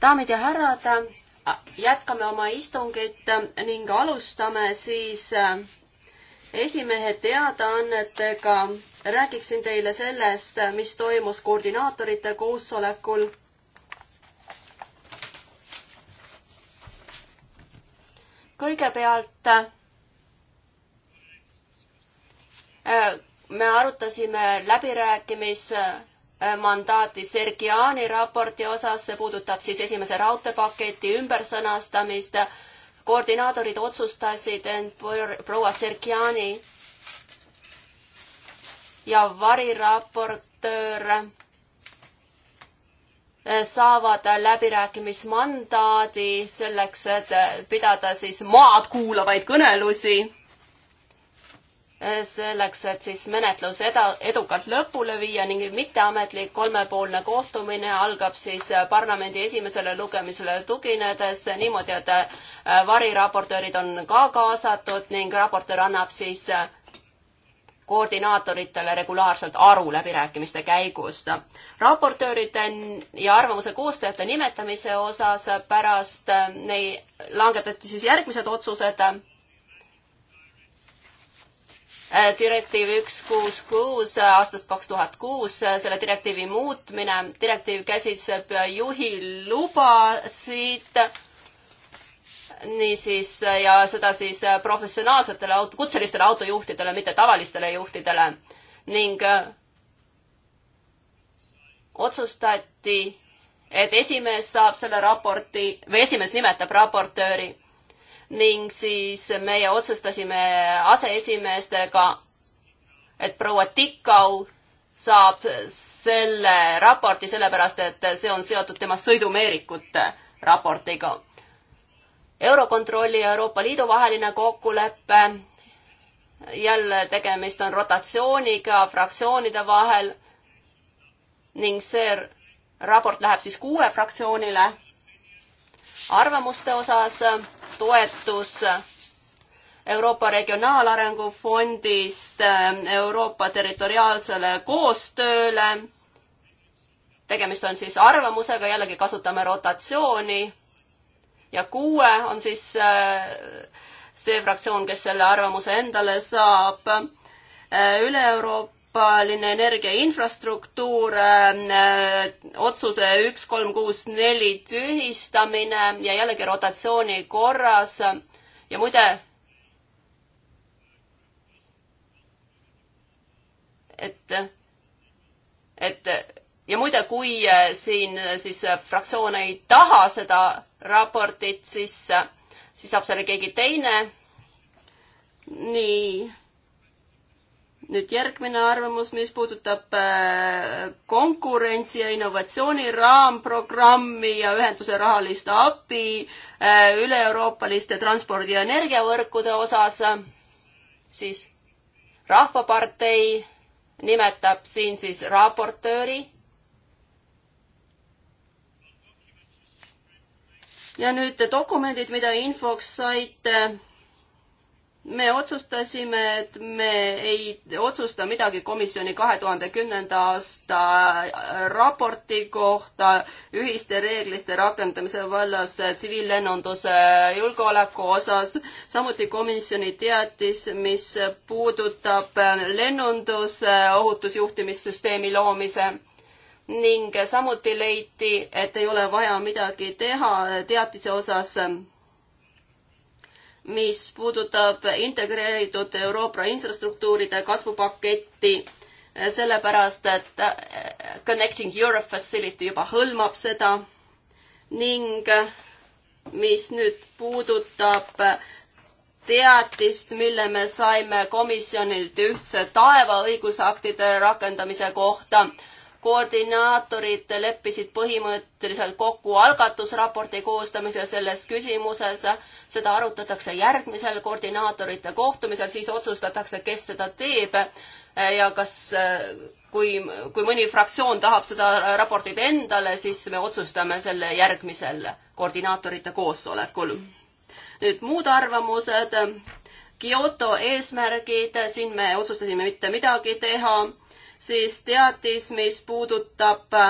daamid ja härrad, jätkame oma istungit ning alustame siis äh, esimehe teadaannetega. räägiksin teile sellest, mis toimus koordinaatorite koosolekul. kõigepealt äh, me arutasime läbirääkimis Äh, mandaati Sergiani raporti osas, see puudutab siis esimese raudteepaketi ümbersõnastamist. koordinaatorid otsustasid end proua Sergiani ja variraportöör äh, saavad läbirääkimismandaadi selleks, et äh, pidada siis maad kuulavaid kõnelusi selleks, et siis menetlus eda-, edukalt lõpule viia ning mitteametlik kolmepoolne kohtumine algab siis äh, parlamendi esimesele lugemisele tuginedes niimoodi, et äh, variraportöörid on ka kaasatud ning raportöör annab siis äh, koordinaatoritele regulaarselt aru läbirääkimiste käigust. raportööride ja arvamuse koostajate nimetamise osas pärast neid langetati siis järgmised otsused Äh, direktiiv üks kuus kuus äh, aastast kaks tuhat kuus, äh, selle direktiivi muutmine, direktiiv käsitleb juhilubasid, niisiis, ja seda siis professionaalsetele auto, kutselistele autojuhtidele, mitte tavalistele juhtidele ning otsustati, et esimees saab selle raporti või esimees nimetab raportööri ning siis meie otsustasime aseesimeestega, et proua Tikau saab selle raporti, sellepärast et see on seotud tema sõidumeerikute raportiga. Eurokontrolli ja Euroopa Liidu vaheline kokkulepe, jälle tegemist on rotatsiooniga fraktsioonide vahel ning see raport läheb siis kuue fraktsioonile arvamuste osas toetus Euroopa Regionaalarengu Fondist Euroopa territoriaalsele koostööle. tegemist on siis arvamusega, jällegi kasutame rotatsiooni. ja kuue on siis äh, see fraktsioon, kes selle arvamuse endale saab. Äh, üle Euroopa Euroopaline energiainfrastruktuur äh,, otsuse üks kolm kuus neli tühistamine ja jällegi rotatsiooni korras ja muide, et, et ja muide, kui äh, siin äh, siis äh, fraktsioon ei taha seda raportit, siis, siis saab selle keegi teine. nii nüüd järgmine arvamus, mis puudutab äh, konkurentsi ja innovatsiooni raamprogrammi ja ühenduse rahalist abi äh, üle-euroopaliste transpordi- ja energiavõrkude osas, siis Rahvapartei nimetab siin siis raportööri. ja nüüd dokumendid, mida infoks saite me otsustasime, et me ei otsusta midagi komisjoni kahe tuhande kümnenda aasta raporti kohta ühiste reegliste rakendamise vallas tsiviillennunduse julgeoleku osas. samuti komisjoni teatis, mis puudutab lennunduse ohutusjuhtimissüsteemi loomise ning samuti leiti, et ei ole vaja midagi teha teatise osas mis puudutab integreeritud Euroopa infrastruktuuride kasvupaketti, sellepärast et äh, Connecting Europe Facility juba hõlmab seda ning mis nüüd puudutab teatist, mille me saime komisjonilt ühtse taeva õigusaktide rakendamise kohta, koordinaatorid leppisid põhimõtteliselt kokku algatusraporti koostamise selles küsimuses, seda arutatakse järgmisel koordinaatorite kohtumisel, siis otsustatakse, kes seda teeb ja kas, kui, kui mõni fraktsioon tahab seda raportit endale, siis me otsustame selle järgmisel koordinaatorite koosolekul. nüüd muud arvamused Kyoto eesmärgid, siin me otsustasime mitte midagi teha siis teatis, mis puudutab äh,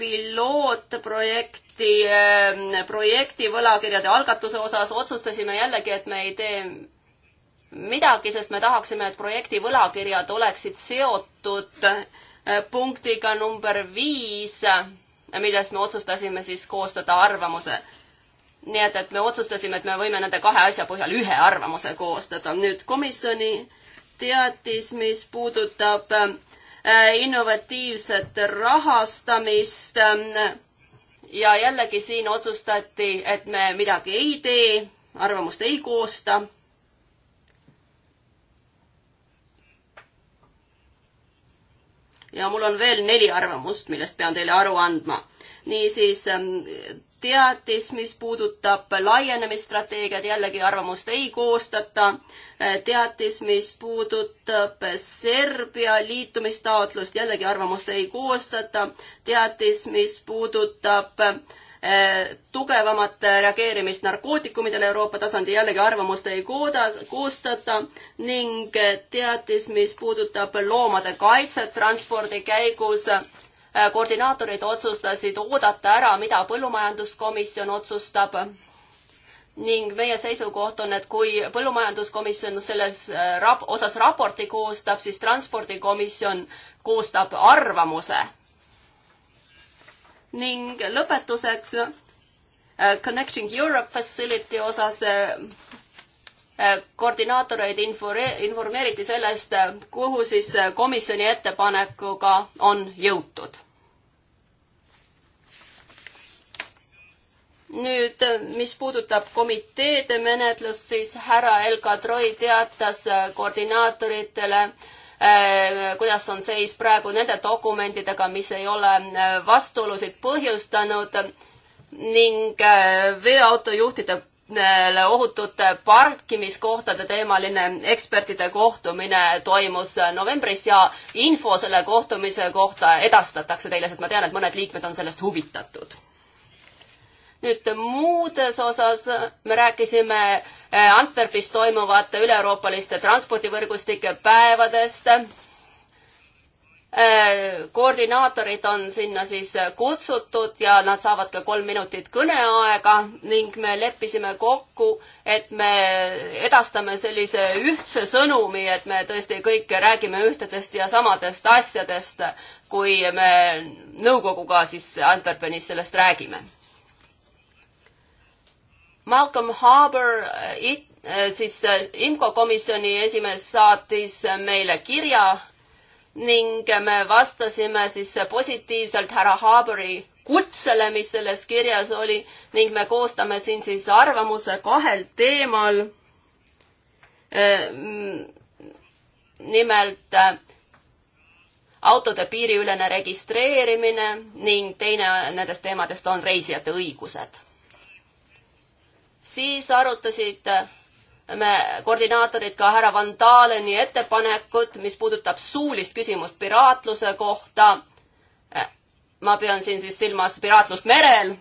pilootprojekti, äh, projekti võlakirjade algatuse osas otsustasime jällegi, et me ei tee midagi, sest me tahaksime, et projekti võlakirjad oleksid seotud äh, punktiga number viis, milles me otsustasime siis koostada arvamuse nii et, et me otsustasime, et me võime nende kahe asja põhjal ühe arvamuse koostada. nüüd komisjoni teatis, mis puudutab äh, innovatiivset rahastamist ähm, ja jällegi siin otsustati, et me midagi ei tee, arvamust ei koosta. ja mul on veel neli arvamust, millest pean teile aru andma. niisiis ähm, teatis, mis puudutab laienemisstrateegiat, jällegi arvamust ei koostata. teatis, mis puudutab Serbia liitumistaotlust, jällegi arvamust ei koostata. teatis, mis puudutab eh, tugevamat reageerimist narkootikumidele Euroopa tasandil jällegi arvamust ei kooda, koostata ning teatis, mis puudutab loomade kaitset transpordi käigus Äh, koordinaatorid otsustasid oodata ära, mida põllumajanduskomisjon otsustab ning meie seisukoht on, et kui põllumajanduskomisjon selles äh, rap-, osas raporti koostab, siis transpordikomisjon koostab arvamuse. ning lõpetuseks äh, Connecting Europe Facility osas koordinaatoreid informe-, informeeriti sellest, kuhu siis komisjoni ettepanekuga on jõutud nüüd, mis puudutab komiteede menetlust, siis härra Elka Troi teatas äh, koordinaatoritele, äh, kuidas on seis praegu nende dokumentidega, mis ei ole äh, vastuolusid põhjustanud ning veoautojuhtidele ohutute parkimiskohtade teemaline ekspertide kohtumine toimus novembris ja info selle kohtumise kohta edastatakse teile, sest ma tean, et mõned liikmed on sellest huvitatud nüüd muudes osas me rääkisime eh, Antwerpis toimuvate üleeuroopaliste transpordivõrgustike päevadest. Eh, koordinaatorid on sinna siis kutsutud ja nad saavad ka kolm minutit kõneaega ning me leppisime kokku, et me edastame sellise ühtse sõnumi, et me tõesti kõik räägime ühtedest ja samadest asjadest, kui me nõukoguga siis Antwerpenis sellest räägime Malcolm Harbour, äh, äh, siis äh, IMCO komisjoni esimees saatis meile kirja ning me vastasime siis positiivselt härra Harbouri kutsele, mis selles kirjas oli ning me koostame siin siis arvamuse kahel teemal. nimelt autode piiriülene registreerimine ning teine nendest teemadest on reisijate õigused siis arutasid äh, me koordinaatorid ka härra Van Daleni ettepanekut, mis puudutab suulist küsimust piraatluse kohta. Äh, ma pean siin siis silmas piraatlust merel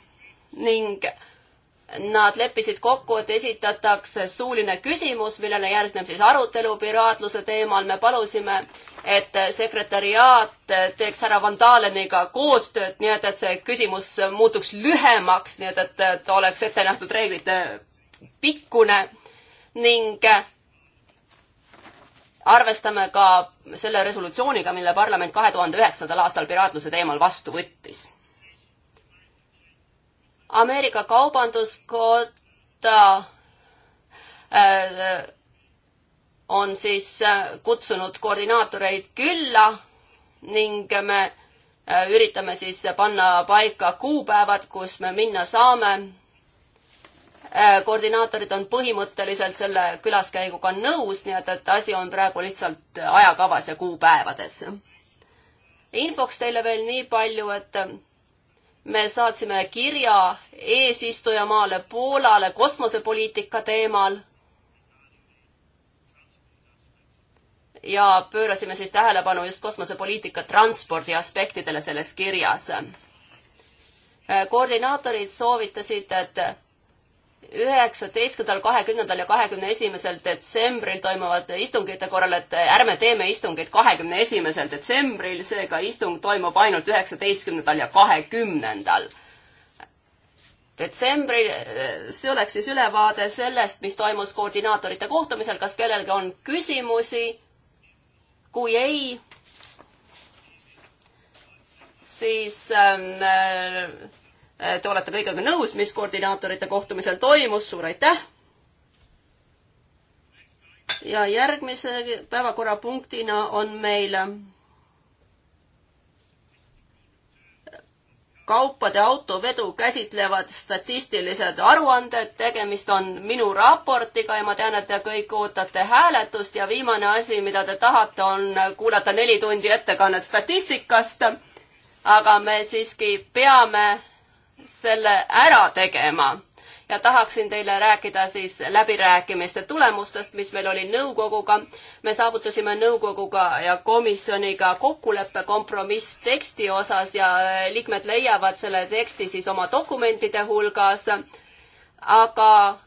ning Nad leppisid kokku, et esitatakse suuline küsimus, millele järgneb siis arutelu piraatluse teemal. me palusime, et sekretäriaat teeks härra Vandaleniga koostööd, nii et, et see küsimus muutuks lühemaks, nii et, et, et oleks ette nähtud reeglite pikkune ning arvestame ka selle resolutsiooniga, mille parlament kahe tuhande üheksandal aastal piraatluse teemal vastu võttis Ameerika Kaubanduskoda äh, on siis äh, kutsunud koordinaatoreid külla ning me äh, üritame siis panna paika kuupäevad, kus me minna saame. koordinaatorid on põhimõtteliselt selle külaskäiguga nõus, nii et, et asi on praegu lihtsalt ajakavas ja kuupäevades. infoks teile veel nii palju, et me saatsime kirja eesistujamaale Poolale kosmosepoliitika teemal. ja pöörasime siis tähelepanu just kosmosepoliitika transpordi aspektidele selles kirjas. koordinaatorid soovitasid, et üheksateistkümnendal, kahekümnendal ja kahekümne esimesel detsembril toimuvate istungite korral, et ärme teeme istungeid kahekümne esimesel detsembril, seega istung toimub ainult üheksateistkümnendal ja kahekümnendal detsembril, see oleks siis ülevaade sellest, mis toimus koordinaatorite kohtumisel, kas kellelgi on küsimusi? kui ei, siis ähm, Äh, te olete kõigega nõus, mis koordinaatorite kohtumisel toimus, suur aitäh! ja järgmise päevakorrapunktina on meil kaupade autovedu käsitlevad statistilised aruanded, tegemist on minu raportiga ja ma tean, et te kõik ootate hääletust ja viimane asi, mida te tahate, on kuulata neli tundi ettekannet statistikast. aga me siiski peame selle ära tegema. ja tahaksin teile rääkida siis läbirääkimiste tulemustest, mis meil oli nõukoguga. me saavutasime nõukoguga ja komisjoniga kokkuleppe kompromissteksti osas ja äh, liikmed leiavad selle teksti siis oma dokumentide hulgas. aga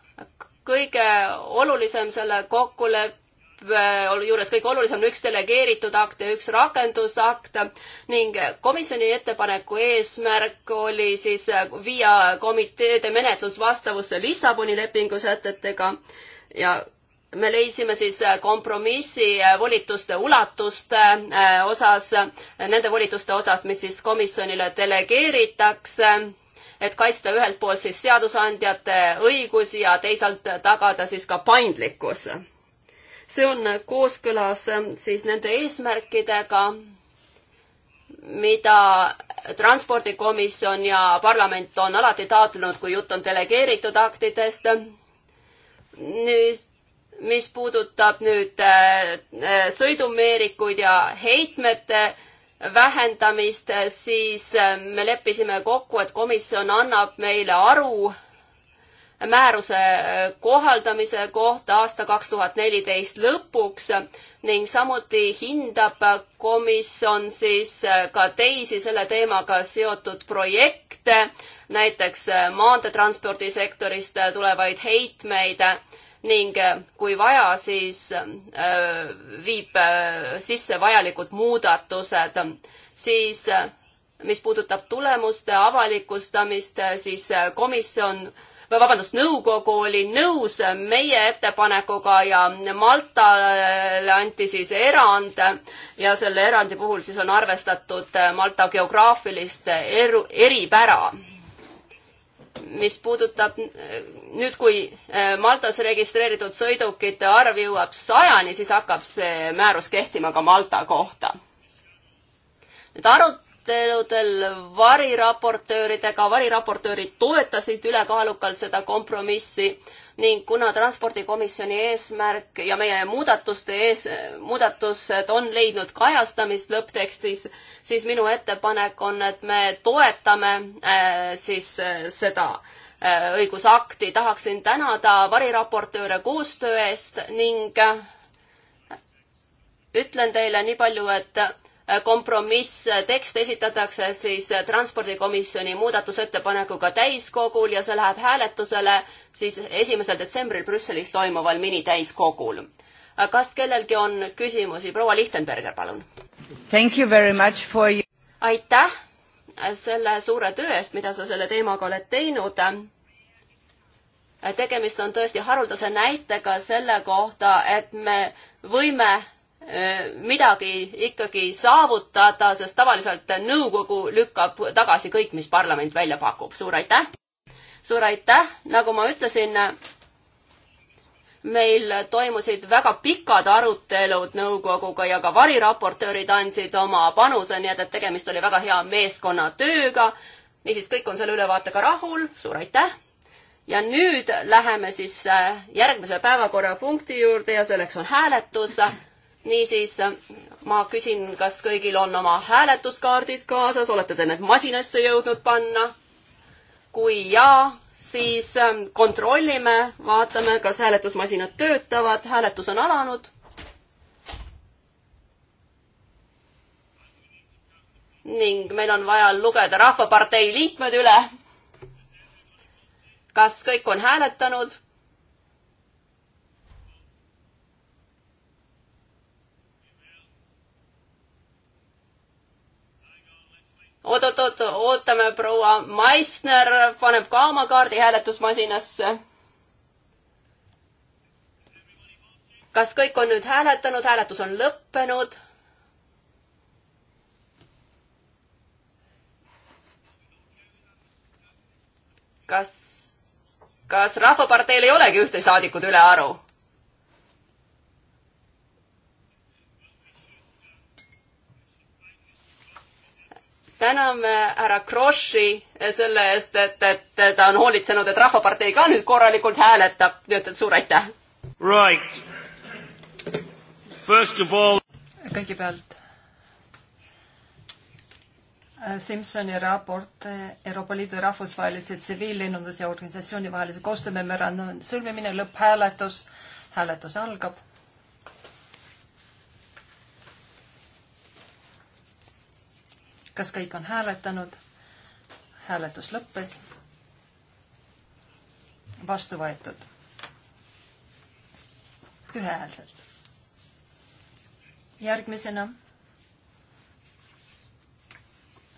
kõige olulisem selle kokkuleppe Äh, juures kõige olulisem on üks delegeeritud akt ja üks rakendusakt ning komisjoni ettepaneku eesmärk oli siis äh, viia komiteede menetlus vastavusse Lissaboni lepingu sätetega ja me leidsime siis äh, kompromissi volituste ulatuste osas, nende volituste osas, mis siis komisjonile delegeeritakse et kaitsta ühelt poolt siis seadusandjate õigusi ja teisalt tagada siis ka paindlikkus see on kooskõlas ähm, siis nende eesmärkidega, mida transpordikomisjon ja parlament on alati taotlenud, kui jutt on delegeeritud aktidest. nüüd, mis puudutab nüüd äh, äh, sõidumeerikuid ja heitmete vähendamist, siis äh, me leppisime kokku, et komisjon annab meile aru määruse äh, kohaldamise kohta aasta kaks tuhat neliteist lõpuks ning samuti hindab komisjon siis äh, ka teisi selle teemaga seotud projekte, näiteks äh, maanteetranspordisektorist tulevaid heitmeid ning kui vaja, siis viib sisse vajalikud muudatused, siis mis puudutab tulemuste avalikustamist, siis komisjon või vabandust, nõukogu oli nõus meie ettepanekuga ja Maltale anti siis erand ja selle erandi puhul siis on arvestatud Malta geograafilist eru, eripära mis puudutab nüüd, kui äh, Maltas registreeritud sõidukite arv jõuab sajani, siis hakkab see määrus kehtima ka Malta kohta. nüüd arut-, aruteludel variraportööridega, variraportöörid toetasid ülekaalukalt seda kompromissi ning kuna transpordikomisjoni eesmärk ja meie muudatuste ees, muudatused on leidnud kajastamist lõpptekstis, siis minu ettepanek on, et me toetame äh, siis äh, seda äh, õigusakti, tahaksin tänada variraportööre koostöö eest ning äh, ütlen teile nii palju, et kompromisstekst esitatakse siis transpordikomisjoni muudatusettepanekuga täiskogul ja see läheb hääletusele siis esimesel detsembril Brüsselis toimuval minitäiskogul. kas kellelgi on küsimusi? proua Lichtenberger, palun. aitäh selle suure töö eest, mida sa selle teemaga oled teinud tegemist on tõesti haruldase näitega selle kohta, et me võime Eh, midagi ikkagi saavutada, sest tavaliselt nõukogu lükkab tagasi kõik, mis parlament välja pakub. suur aitäh! suur aitäh, nagu ma ütlesin, meil toimusid väga pikad arutelud nõukoguga ja ka variraportöörid andsid oma panuse, nii et, et tegemist oli väga hea meeskonnatööga. niisiis, kõik on selle ülevaatega rahul, suur aitäh! ja nüüd läheme siis järgmise päevakorrapunkti juurde ja selleks on hääletus niisiis ma küsin, kas kõigil on oma hääletuskaardid kaasas, olete te need masinasse jõudnud panna? kui jaa, siis ähm, kontrollime, vaatame, kas hääletusmasinad töötavad, hääletus on alanud. ning meil on vaja lugeda Rahvapartei liikmed üle. kas kõik on hääletanud? oot-oot-oot, ootame proua Meissner, paneb ka oma kaardi hääletusmasinasse. kas kõik on nüüd hääletanud, hääletus on lõppenud? kas, kas Rahvaparteil ei olegi ühte saadikut ülearu? täname härra Kroshi eh, selle eest, et, et ta on hoolitsenud, et Rahvapartei ka nüüd korralikult hääletab, nii et, et suur aitäh! Right. First of all. kõigepealt. Eh, Simsoni raport eh, Euroopa Liidu rahvusvahelise tsiviillennunduse ja organisatsiooni vahelise koostöömemorandumi sõlmimine, lõpphääletus. hääletus algab kas kõik on hääletanud? hääletus lõppes. vastu võetud. ühehäälselt. järgmisena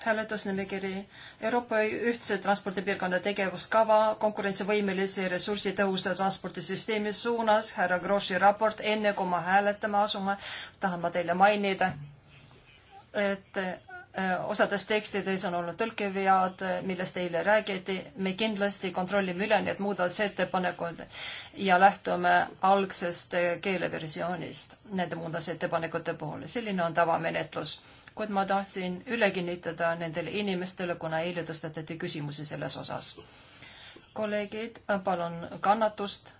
hääletusnimekiri Euroopa ühtse transpordipiirkonna tegevuskava konkurentsivõimelise ressursi tõhusa transpordisüsteemi suunas. härra Grossi raport, enne kui ma hääletama asume, tahan ma teile mainida, et Äh, osades tekstides on olnud tõlkevead, äh, millest eile räägiti. me kindlasti kontrollime üle need muudatusettepanekud ja lähtume algsest äh, keeleversioonist nende muudatusettepanekute puhul. selline on tavamenetlus. kuid ma tahtsin üle kinnitada nendele inimestele, kuna eile tõstatati küsimusi selles osas. kolleegid, palun kannatust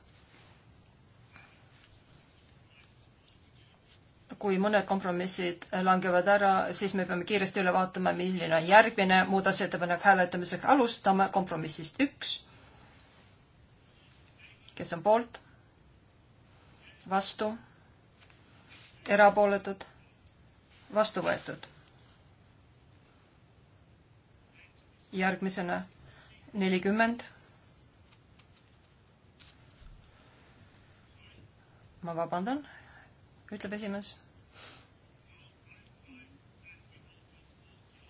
kui mõned kompromissid langevad ära, siis me peame kiiresti üle vaatama, milline on järgmine muudatusettepanek hääletamiseks. alustame kompromissist üks. kes on poolt? vastu? erapooletud? vastu võetud? järgmisena nelikümmend. ma vabandan, ütleb esimees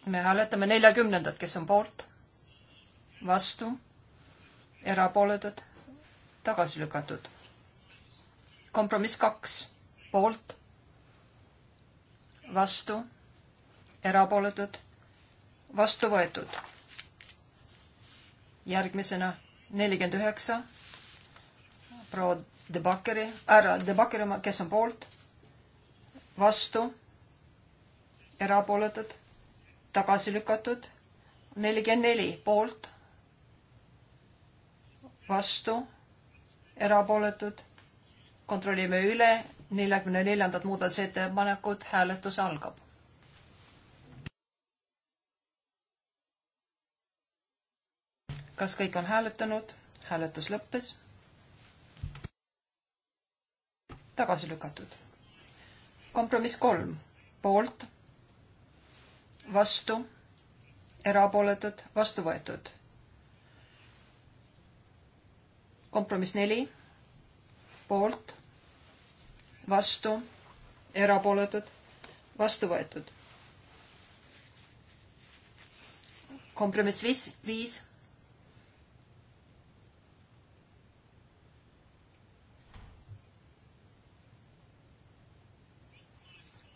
me hääletame neljakümnendat, kes on poolt, vastu, erapooletud, tagasi lükatud. kompromiss kaks, poolt, vastu, erapooletud, vastu võetud. järgmisena nelikümmend üheksa, proua Debakeri, härra Debakeri, kes on poolt, vastu, erapooletud tagasi lükatud, nelikümmend neli poolt, vastu, erapooletud. kontrollime üle, neljakümne neljandat muudatusettepanekut, hääletus algab. kas kõik on hääletanud? hääletus lõppes. tagasi lükatud. kompromiss kolm, poolt vastu, erapooletud, vastu võetud. kompromiss neli, poolt, vastu, erapooletud, vastu võetud. kompromiss viis, viis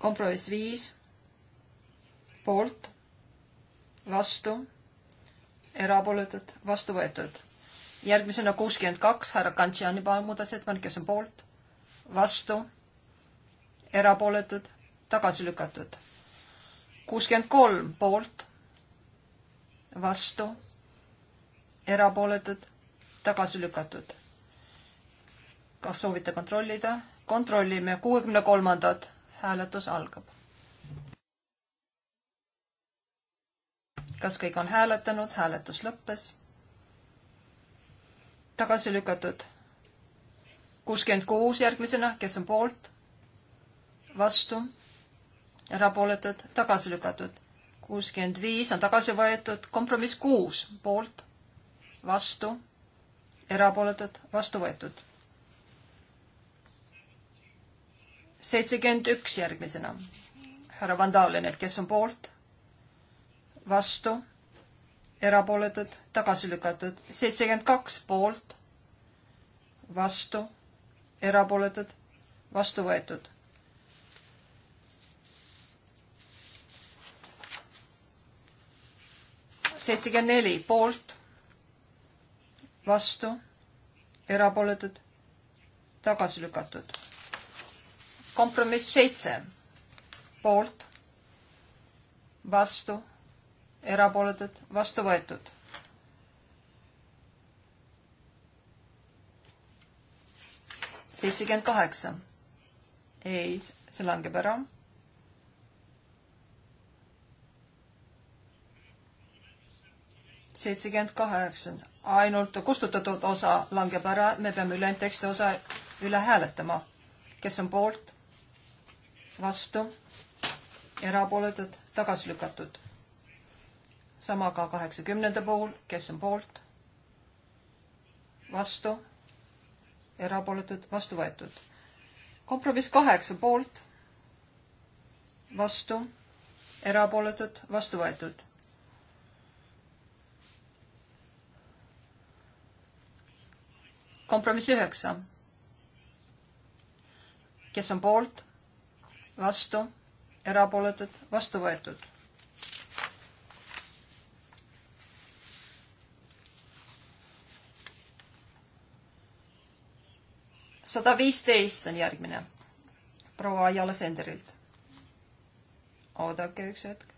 kompromiss viis, poolt, vastu, erapooletud, vastu võetud. järgmisena kuuskümmend kaks, härra Kantšiani muudatusettepanek, kes on poolt, vastu, erapooletud, tagasi lükatud. kuuskümmend kolm poolt, vastu, erapooletud, tagasi lükatud. kas soovite kontrollida? kontrollime kuuekümne kolmandat, hääletus algab kas kõik on hääletanud, hääletus lõppes. tagasi lükatud kuuskümmend kuus järgmisena, kes on poolt, vastu, erapooletud, tagasi lükatud. kuuskümmend viis on tagasi võetud, kompromiss kuus, poolt, vastu, erapooletud, vastu võetud. seitsekümmend üks järgmisena härra Vandalenilt, kes on poolt vastu, erapooletud, tagasi lükatud. seitsekümmend kaks poolt, vastu, erapooletud, vastu võetud. seitsekümmend neli poolt, vastu, erapooletud, tagasi lükatud. kompromiss seitse poolt, vastu erapooletud, vastu võetud. seitsekümmend kaheksa. ei, see langeb ära. seitsekümmend kaheksa, ainult kustutatud osa langeb ära, me peame ülejäänud teksti osa üle hääletama. kes on poolt, vastu, erapooletud, tagasi lükatud sama ka kaheksakümnenda puhul, kes on poolt, vastu, erapooletud, vastu võetud. kompromiss kaheksa poolt, vastu, erapooletud, vastu võetud. kompromiss üheksa. kes on poolt, vastu, erapooletud, vastu võetud sada viisteist on järgmine proua Ajala Senderilt. oodake üks hetk.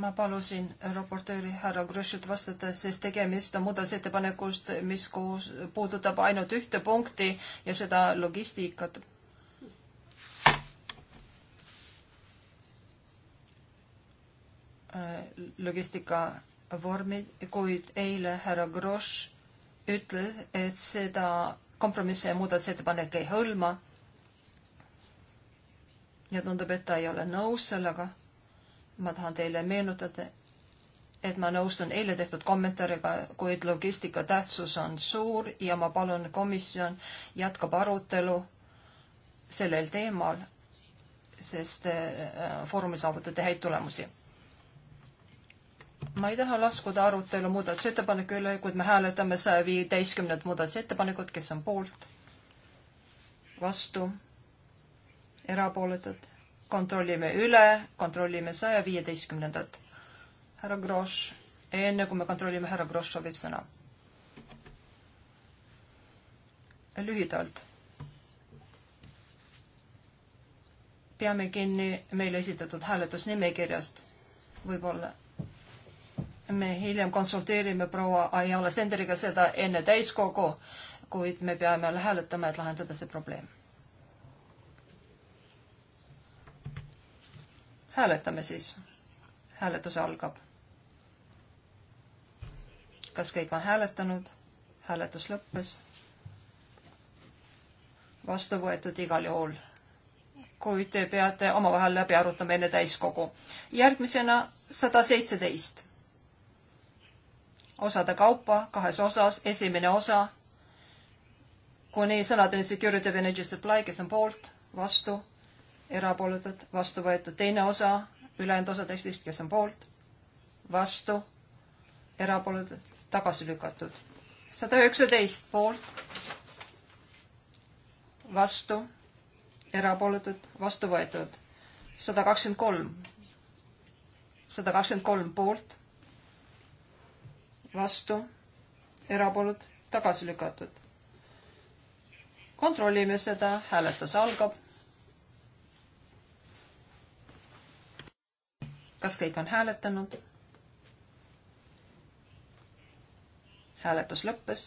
ma palusin raportööri härra Gröschilt vastata, sest tegemist on muudatusettepanekust, mis koos, puudutab ainult ühte punkti ja seda logistikat äh, logistika vormid, kuid eile härra Grosch ütles, et seda kompromissi ja muudatusettepanek ei hõlma. ja tundub, et ta ei ole nõus sellega. ma tahan teile meenutada, et ma nõustun eile tehtud kommentaariga, kuid logistika tähtsus on suur ja ma palun, komisjon jätkab arutelu sellel teemal, sest äh, Foorumil saavutati häid tulemusi ma ei taha laskuda arutelu muudatusettepaneku üle, kuid me hääletame saja viieteistkümnendat muudatusettepanekut, kes on poolt, vastu, erapooletud. kontrollime üle, kontrollime saja viieteistkümnendat. härra Grosch, enne kui me kontrollime, härra Grosch soovib sõna. lühidalt. peame kinni meile esitatud hääletusnimekirjast, võib-olla me hiljem konsulteerime proua Ayala Senderiga seda enne täiskogu, kuid me peame hääletama, et lahendada see probleem. hääletame siis. hääletus algab. kas kõik on hääletanud? hääletus lõppes. vastu võetud igal juhul kuid te peate omavahel läbi arutama enne täiskogu. järgmisena sada seitseteist osade kaupa kahes osas, esimene osa kuni sõnadeni security of energy supply, kes on poolt, vastu, erapooletud, vastu võetud, teine osa ülejäänud osa tekstist, kes on poolt, vastu, erapooletud, tagasi lükatud. sada üheksateist poolt, vastu, erapooletud, vastu võetud. sada kakskümmend kolm, sada kakskümmend kolm poolt, vastu, erapoolt tagasi lükatud. kontrollime seda, hääletus algab. kas kõik on hääletanud? hääletus lõppes.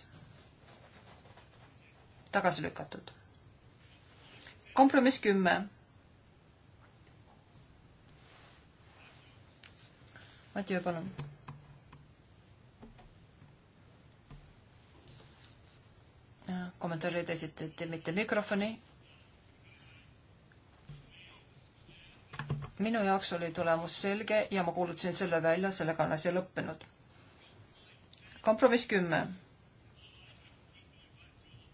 tagasi lükatud. kompromiss kümme. Matjõe, palun kommentaarid esitati mitte mikrofoni. minu jaoks oli tulemus selge ja ma kuulutasin selle välja, sellega on asi lõppenud. kompromiss kümme.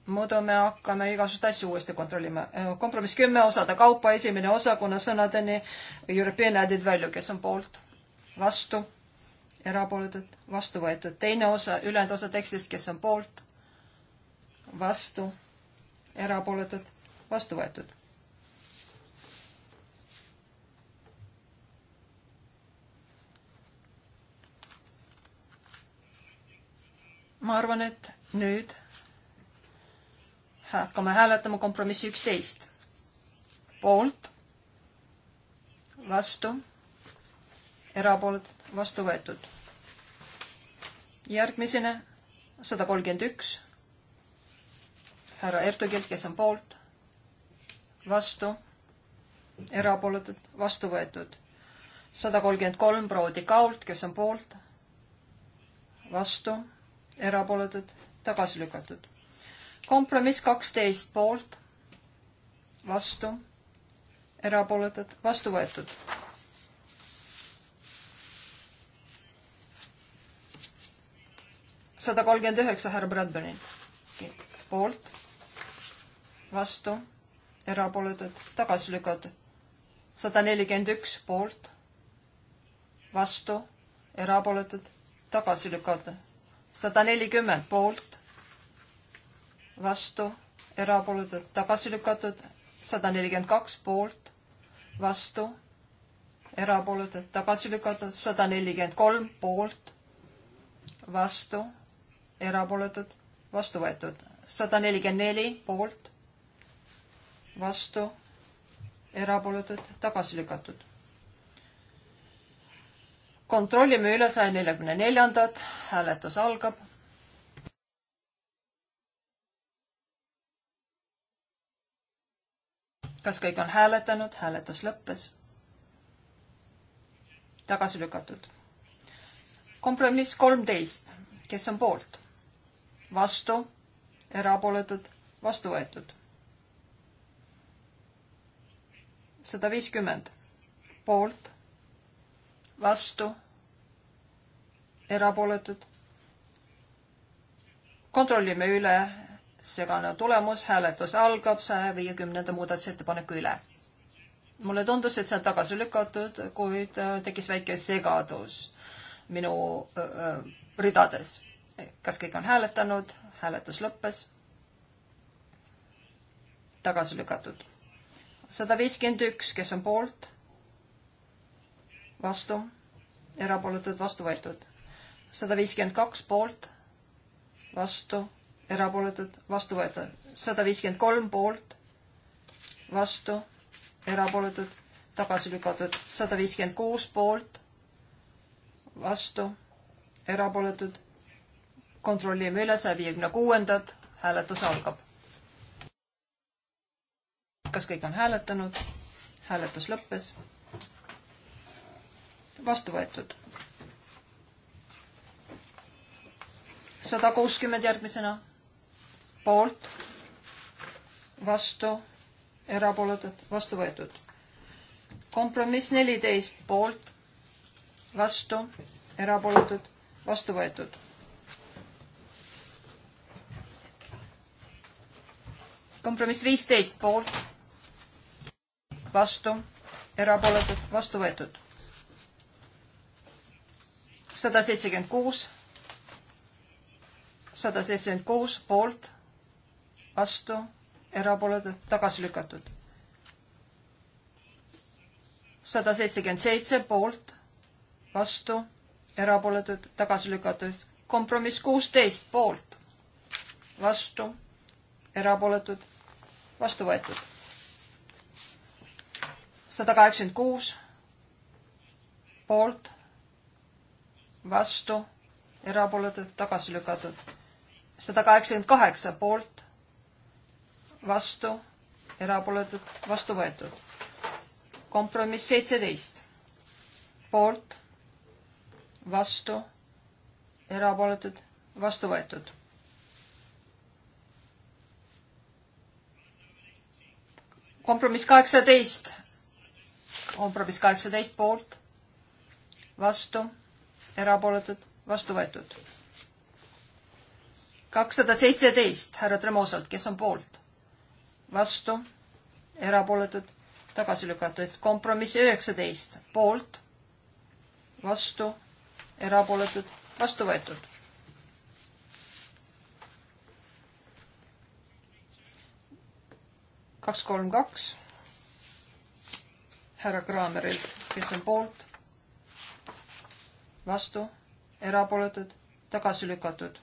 muidu me hakkame igasuguseid asju uuesti kontrollima. kompromiss kümme osade kaupa, esimene osakonna sõnadeni European added value, kes on poolt, vastu, erapooletud, vastu võetud. teine osa, ülejäänud osa tekstist, kes on poolt vastu, erapooletud, vastu võetud. ma arvan, et nüüd hakkame hääletama kompromissi üksteist. poolt, vastu, erapoolt, vastu võetud. järgmisena sada kolmkümmend üks härra Ertugilt, kes on poolt, vastu, erapooletud, vastu võetud. sada kolmkümmend kolm Proodi Kault, kes on poolt, vastu, erapooletud, tagasi lükatud. kompromiss kaksteist poolt, vastu, erapooletud, vastu võetud. sada kolmkümmend üheksa härra Bradburnilt poolt vastu, erapooletud, tagasi lükatud. sada nelikümmend üks poolt, vastu, erapooletud, tagasi lükatud. sada nelikümmend poolt, vastu, erapooletud, tagasi lükatud. sada nelikümmend kaks poolt, vastu, erapooletud, tagasi lükatud. sada nelikümmend kolm poolt, vastu, erapooletud, vastu võetud. sada nelikümmend neli poolt vastu, erapooletud, tagasi lükatud. kontrollime üle saja neljakümne neljandat, hääletus algab. kas kõik on hääletanud, hääletus lõppes. tagasi lükatud. kompromiss kolmteist, kes on poolt? vastu, erapooletud, vastu võetud sada viiskümmend poolt, vastu, erapooletud. kontrollime üle, segane tulemus, hääletus algab saja viiekümnenda muudatusettepaneku üle. mulle tundus, et see on tagasi lükatud, kuid äh, tekkis väike segadus minu öö, äh, äh, ridades. kas kõik on hääletanud? hääletus lõppes. tagasi lükatud sada viiskümmend üks, kes on poolt, vastu, erapooletud, vastu võetud. sada viiskümmend kaks poolt, vastu, erapooletud, vastu võetud. sada viiskümmend kolm poolt, vastu, erapooletud, tagasi lükatud. sada viiskümmend kuus poolt, vastu, erapooletud. kontrollime üle saja viiekümne kuuendad, hääletus algab kas kõik on hääletanud? hääletus lõppes. vastu võetud. sada kuuskümmend järgmisena. poolt, vastu, erapooletud, vastu võetud. kompromiss neliteist, poolt, vastu, erapooletud, vastu võetud kompromiss viisteist poolt, vastu, erapooletud, vastu võetud. sada seitsekümmend kuus, sada seitsekümmend kuus poolt, vastu, erapooletud, tagasi lükatud. sada seitsekümmend seitse poolt, vastu, erapooletud, tagasi lükatud. kompromiss kuusteist poolt, vastu, erapooletud, vastu võetud sada kaheksakümmend kuus poolt, vastu, erapooletud, tagasi lükatud. sada kaheksakümmend kaheksa poolt, vastu, erapooletud, vastu võetud. kompromiss seitseteist poolt, vastu, erapooletud, vastu võetud. kompromiss kaheksateist kompromiss kaheksateist poolt, vastu, erapooletud, vastu võetud. kakssada seitseteist härra Tremosalt, kes on poolt, vastu, erapooletud, tagasi lükatud. kompromiss üheksateist poolt, vastu, erapooletud, vastu võetud. kaks, kolm, kaks härra Kraamerilt, kes on poolt, vastu, erapooletud, tagasi lükatud.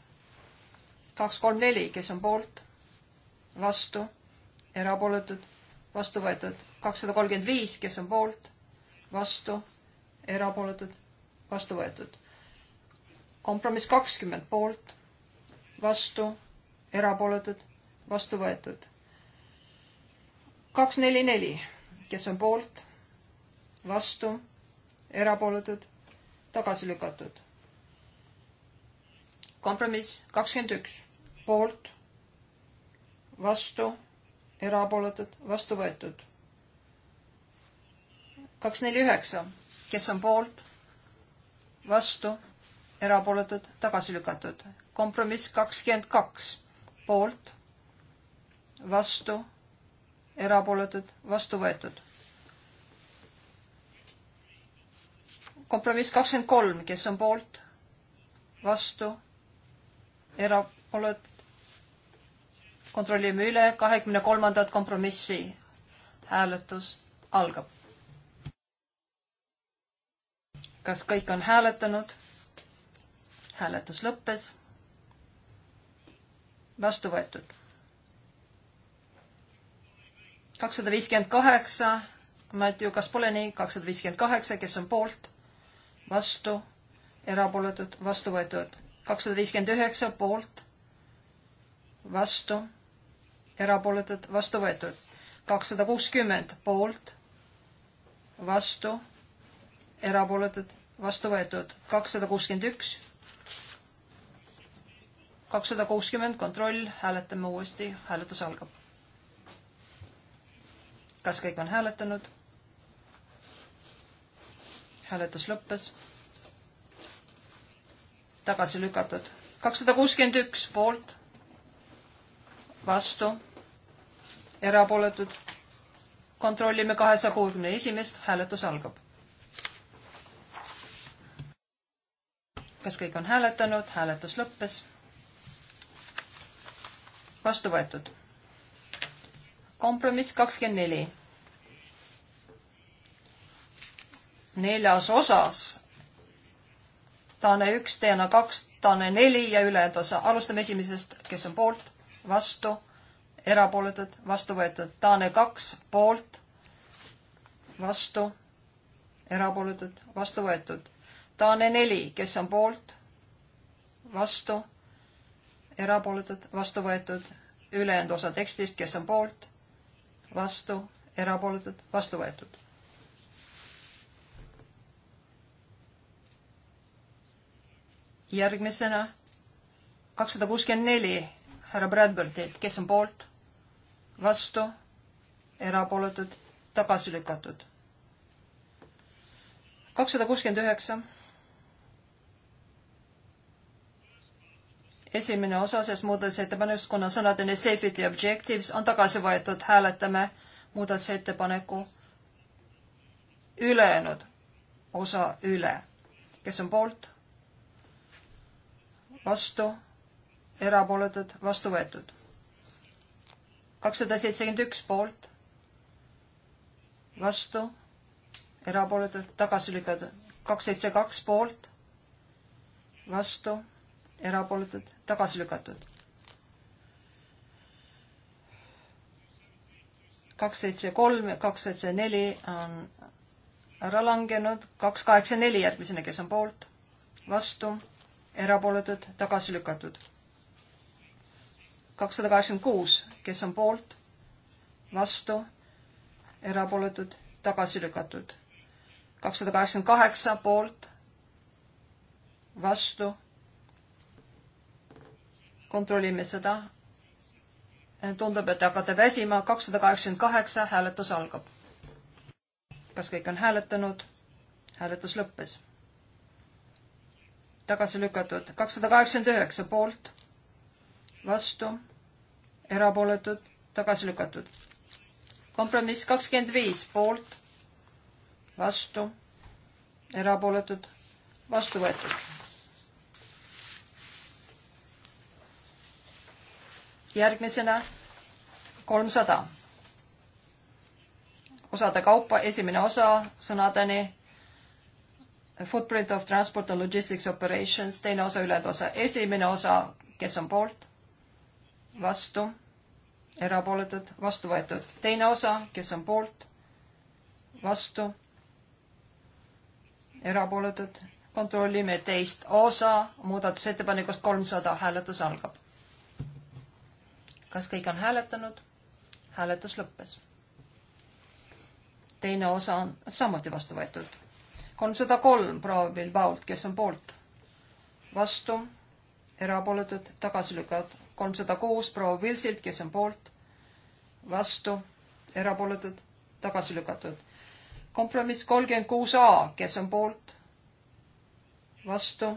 kaks, kolm, neli, kes on poolt, vastu, erapooletud, vastu võetud. kakssada kolmkümmend viis, kes on poolt, vastu, erapooletud, vastu võetud. kompromiss kakskümmend poolt, vastu, erapooletud, vastu võetud. kaks, neli, neli, kes on poolt vastu, erapooletud, tagasi lükatud. kompromiss kakskümmend üks, poolt, vastu, erapooletud, vastu võetud. kaks, neli, üheksa, kes on poolt, vastu, erapooletud, tagasi lükatud. kompromiss kakskümmend kaks, poolt, vastu, erapooletud, vastu võetud kompromiss kakskümmend kolm, kes on poolt, vastu, erapooletud. kontrollime üle, kahekümne kolmandat kompromissi hääletus algab. kas kõik on hääletanud? hääletus lõppes. vastu võetud. kakssada viiskümmend kaheksa, Mattiu Kaspoleni, kakssada viiskümmend kaheksa, kes on poolt vastu, erapooletud, vastu võetud. kakssada viiskümmend üheksa poolt, vastu, erapooletud, vastu võetud. kakssada kuuskümmend poolt, vastu, erapooletud, vastu võetud. kakssada kuuskümmend üks, kakssada kuuskümmend, kontroll, hääletame uuesti, hääletus algab. kas kõik on hääletanud? hääletus lõppes. tagasi lükatud. kakssada kuuskümmend üks poolt, vastu, erapooletud. kontrollime kahesaja kuuekümne esimest, hääletus algab. kas kõik on hääletanud, hääletus lõppes. vastu võetud. kompromiss kakskümmend neli neljas osas. Taane üks, Taane kaks, Taane neli ja ülejäänud osa. alustame esimesest, kes on poolt, vastu, erapooletud, vastu võetud. Taane kaks, poolt, vastu, erapooletud, vastu võetud. Taane neli, kes on poolt, vastu, erapooletud, vastu võetud. ülejäänud osa tekstist, kes on poolt, vastu, erapooletud, vastu võetud järgmisena kakssada kuuskümmend neli härra Bradfordilt, kes on poolt, vastu, erapooletud, tagasi lükatud. kakssada kuuskümmend üheksa. esimene osa sellest muudatusettepanekust, kuna sõnadeni safety objectives on tagasi võetud, hääletame muudatusettepaneku ülejäänud osa üle. kes on poolt vastu, erapooletud, vastu võetud. kakssada seitsekümmend üks poolt, vastu, erapooletud, tagasi lükatud. kaks seitse kaks poolt, vastu, erapooletud, tagasi lükatud. kaks seitse kolm ja kaks seitse neli on ära langenud, kaks kaheksa neli järgmisena, kes on poolt, vastu erapooletud, tagasi lükatud. kakssada kaheksakümmend kuus, kes on poolt, vastu, erapooletud, tagasi lükatud. kakssada kaheksakümmend kaheksa poolt, vastu. kontrollime seda. tundub, et hakkate väsima, kakssada kaheksakümmend kaheksa, hääletus algab. kas kõik on hääletanud? hääletus lõppes tagasi lükatud. kakssada kaheksakümmend üheksa poolt, vastu, erapooletud, tagasi lükatud. kompromiss kakskümmend viis poolt, vastu, erapooletud, vastu võetud. järgmisena kolmsada osade kaupa, esimene osa sõnadeni Footprint of Transport and Logistics Operations, teine osa, ülejäänud osa. esimene osa, kes on poolt, vastu, erapooletud, vastu võetud. teine osa, kes on poolt, vastu, erapooletud. kontrollime teist osa muudatusettepanekust kolmsada, hääletus algab. kas kõik on hääletanud? hääletus lõppes. teine osa on samuti vastu võetud kolmsada kolm proua Bilbaolt, kes on poolt? vastu, erapooletud, tagasi lükatud. kolmsada kuus proua Vilsilt, kes on poolt? vastu, erapooletud, tagasi lükatud. kompromiss kolmkümmend kuus A, kes on poolt? vastu,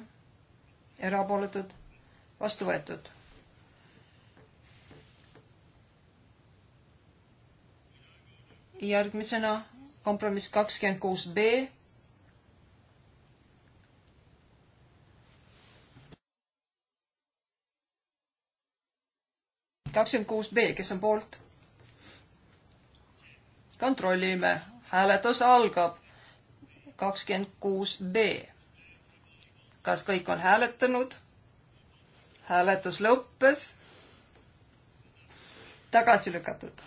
erapooletud, vastu võetud järgmisena kompromiss kakskümmend kuus B kakskümmend kuus B, kes on poolt? kontrollime, hääletus algab. kakskümmend kuus B. kas kõik on hääletanud? hääletus lõppes. tagasi lükatud.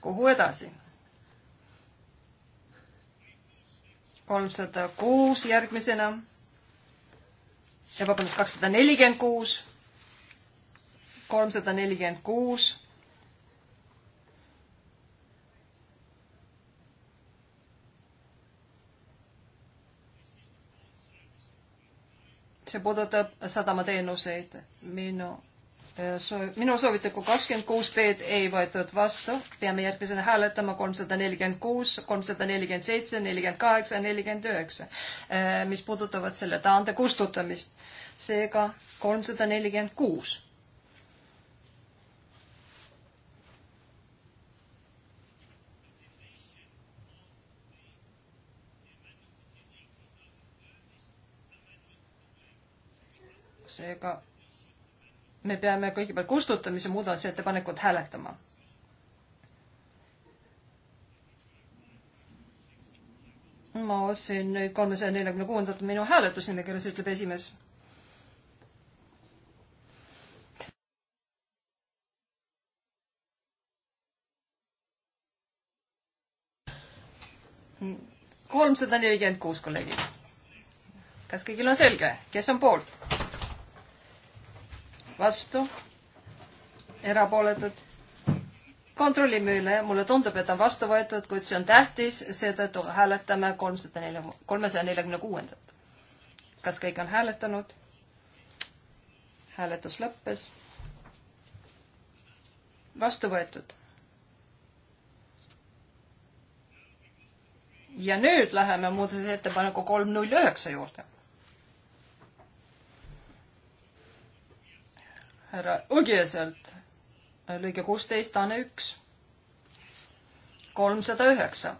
kuhu edasi? kolmsada kuus järgmisena vabandust, kakssada nelikümmend kuus, kolmsada nelikümmend kuus, see puudutab sadamateenuseid minu minu soovitaku kakskümmend kuus B-d ei võetud vastu, peame järgmisena hääletama kolmsada nelikümmend kuus, kolmsada nelikümmend seitse, nelikümmend kaheksa ja nelikümmend üheksa, äh, mis puudutavad selle taande kustutamist. seega kolmsada nelikümmend kuus. seega me peame kõigepealt kustutamise muudatusettepanekut hääletama. ma ostsin nüüd kolmesaja neljakümne kuuendat minu hääletusnimekirjas, ütleb esimees kolmsada nelikümmend kuus kolleegid. kas kõigil on selge, kes on poolt? vastu, erapooletud. kontrollime üle, mulle tundub, et on vastu võetud, kuid see on tähtis, seetõttu hääletame kolmsada nelja, kolmesaja neljakümne kuuendat. kas kõik on hääletanud? hääletus lõppes. vastu võetud. ja nüüd läheme muudatusettepaneku kolm null üheksa juurde härra Õgieselt, lõige kuusteist, Tane üks, kolmsada üheksa.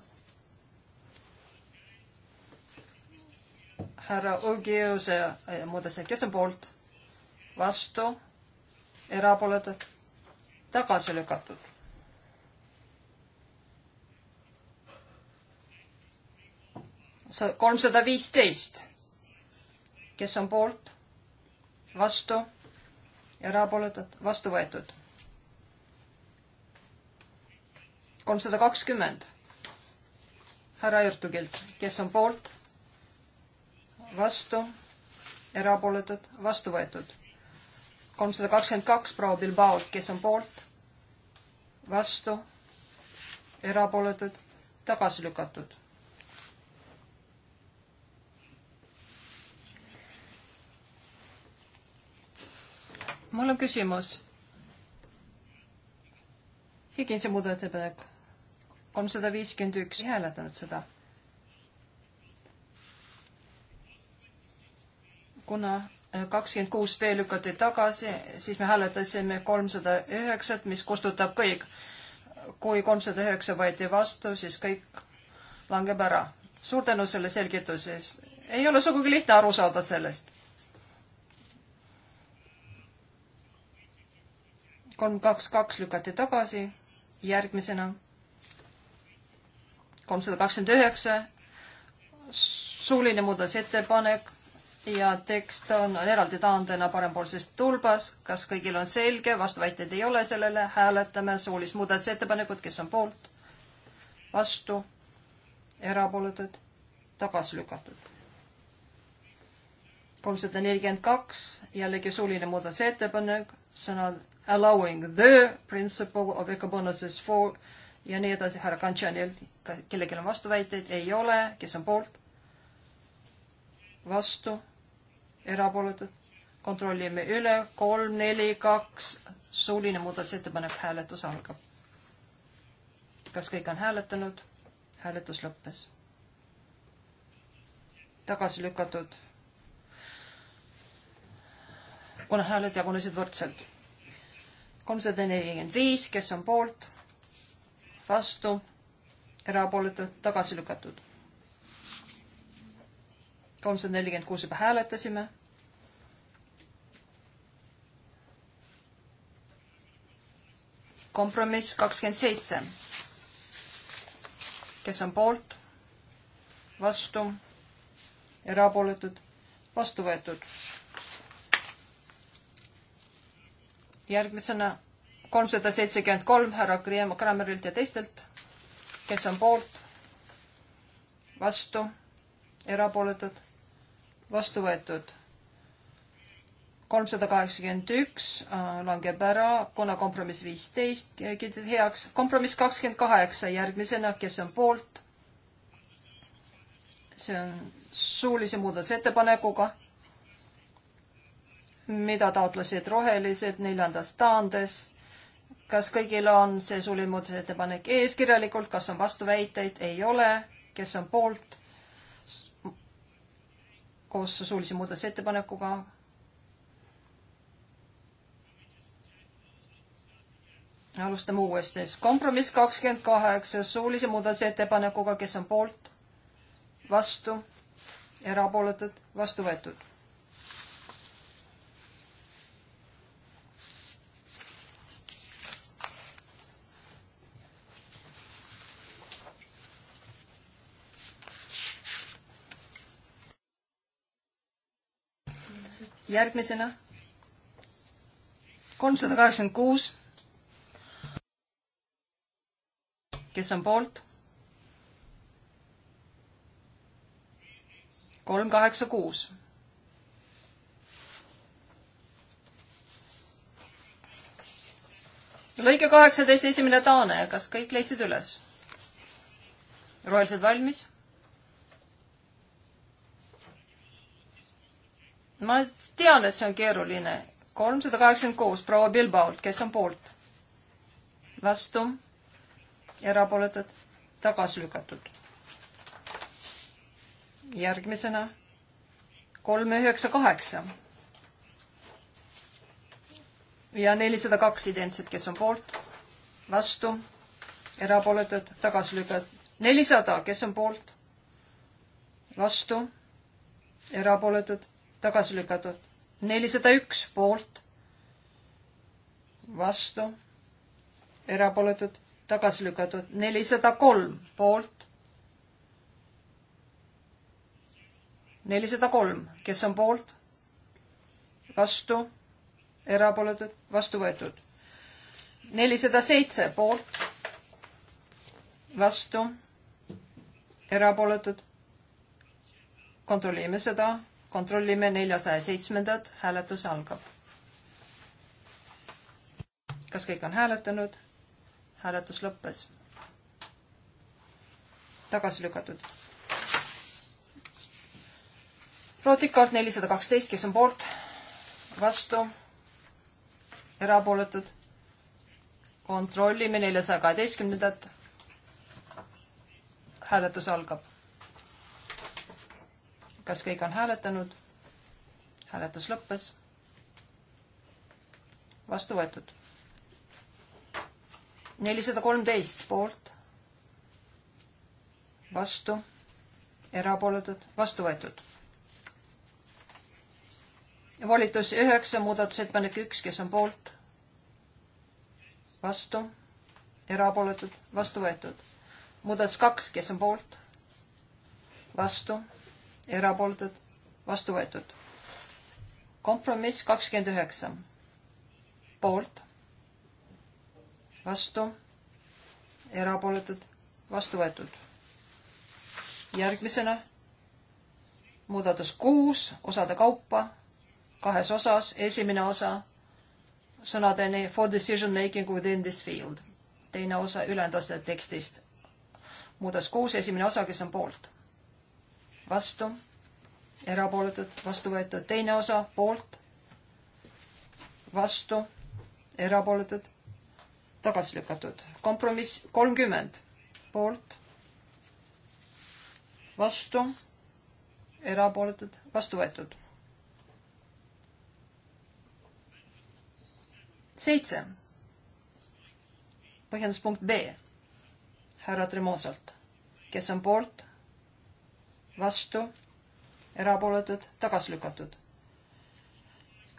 härra Õgiuse muudatused, kes on poolt, vastu, erapooletud, tagasi lükatud. kolmsada viisteist, kes on poolt, vastu erapooletud, vastu võetud. kolmsada kakskümmend härra Jürtugilt, kes on poolt, vastu, erapooletud, vastu võetud. kolmsada kakskümmend kaks proua Bilbaolt, kes on poolt, vastu, erapooletud, tagasi lükatud mul on küsimus. Higinsi muudatusettepanek kolmsada viiskümmend üks, ei hääletanud seda. kuna äh, kakskümmend kuus B lükati tagasi, siis me hääletasime kolmsada üheksat, mis kustutab kõik. kui kolmsada üheksa võeti vastu, siis kõik langeb ära. suur tänu selle selgituse eest. ei ole sugugi lihtne aru saada sellest kolm, kaks, kaks lükati tagasi, järgmisena kolmsada kakskümmend üheksa, suuline muudatusettepanek ja tekst on, on eraldi taandena parempoolses tulbas. kas kõigil on selge, vastuväiteid ei ole sellele, hääletame suulist muudatusettepanekut, kes on poolt, vastu, erapooletud, tagasi lükatud. kolmsada nelikümmend kaks, jällegi suuline muudatusettepanek, sõnad allowing the principle of ecobonuses for ja nii edasi, härra Kantšanilt, kellelgi on vastuväiteid, ei ole, kes on poolt? vastu, erapooletud, kontrollime üle, kolm, neli, kaks, suuline muudatusettepanek, hääletus algab. kas kõik on hääletanud? hääletus lõppes. tagasi lükatud kuna hääled jagunesid võrdselt kolmsada nelikümmend viis, kes on poolt, vastu, erapooletud, tagasi lükatud. kolmsada nelikümmend kuus juba hääletasime. kompromiss kakskümmend seitse. kes on poolt, vastu, erapooletud, vastu võetud järgmisena kolmsada seitsekümmend kolm härra Krammerilt ja teistelt, kes on poolt, vastu, erapooletud, vastu võetud. kolmsada kaheksakümmend üks äh, langeb ära, kuna kompromiss viisteist kiideti heaks. kompromiss kakskümmend kaheksa järgmisena, kes on poolt, see on suulise muudatusettepanekuga mida taotlesid rohelised neljandast taandes. kas kõigil on see suline muudatusettepanek ees kirjalikult, kas on vastuväiteid, ei ole, kes on poolt? koos suulise muudatusettepanekuga. alustame uuesti. kompromiss kakskümmend kaheksa suulise muudatusettepanekuga, kes on poolt, vastu, erapooletud, vastu võetud järgmisena kolmsada kaheksakümmend kuus. kes on poolt? kolm, kaheksa, kuus. lõige kaheksateist, esimene taane, kas kõik leidsid üles? rohelised valmis ma tean, et see on keeruline. kolmsada kaheksakümmend kuus proua Bilbaolt, kes on poolt? vastu? erapooletud? tagasi lükatud. järgmisena kolm üheksa kaheksa. ja nelisada kaks identset, kes on poolt? vastu? erapooletud? tagasi lükatud? nelisada, kes on poolt? vastu? erapooletud? tagasi lükatud. nelisada üks poolt, vastu, erapooletud, tagasi lükatud. nelisada kolm poolt, nelisada kolm, kes on poolt, vastu, erapooletud, vastu võetud. nelisada seitse poolt, vastu, erapooletud, kontrollime seda kontrollime neljasaja seitsmendat, hääletus algab. kas kõik on hääletanud? hääletus lõppes. tagasi lükatud. protokoll nelisada kaksteist, kes on poolt, vastu, erapooletud. kontrollime neljasaja kaheteistkümnendat. hääletus algab kas kõik on hääletanud? hääletus lõppes. vastu võetud. nelisada kolmteist poolt, vastu, erapooletud, vastu võetud. volitus üheksa, muudatusettepanek üks, kes on poolt, vastu, erapooletud, vastu võetud. muudatus kaks, kes on poolt, vastu erapooletud, vastu võetud. kompromiss kakskümmend üheksa, poolt, vastu, erapooletud, vastu võetud. järgmisena muudatus kuus osade kaupa, kahes osas, esimene osa sõnadeni for decision making within this field, teine osa ülejäänud osa tekstist. muudatus kuus, esimene osa, kes on poolt vastu, erapooletud, vastu võetud, teine osa poolt, vastu, erapooletud, tagasi lükatud. kompromiss kolmkümmend, poolt, vastu, erapooletud, vastu võetud. seitse, põhjenduspunkt B härra Tremosalt, kes on poolt vastu, erapooletud, tagasi lükatud.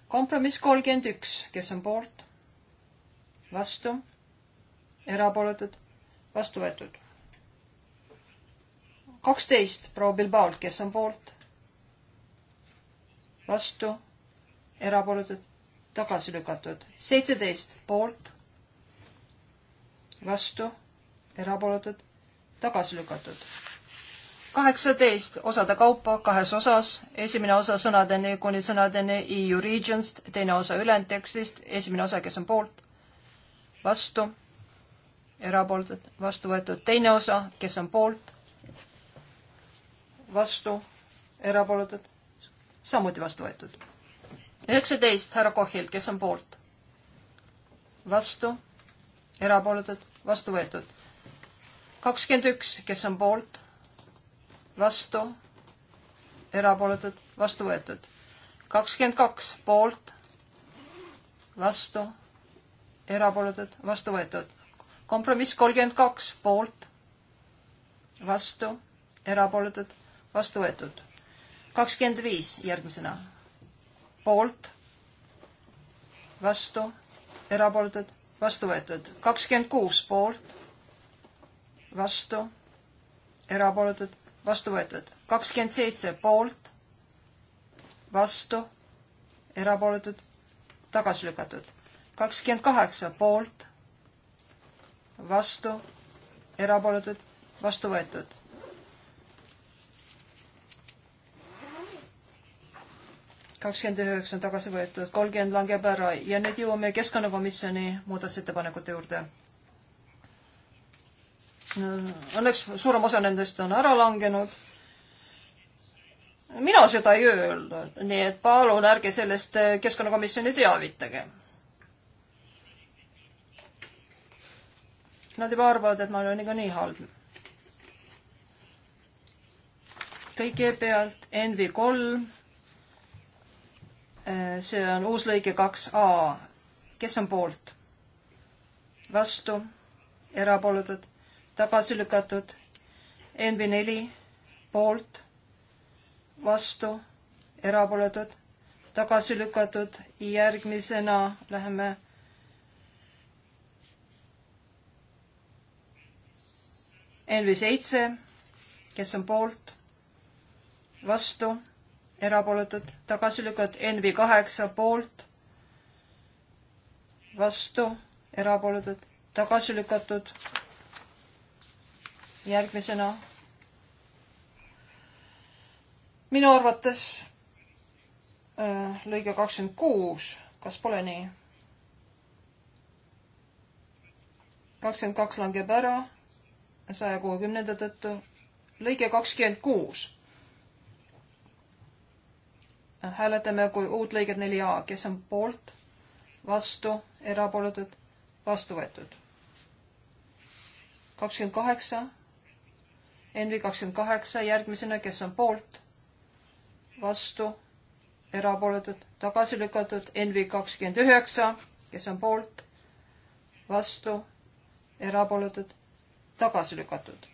kompromiss kolmkümmend üks, kes on poolt, vastu, erapooletud, vastu võetud. kaksteist proua Bilbaolt, kes on poolt, vastu, erapooletud, tagasi lükatud. seitseteist poolt, vastu, erapooletud, tagasi lükatud kaheksateist osade kaupa kahes osas, esimene osa sõnadeni kuni sõnadeni EU regions'st, teine osa ülejäänud tekstist, esimene osa, kes on poolt, vastu, erapooletud, vastu võetud, teine osa, kes on poolt, vastu, erapooletud, samuti vastu võetud. üheksateist härra Kohilt, kes on poolt, vastu, erapooletud, vastu võetud. kakskümmend üks, kes on poolt vastu, erapooletud, vastu võetud. kakskümmend kaks poolt, vastu, erapooletud, vastu võetud. kompromiss kolmkümmend kaks poolt, vastu, erapooletud, vastu võetud. kakskümmend viis järgmisena poolt, vastu, erapooletud, vastu võetud. kakskümmend kuus poolt, vastu, erapooletud, vastu võetud. kakskümmend seitse poolt, vastu, erapooletud, tagasi lükatud. kakskümmend kaheksa poolt, vastu, erapooletud, vastu võetud. kakskümmend üheksa on tagasi võetud, kolmkümmend langeb ära ja nüüd jõuame keskkonnakomisjoni muudatusettepanekute juurde Äh, õnneks suurem osa nendest on ära langenud. mina seda ei öelnud, nii et palun ärge sellest äh, keskkonnakomisjoni teavitage. Nad juba arvavad, et ma olen niikuinii halb. kõigepealt NV kolm. Äh, see on uus lõige kaks A. kes on poolt? vastu? erapooletud? tagasi lükatud. NB4 poolt, vastu, erapooletud, tagasi lükatud. järgmisena läheme NB7, kes on poolt, vastu, erapooletud, tagasi lükatud. NB8 poolt, vastu, erapooletud, tagasi lükatud järgmisena. minu arvates äh, lõige kakskümmend kuus, kas pole nii? kakskümmend kaks langeb ära saja kuuekümnenda tõttu. lõige kakskümmend kuus. hääletame kui uut lõiget neli A, kes on poolt, vastu, erapooletud, vastu võetud. kakskümmend kaheksa NV kakskümmend kaheksa järgmisena, kes on poolt, vastu, erapooletud, tagasi lükatud, NV kakskümmend üheksa, kes on poolt, vastu, erapooletud, tagasi lükatud.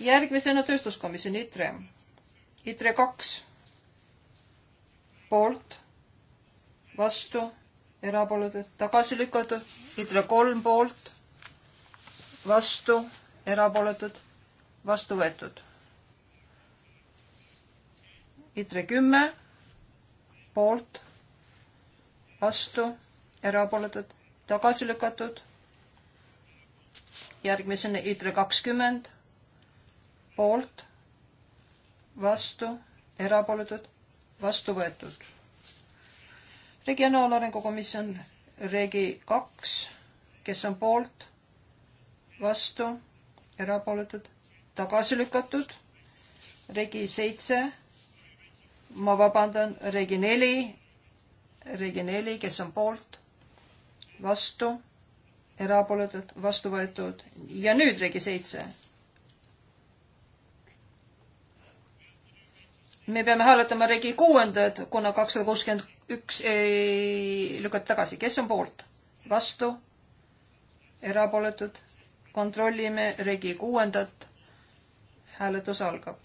järgmisena tööstuskomisjoni ITRE. ITRE kaks, poolt, vastu, erapooletud, tagasi lükatud, ITRE kolm poolt, vastu, erapooletud vastu võetud. ITRE kümme poolt, vastu, erapooletud, tagasi lükatud. järgmisena ITRE kakskümmend poolt, vastu, erapooletud, vastu võetud. regionaalarengu komisjon Regi kaks, kes on poolt, vastu, erapooletud, tagasi lükatud. regi seitse, ma vabandan, regi neli, regi neli, kes on poolt, vastu, erapooletud, vastu võetud ja nüüd regi seitse. me peame hääletama regi kuuendat, kuna kakssada kuuskümmend üks ei lükata tagasi, kes on poolt, vastu, erapooletud, kontrollime regi kuuendat hääletus algab.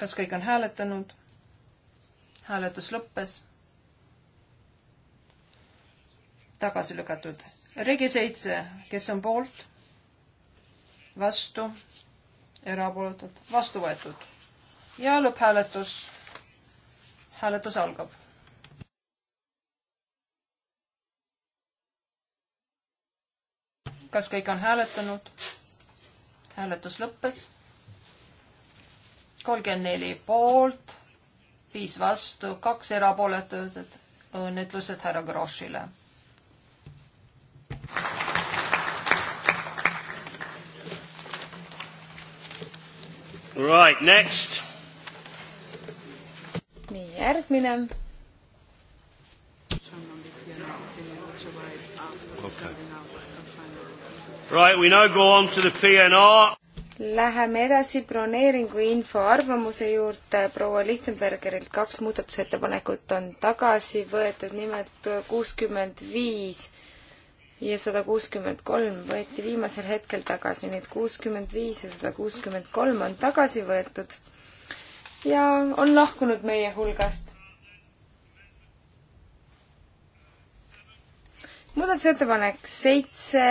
kas kõik on hääletanud? hääletus lõppes. tagasi lükatud. regi seitse, kes on poolt? vastu, erapooletud, vastu võetud. ja lõpphääletus. hääletus algab. kas kõik on hääletanud? hääletus lõppes. kolmkümmend neli poolt, viis vastu, kaks erapooletut. õnnitlused härra Grossile. Right, next. nii, järgmine okay.. Right, we now go on to the PNR. Läheme edasi broneeringu info arvamuse juurde. proua Lichtenbergerilt kaks muudatusettepanekut on tagasi võetud, nimelt kuuskümmend viis ja sada kuuskümmend kolm võeti viimasel hetkel tagasi. Need kuuskümmend viis ja sada kuuskümmend kolm on tagasi võetud ja on lahkunud meie hulgast. muudatusettepanek seitse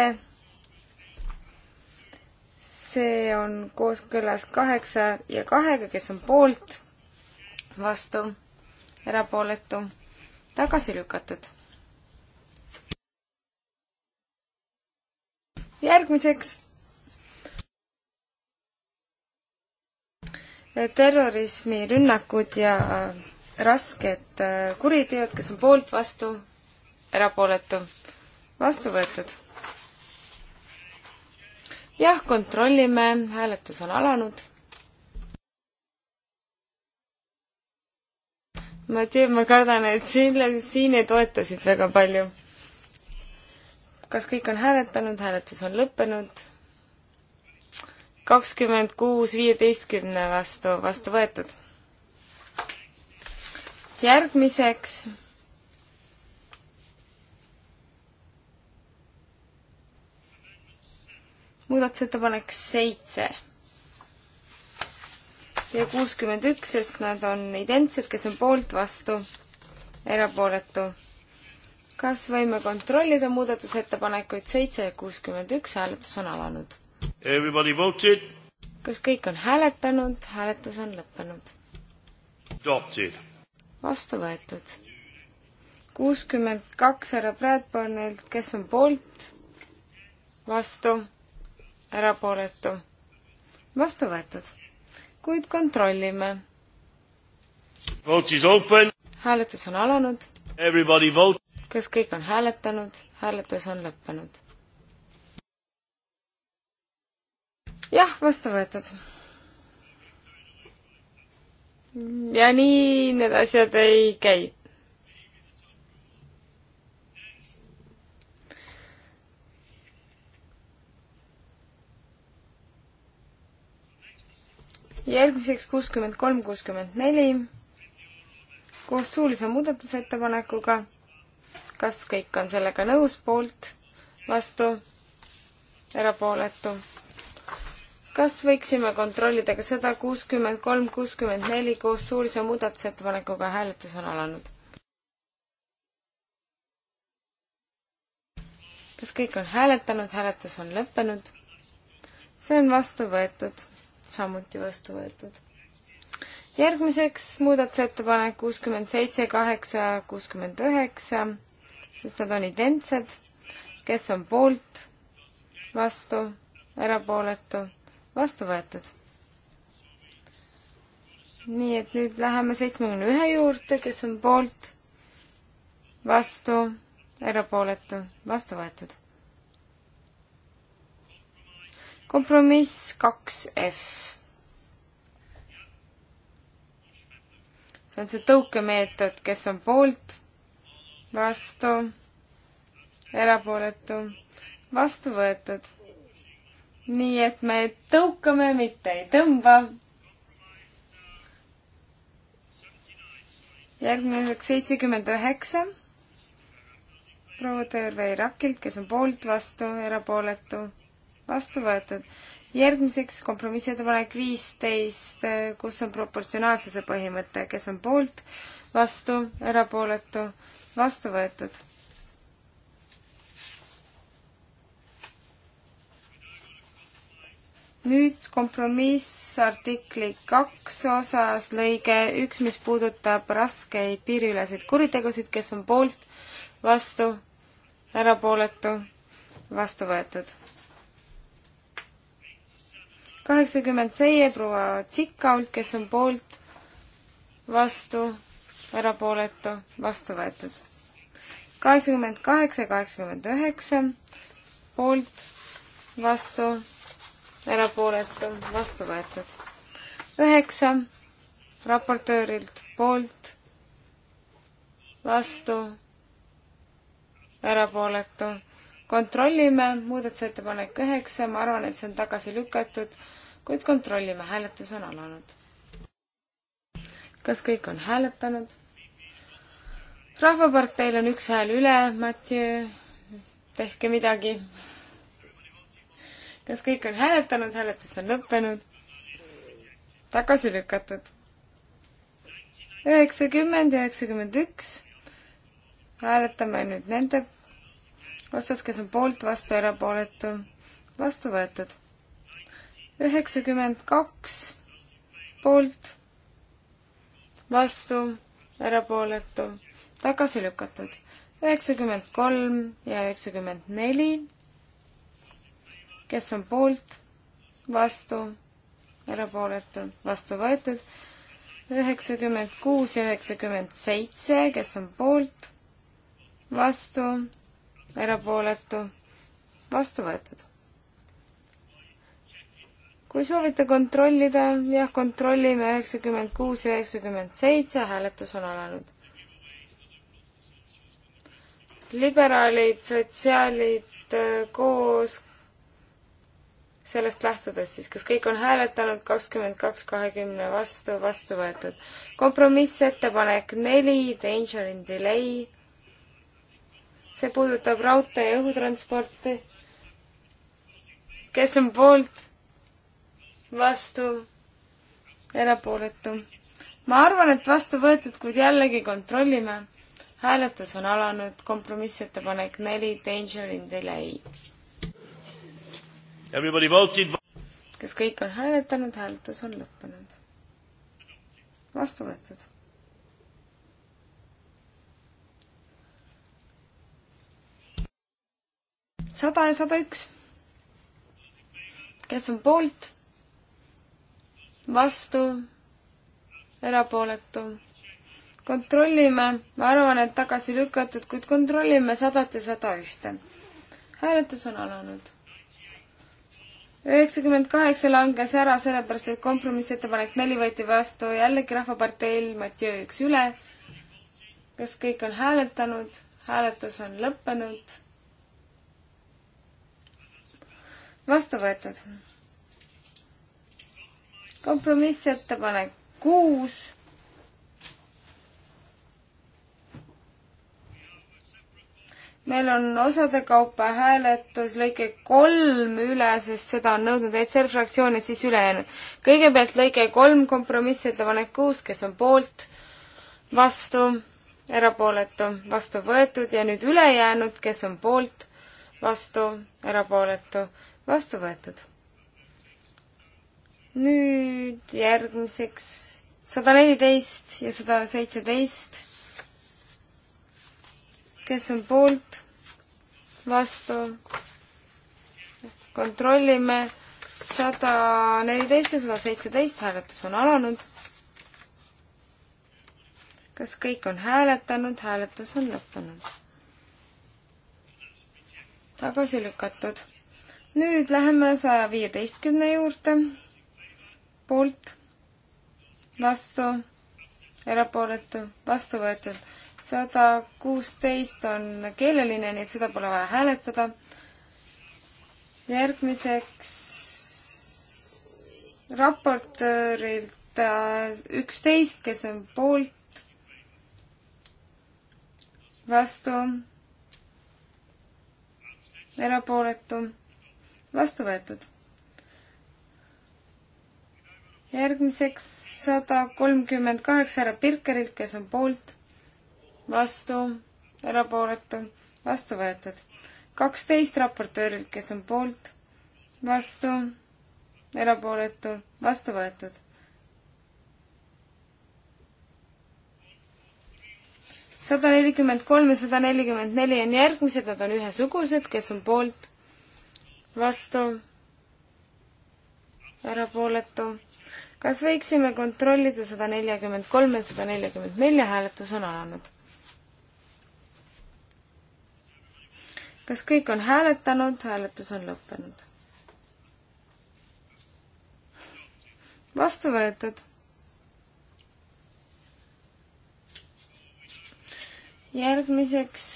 see on kooskõlas kaheksa ja kahega, kes on poolt, vastu, erapooletu, tagasi lükatud. järgmiseks terrorismirünnakud ja äh, rasked äh, kuriteod, kes on poolt, vastu, erapooletu, vastu võetud jah, kontrollime, hääletus on alanud. ma tean, ma kardan, et siin, siin ei toeta sind väga palju. kas kõik on hääletanud, hääletus on lõppenud? kakskümmend kuus viieteistkümne vastu, vastu võetud. järgmiseks muudatusettepanek seitse ja kuuskümmend üks, sest nad on identsed, kes on poolt, vastu, erapooletu. kas võime kontrollida muudatusettepanekuid seitse ja kuuskümmend üks, hääletus on alanud. kas kõik on hääletanud, hääletus on lõppenud? vastu võetud. kuuskümmend kaks härra Bradbornilt, kes on poolt, vastu erapooletu, vastu võetud. kuid kontrollime. hääletus on alanud. kas kõik on hääletanud? hääletus on lõppenud. jah, vastu võetud. ja nii need asjad ei käi järgmiseks kuuskümmend kolm, kuuskümmend neli koos suulise muudatusettepanekuga. kas kõik on sellega nõus, poolt, vastu, erapooletu? kas võiksime kontrollida ka seda kuuskümmend kolm, kuuskümmend neli koos suulise muudatusettepanekuga hääletus on alanud? kas kõik on hääletanud, hääletus on lõppenud? see on vastu võetud samuti vastu võetud. järgmiseks muudatusettepanek kuuskümmend seitse, kaheksa, kuuskümmend üheksa, sest nad on identsed. kes on poolt, vastu, erapooletu, vastu võetud? nii et nüüd läheme seitsmekümne ühe juurde, kes on poolt, vastu, erapooletu, vastu võetud kompromiss kaks F. see on see tõukemeetod, kes on poolt, vastu, erapooletu, vastu võetud. nii et me tõukame, mitte ei tõmba. järgmiseks seitsekümmend üheksa proua Tõrve Irakilt, kes on poolt, vastu, erapooletu vastu võetud. järgmiseks kompromissettepanek viisteist, kus on proportsionaalsuse põhimõte, kes on poolt, vastu, erapooletu, vastu võetud. nüüd kompromiss artikli kaks osas, lõige üks, mis puudutab raskeid piiriüleseid kuritegusid, kes on poolt, vastu, erapooletu, vastu võetud kaheksakümmend seie proua Tsikault, kes on poolt, vastu, erapooletu, vastu võetud. kaheksakümmend kaheksa, kaheksakümmend üheksa, poolt, vastu, erapooletu, vastu võetud. üheksa, raportöörilt poolt, vastu, erapooletu kontrollime muudatusettepanek üheksa, ma arvan, et see on tagasi lükatud, kuid kontrollime, hääletus on alanud. kas kõik on hääletanud? rahvaparteil on üks hääl üle, Mattiöö, tehke midagi. kas kõik on hääletanud, hääletus on lõppenud? tagasi lükatud. üheksakümmend, üheksakümmend üks. hääletame nüüd nende vastas, kes on poolt, vastu, erapooletu, vastu võetud. üheksakümmend kaks poolt, vastu, erapooletu, tagasi lükatud. üheksakümmend kolm ja üheksakümmend neli, kes on poolt, vastu, erapooletu, vastu võetud üheksakümmend kuus ja üheksakümmend seitse, kes on poolt, vastu, erapooletu, vastu võetud. kui soovite kontrollida, jah, kontrollime üheksakümmend kuus ja üheksakümmend seitse, hääletus on alanud. liberaalid, sotsiaalid äh, koos, sellest lähtudes siis, kas kõik on hääletanud kakskümmend kaks kahekümne vastu, vastu võetud. kompromissettepanek neli, danger in delay see puudutab raudtee ja õhutransporti. kes on poolt? vastu? erapooletu? ma arvan, et vastu võetud, kuid jällegi kontrollime. hääletus on alanud, kompromissettepanek neli, danger in delay. kas kõik on hääletanud, hääletus on lõppenud. vastu võetud sada ja sada üks. kes on poolt? vastu? erapooletu? kontrollime, ma arvan, et tagasi lükatud, kuid kontrollime sadat ja sada ühte. hääletus on alanud. üheksakümmend kaheksa langes ära, sellepärast et kompromissettepanek neli võeti vastu jällegi Rahvaparteil Matjöö üks üle. kas kõik on hääletanud? hääletus on lõppenud vastu võetud. kompromissettepanek kuus. meil on osade kaupa hääletus lõike kolm üle, sest seda on nõudnud ETSR fraktsioon ja siis ülejäänud. kõigepealt lõige kolm, kompromissettepanek kuus, kes on poolt, vastu, erapooletu, vastu võetud ja nüüd ülejäänud, kes on poolt, vastu, erapooletu, vastu võetud. nüüd järgmiseks sada neliteist ja sada seitseteist. kes on poolt, vastu? kontrollime sada neliteist ja sada seitseteist, hääletus on alanud. kas kõik on hääletanud, hääletus on lõppenud. tagasi lükatud nüüd läheme saja viieteistkümne juurde. poolt, vastu, erapooletu, vastu võetud. sada kuusteist on keeleline, nii et seda pole vaja hääletada. järgmiseks raportöörilt äh, üksteist, kes on poolt, vastu, erapooletu vastu võetud. järgmiseks sada kolmkümmend kaheksa härra Pirkerilt, kes on poolt, vastu, erapooletu, vastu võetud. kaksteist raportöörilt, kes on poolt, vastu, erapooletu, vastu võetud. sada nelikümmend kolm ja sada nelikümmend neli on järgmised, nad on ühesugused, kes on poolt vastu, erapooletu. kas võiksime kontrollida sada nelikümmend kolm ja sada nelikümmend nelja, hääletus on alanud. kas kõik on hääletanud, hääletus on lõppenud vastu võetud. järgmiseks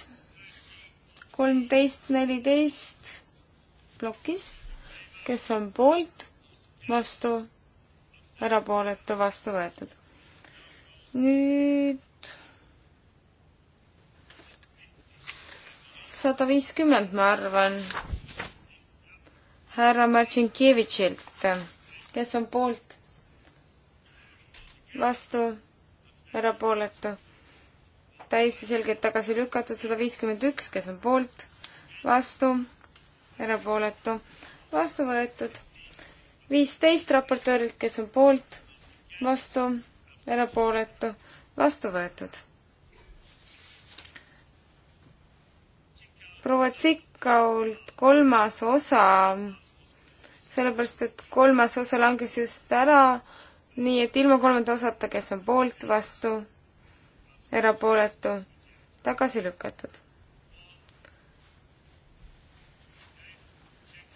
kolmteist, neliteist plokis, kes on poolt, vastu, erapooletu, vastu võetud. nüüd sada viiskümmend, ma arvan, härra Martšinkevitšilt, kes on poolt, vastu, erapooletu, täiesti selgelt tagasi lükatud, sada viiskümmend üks, kes on poolt, vastu, erapooletu, vastu võetud. viisteist raportöörilt, kes on poolt, vastu, erapooletu, vastu võetud. proua Tsikault kolmas osa, sellepärast et kolmas osa langes just ära, nii et ilma kolmanda osata, kes on poolt, vastu, erapooletu, tagasi lükatud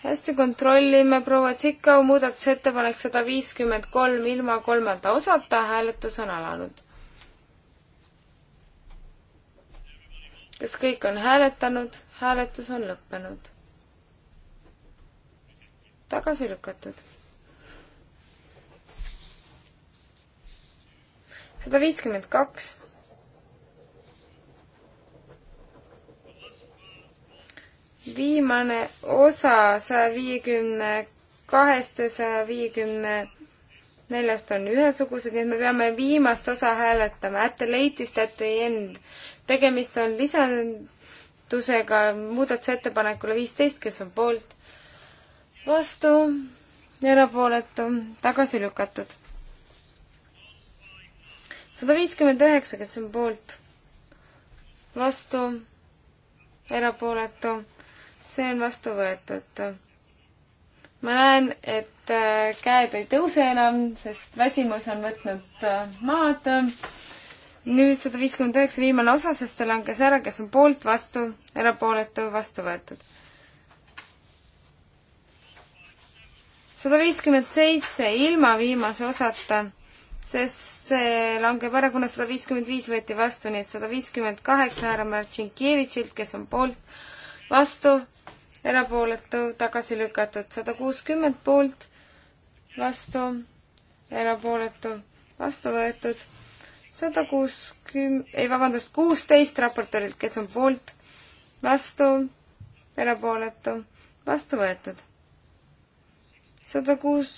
hästi, kontrollime, proua Tsikau, muudatusettepanek sada viiskümmend kolm ilma kolmanda osata, hääletus on alanud. kas kõik on hääletanud? hääletus on lõppenud. tagasi lükatud. sada viiskümmend kaks viimane osa saja viiekümne kahest ja saja viiekümne neljast on ühesugused, nii et me peame viimast osa hääletama, at the latest, at the end. tegemist on lisandusega muudatusettepanekule viisteist, kes on poolt, vastu, erapooletu, tagasi lükatud. sada viiskümmend üheksa, kes on poolt, vastu, erapooletu see on vastu võetud. ma näen, et äh, käed ei tõuse enam, sest väsimus on võtnud äh, maad. nüüd sada viiskümmend üheksa viimane osa, sest see langes ära, kes on poolt, vastu, erapooletu, vastu võetud. sada viiskümmend seitse ilma viimase osata sest see langeb ära, kuna sada viiskümmend viis võeti vastu, nii et sada viiskümmend kaheksa härra Martšinkevitšilt, kes on poolt, vastu, erapooletu, tagasi lükatud. sada kuuskümmend poolt, vastu, erapooletu, vastu võetud. sada kuuskümm-, ei vabandust, kuusteist raportöörilt, kes on poolt, vastu, erapooletu, vastu võetud. sada kuus,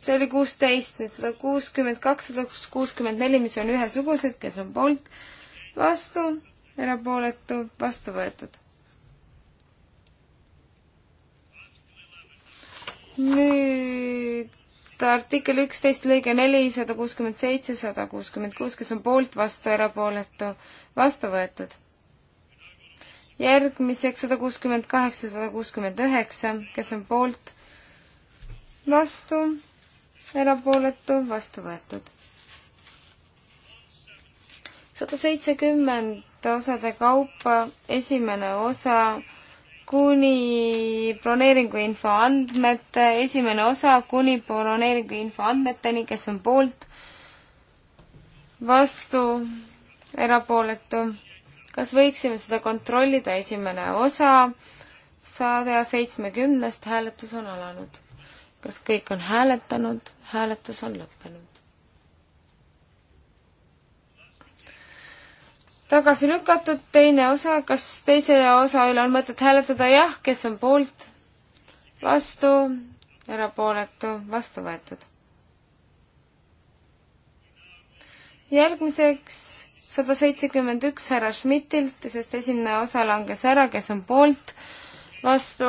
see oli kuusteist, nüüd sada kuuskümmend kaks, sada kuuskümmend neli, mis on ühesugused, kes on poolt, vastu, erapooletu, vastu võetud nüüd artikkel üksteist lõige neli, sada kuuskümmend seitse, sada kuuskümmend kuus, kes on poolt, vastu, erapooletu, vastu võetud. järgmiseks sada kuuskümmend kaheksa, sada kuuskümmend üheksa, kes on poolt, vastu, erapooletu, vastu võetud. sada seitsekümmend osade kaupa, esimene osa kuni broneeringuinfo andmete, esimene osa kuni broneeringuinfo andmeteni, kes on poolt, vastu, erapooletu. kas võiksime seda kontrollida, esimene osa saja seitsmekümnest, hääletus on alanud. kas kõik on hääletanud, hääletus on lõppenud. tagasi lükatud, teine osa, kas teise osa üle on mõtet hääletada, jah, kes on poolt, vastu, erapooletu, vastu võetud. järgmiseks sada seitsekümmend üks härra Schmidtilt, sest esimene osa langes ära, kes on poolt, vastu,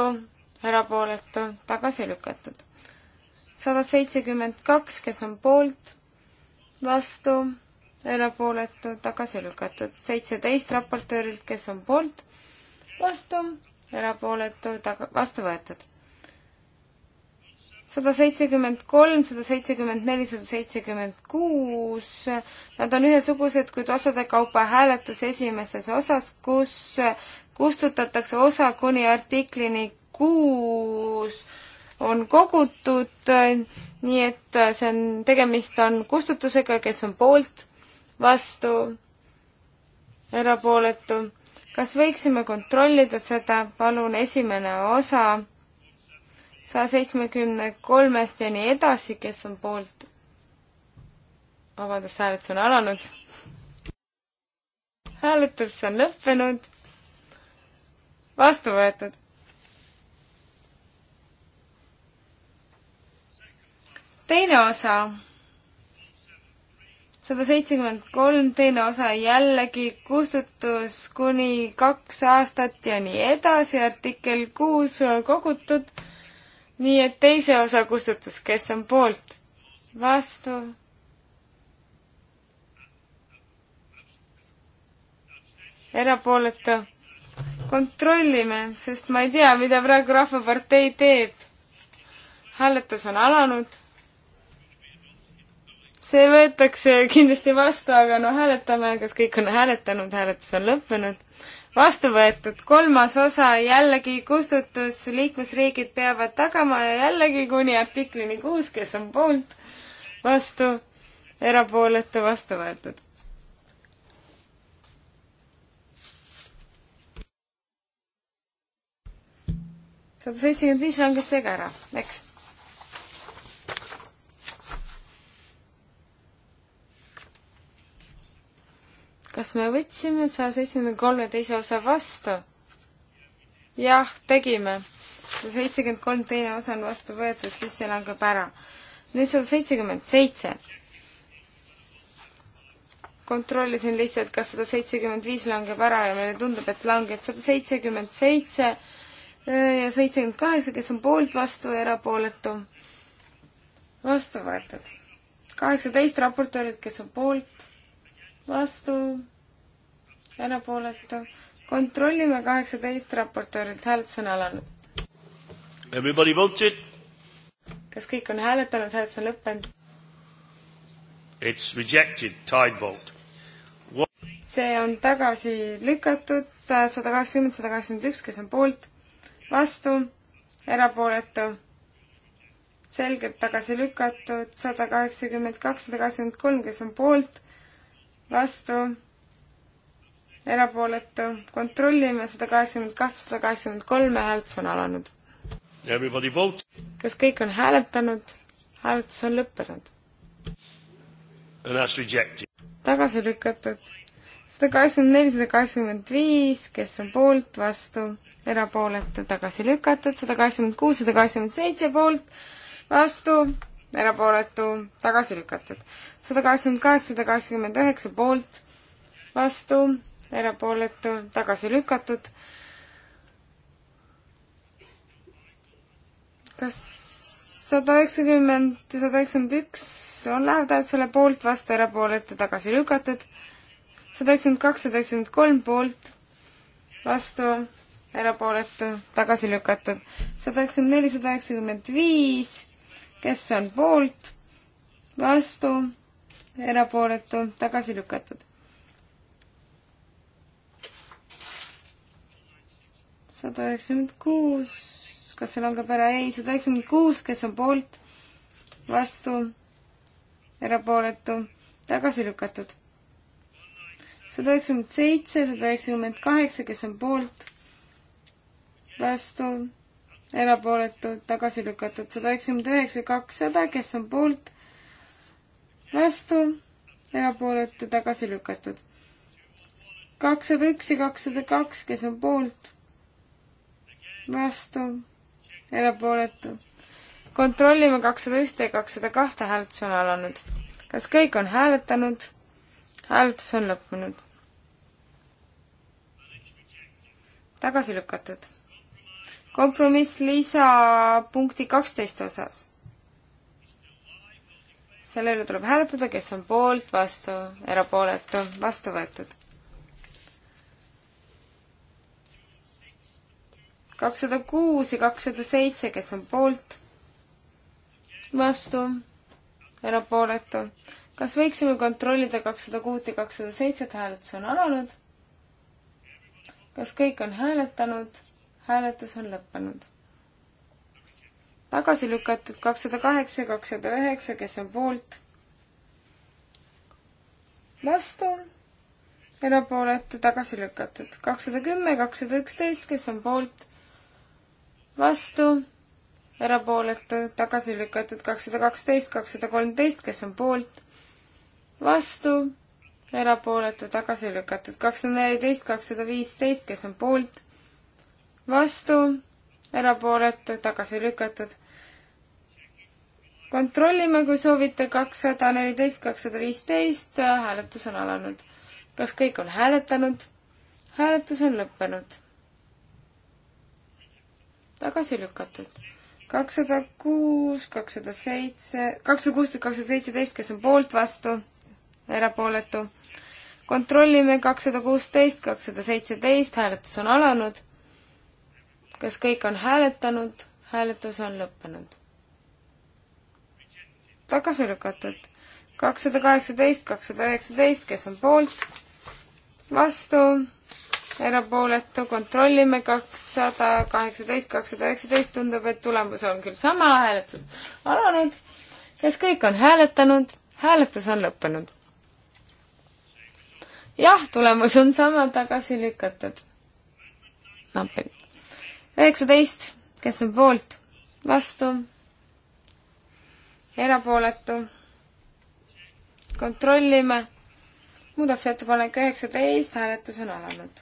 erapooletu, tagasi lükatud. sada seitsekümmend kaks, kes on poolt, vastu erapooletu, tagasi lükatud. seitseteist raportöörilt, kes on poolt, vastu, erapooletu, taga, vastu võetud. sada seitsekümmend kolm, sada seitsekümmend neli, sada seitsekümmend kuus, nad on ühesugused, kuid osade kaupa hääletus esimeses osas, kus kustutatakse osa kuni artiklini kuus on kogutud, nii et see on, tegemist on kustutusega, kes on poolt vastu, erapooletu. kas võiksime kontrollida seda, palun, esimene osa saja seitsmekümne kolmest ja nii edasi, kes on poolt? vabandust, hääletus on alanud. hääletus on lõppenud. vastu võetud. teine osa sada seitsekümmend kolm, teine osa jällegi kustutus kuni kaks aastat ja nii edasi, artikkel kuus kogutud. nii et teise osa kustutus, kes on poolt? vastu. erapooletu. kontrollime, sest ma ei tea, mida praegu Rahvapartei teeb. hääletus on alanud see võetakse kindlasti vastu, aga no hääletame, kas kõik on hääletanud, hääletus on lõppenud. vastu võetud, kolmas osa, jällegi kustutus, liikmesriigid peavad tagama ja jällegi kuni artiklini kuus, kes on poolt, vastu, erapooletu, vastu võetud sada seitsekümmend viis langeb seega ära, eks. kas me võtsime saja seitsmekümne kolme teise osa vastu? jah, tegime. sada seitsekümmend kolm teine osa on vastu võetud, siis see langeb ära. nüüd sada seitsekümmend seitse. kontrollisin lihtsalt, kas sada seitsekümmend viis langeb ära ja meile tundub, et langeb sada seitsekümmend seitse ja seitsekümmend kaheksa, kes on poolt, vastu ja erapooletu. vastu võetud. kaheksateist raportöörit, kes on poolt vastu, erapooletu. kontrollime kaheksateist raportöörilt, hääletus on alanud. Everybody voted. kas kõik on hääletanud, hääletus on lõppenud? It's rejected, tide vote. see on tagasi lükatud, sada kakskümmend, sada kakskümmend üks, kes on poolt, vastu, erapooletu selgelt tagasi lükatud, sada kaheksakümmend kaks, sada kaheksakümmend kolm, kes on poolt, vastu, erapooletu, kontrollime sada kaheksakümmend kahte, sada kaheksakümmend kolme, hääletus on alanud. kas kõik on hääletanud? hääletus on lõppenud. tagasi lükatud sada kaheksakümmend neli, sada kaheksakümmend viis, kes on poolt, vastu, erapooletu, tagasi lükatud, sada kaheksakümmend kuus, sada kaheksakümmend seitse poolt, vastu, erapooletu, tagasi lükatud. sada kaheksakümmend kaheksa, sada kaheksakümmend üheksa poolt, vastu, erapooletu, tagasi lükatud. kas sada üheksakümmend ja sada üheksakümmend üks on lähedalt selle poolt, vastu, erapooletu, tagasi lükatud. sada üheksakümmend kaks, sada üheksakümmend kolm poolt, vastu, erapooletu, tagasi lükatud. sada üheksakümmend neli, sada üheksakümmend viis kes on poolt, vastu, erapooletu, tagasi lükatud. sada üheksakümmend kuus, kas see langeb ära? ei, sada üheksakümmend kuus, kes on poolt, vastu, erapooletu, tagasi lükatud. sada üheksakümmend seitse, sada üheksakümmend kaheksa, kes on poolt, vastu erapooletud, tagasi lükatud. sada üheksakümmend üheksa, kakssada, kes on poolt, vastu, erapooletu, tagasi lükatud. kakssada üks ja kakssada kaks, kes on poolt, vastu, erapooletu. kontrollime kakssada ühte ja kakssada kahte, hääletus on alanud. kas kõik on hääletanud? hääletus on lõppenud. tagasi lükatud kompromiss lisa punkti kaksteist osas. selle üle tuleb hääletada, kes on poolt, vastu, erapooletu, vastu võetud. kakssada kuus ja kakssada seitse, kes on poolt, vastu, erapooletu. kas võiksime kontrollida kakssada kuut ja kakssada seitset, hääletus on alanud. kas kõik on hääletanud? hääletus on lõppenud. tagasi lükatud kakssada kaheksa ja kakssada üheksa, kes on poolt? vastu, erapooletu, tagasi lükatud. kakssada kümme, kakssada üksteist, kes on poolt? vastu, erapooletu, tagasi lükatud. kakssada kaksteist, kakssada kolmteist, kes on poolt? vastu erapooletu tagasi lükatud kakssada neliteist, kakssada viisteist, kes on poolt, vastu, erapooletud, tagasi lükatud. kontrollime, kui soovite, kakssada neliteist, kakssada viisteist, hääletus on alanud. kas kõik on hääletanud? hääletus on lõppenud. tagasi lükatud. kakssada kuus, kakssada seitse, kakssada kuusteist, kakssada seitseteist, kes on poolt, vastu, erapooletu kontrollime kakssada kuusteist, kakssada seitseteist, hääletus on alanud kas kõik on hääletanud? hääletus on lõppenud. tagasi lükatud. kakssada kaheksateist, kakssada üheksateist, kes on poolt? vastu? erapooletu, kontrollime kakssada kaheksateist, kakssada üheksateist, tundub, et tulemus on küll sama, hääletus alanud. kas kõik on hääletanud? hääletus on lõppenud. jah, tulemus on sama, tagasi lükatud. napilt üheksateist, kes on poolt, vastu, erapooletu. kontrollime. muudatusettepanek üheksateist, hääletus on alanud.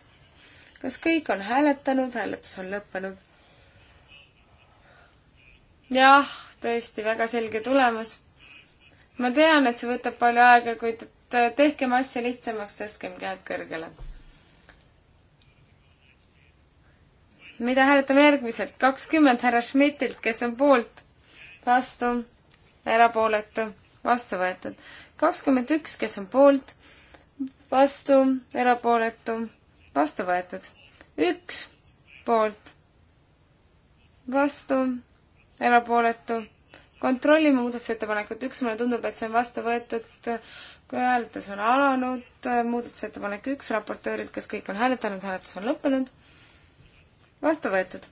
kas kõik on hääletanud, hääletus on lõppenud? jah, tõesti väga selge tulemus. ma tean, et see võtab palju aega, kuid tehkem asja lihtsamaks, tõstkem käed kõrgele mida hääletame järgmiselt? kakskümmend härra Schmidtilt, kes on poolt, vastu, erapooletu, vastu võetud. kakskümmend üks, kes on poolt, vastu, erapooletu, vastu võetud. üks, poolt, vastu, erapooletu. kontrollime muudatusettepanekut üks, mulle tundub, et see on vastu võetud kui hääletus on alanud, muudatusettepanek üks raportöörilt, kas kõik on hääletanud, hääletus on lõppenud vastu võetud.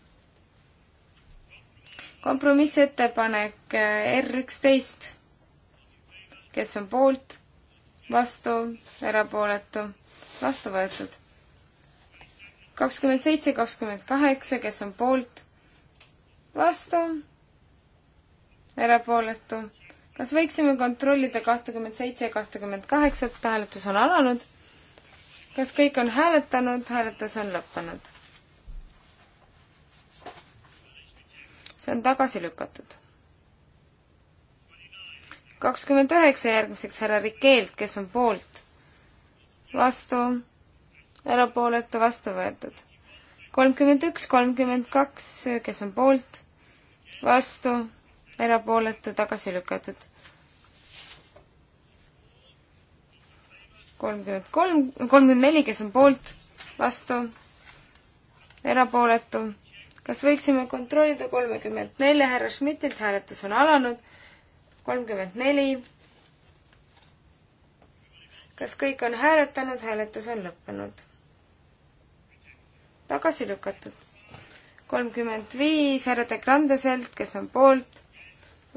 kompromissettepanek eh, R üksteist, kes on poolt, vastu, erapooletu, vastu võetud. kakskümmend seitse, kakskümmend kaheksa, kes on poolt, vastu, erapooletu. kas võiksime kontrollida kahtekümmet seitse ja kahtekümmet kaheksat, hääletus on alanud. kas kõik on hääletanud, hääletus on lõppenud see on tagasi lükatud. kakskümmend üheksa järgmiseks härra Rikeelt, kes on poolt, vastu, erapooletu, vastu võetud. kolmkümmend üks, kolmkümmend kaks, kes on poolt, vastu, erapooletu, tagasi lükatud kolmkümmend kolm, kolmkümmend neli, kes on poolt, vastu, erapooletu, kas võiksime kontrollida kolmekümmend neli, härra Schmidtilt hääletus on alanud, kolmkümmend neli. kas kõik on hääletanud, hääletus on lõppenud? tagasi lükatud. kolmkümmend viis härra De Grandeselt, kes on poolt,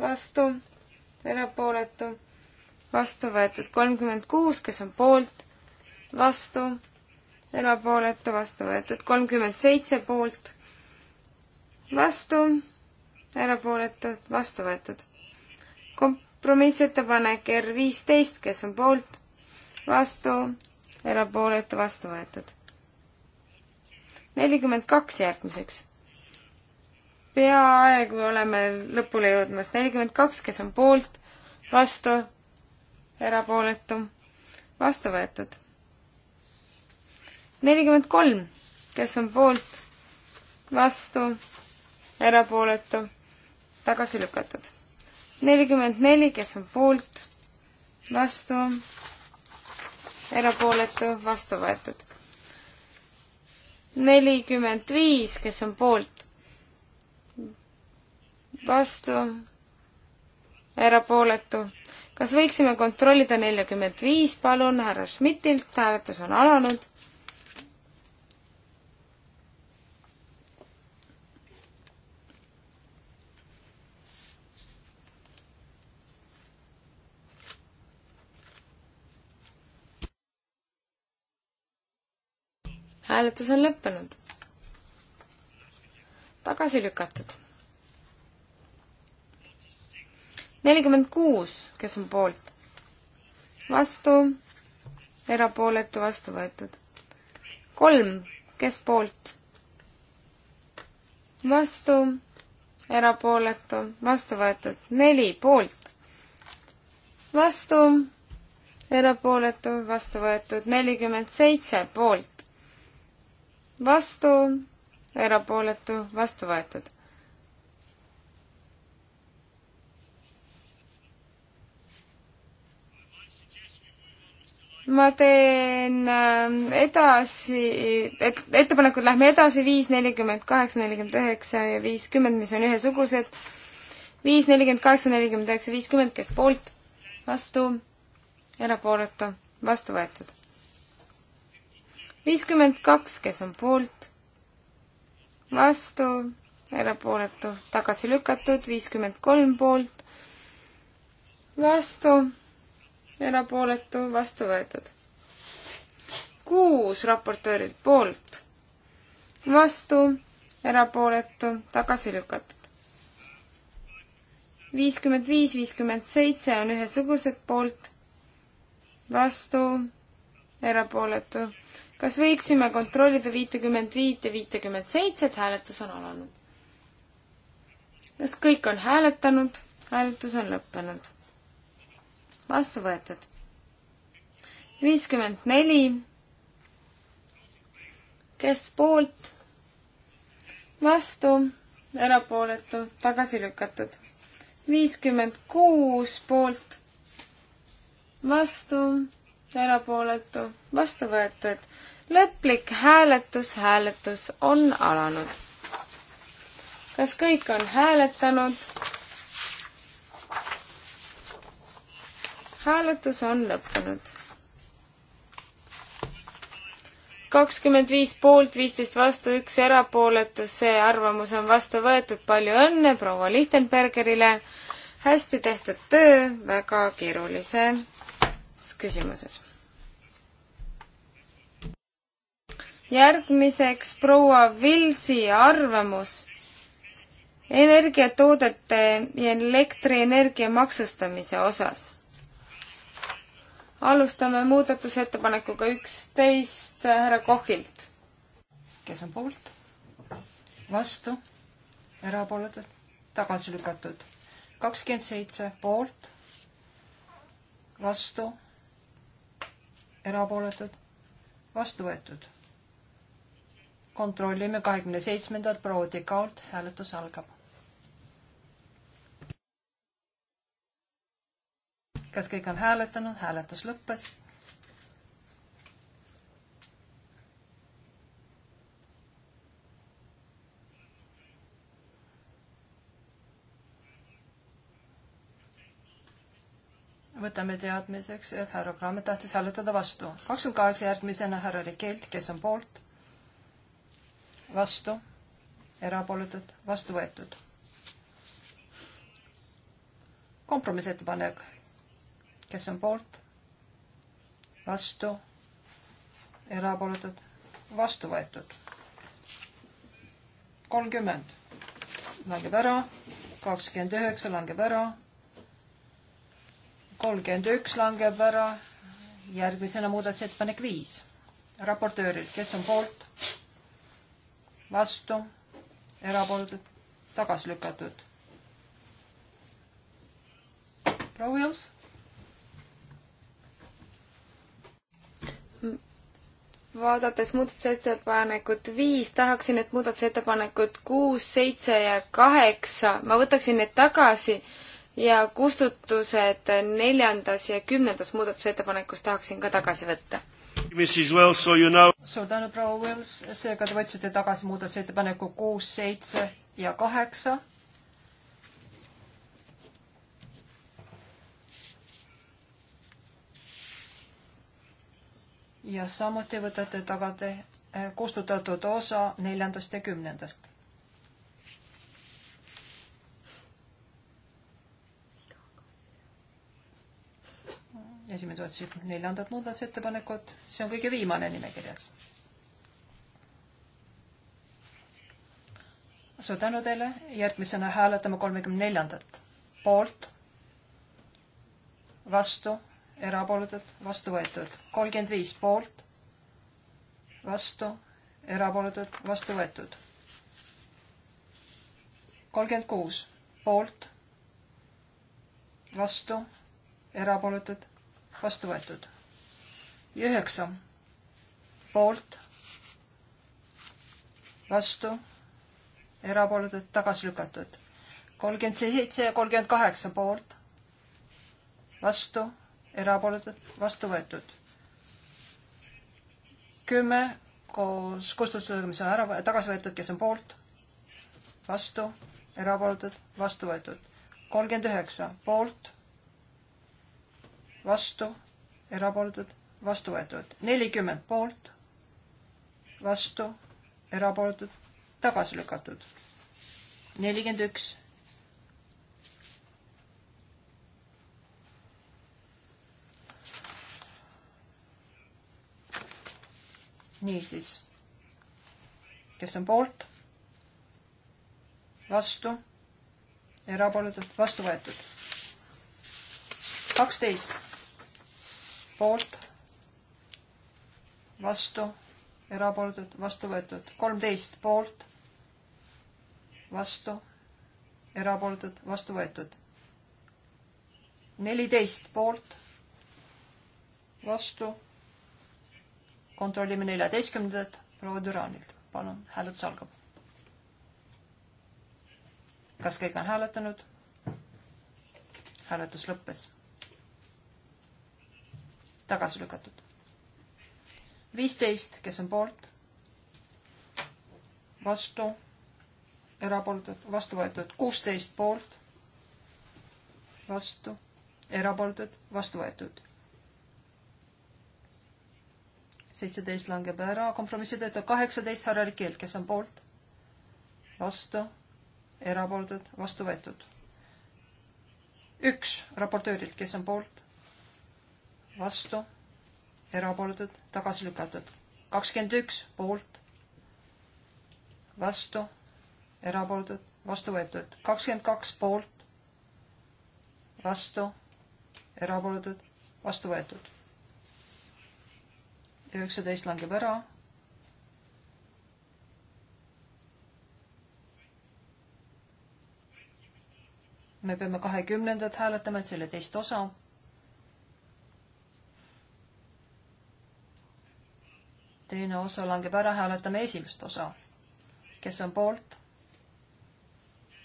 vastu, erapooletu, vastu võetud kolmkümmend kuus, kes on poolt vastu, erapooletu vastu võetud kolmkümmend seitse poolt, vastu, erapooletud, vastu võetud. kompromissettepanek R viisteist, kes on poolt, vastu, erapooletu, vastu võetud. nelikümmend kaks järgmiseks. peaaegu oleme lõpule jõudmas, nelikümmend kaks, kes on poolt, vastu, erapooletu, vastu võetud. nelikümmend kolm, kes on poolt, vastu, erapooletu, tagasi lükatud. nelikümmend neli, kes on poolt, vastu, erapooletu, vastu võetud. nelikümmend viis, kes on poolt, vastu, erapooletu. kas võiksime kontrollida neljakümmet viis, palun, härra Schmidtilt, hääletus on alanud hääletus on lõppenud. tagasi lükatud. nelikümmend kuus, kes on poolt? vastu, erapooletu, vastu võetud. kolm, kes poolt? vastu, erapooletu, vastu võetud. neli, poolt. vastu erapooletu, vastu võetud nelikümmend seitse poolt, vastu, erapooletu, vastu võetud. ma teen ähm, edasi, et ettepanekud lähme edasi, viis, nelikümmend kaheksa, nelikümmend üheksa ja viiskümmend, mis on ühesugused. viis, nelikümmend kaheksa, nelikümmend üheksa, viiskümmend, kes poolt, vastu, erapooletu, vastu võetud viiskümmend kaks, kes on poolt, vastu, erapooletu, tagasi lükatud, viiskümmend kolm poolt, vastu, erapooletu, vastu võetud. kuus raportöörilt poolt, vastu, erapooletu, tagasi lükatud. viiskümmend viis, viiskümmend seitse on ühesugused poolt, vastu, erapooletu kas võiksime kontrollida viitekümmet viit ja viitekümmet seitset, hääletus on alanud. kas kõik on hääletanud? hääletus on lõppenud. vastu võetud. viiskümmend neli. kes poolt? vastu, erapooletu, tagasi lükatud. viiskümmend kuus poolt, vastu, erapooletu, vastu võetud lõplik hääletus, hääletus on alanud. kas kõik on hääletanud? hääletus on lõppenud. kakskümmend viis poolt, viisteist vastu, üks erapooletu, see arvamus on vastu võetud, palju õnne proua Lichtenbergerile, hästi tehtud töö väga keerulises küsimuses järgmiseks proua Vilsi arvamus energiatoodete ja elektrienergia maksustamise osas. alustame muudatusettepanekuga üksteist härra Kohilt. kes on poolt? vastu? erapooletud? tagasi lükatud? kakskümmend seitse poolt? vastu? erapooletud? vastu võetud kontrollime kahekümne seitsmendat proua Dekault, hääletus algab. kas kõik on hääletanud, hääletus lõppes. võtame teadmiseks, et härra Kramme tahtis hääletada vastu. kakskümmend kaheksa järgmisena härra Rikelt, kes on poolt vastu, erapooletud, vastu võetud. kompromissettepanek, kes on poolt, vastu, erapooletud, vastu võetud. kolmkümmend langeb ära, kakskümmend üheksa langeb ära, kolmkümmend üks langeb ära, järgmisena muudatusettepanek viis raportöörilt, kes on poolt vastu, erapooletud, tagasi lükatud. proua Vils. vaadates muudatusettepanekut viis, tahaksin, et muudatusettepanekud kuus, seitse ja kaheksa, ma võtaksin need tagasi ja kustutused neljandas ja kümnendas muudatusettepanekus tahaksin ka tagasi võtta Wells, so you know. suur tänu, proua Wells, seega te võtsite tagasi muudatusettepaneku kuus, seitse ja kaheksa. ja samuti võtate tagasi eh, kustutatud osa neljandast ja kümnendast ja siis me toetasime neljandat muudatusettepanekut, see on kõige viimane nimekirjas. suur tänu teile, järgmisena hääletame kolmekümne neljandat poolt, vastu, erapooletud, vastu võetud, kolmkümmend viis poolt, vastu, erapooletud, vastu võetud kolmkümmend kuus poolt, vastu, erapooletud, vastu võetud. ja üheksa poolt, vastu, erapooletud, tagasi lükatud. kolmkümmend seitse ja kolmkümmend kaheksa poolt, vastu, erapooletud, vastu võetud. kümme koos kustutusega, mis on ära, tagasi võetud, kes on poolt, vastu, erapooletud, vastu võetud. kolmkümmend üheksa poolt vastu, erapooletud, vastu võetud. nelikümmend poolt, vastu, erapooletud, tagasi lükatud. nelikümmend üks. niisiis, kes on poolt, vastu, erapooletult vastu võetud. kaksteist poolt, vastu, erapooletud, vastu võetud. kolmteist poolt, vastu, erapooletud, vastu võetud. neliteist poolt, vastu. kontrollime neljateistkümnendat proua Düranilt. palun, hääletus algab. kas kõik on hääletanud? hääletus lõppes tagasi lükatud. viisteist, kes on poolt, vastu, erapooletud, vastu võetud, kuusteist poolt, vastu, erapooletud, vastu võetud. seitseteist langeb ära, kompromissi töötab kaheksateist harjalik keelt, kes on poolt, vastu, erapooletud, vastu võetud. üks raportöörilt, kes on poolt vastu, erapooletud, tagasi lükatud. kakskümmend üks poolt, vastu, erapooletud, vastu võetud. kakskümmend kaks poolt, vastu, erapooletud, vastu võetud. üheksateist langeb ära me peame kahekümnendat hääletama, et selle teist osa teine osa langeb ära, hääletame esimest osa. kes on poolt?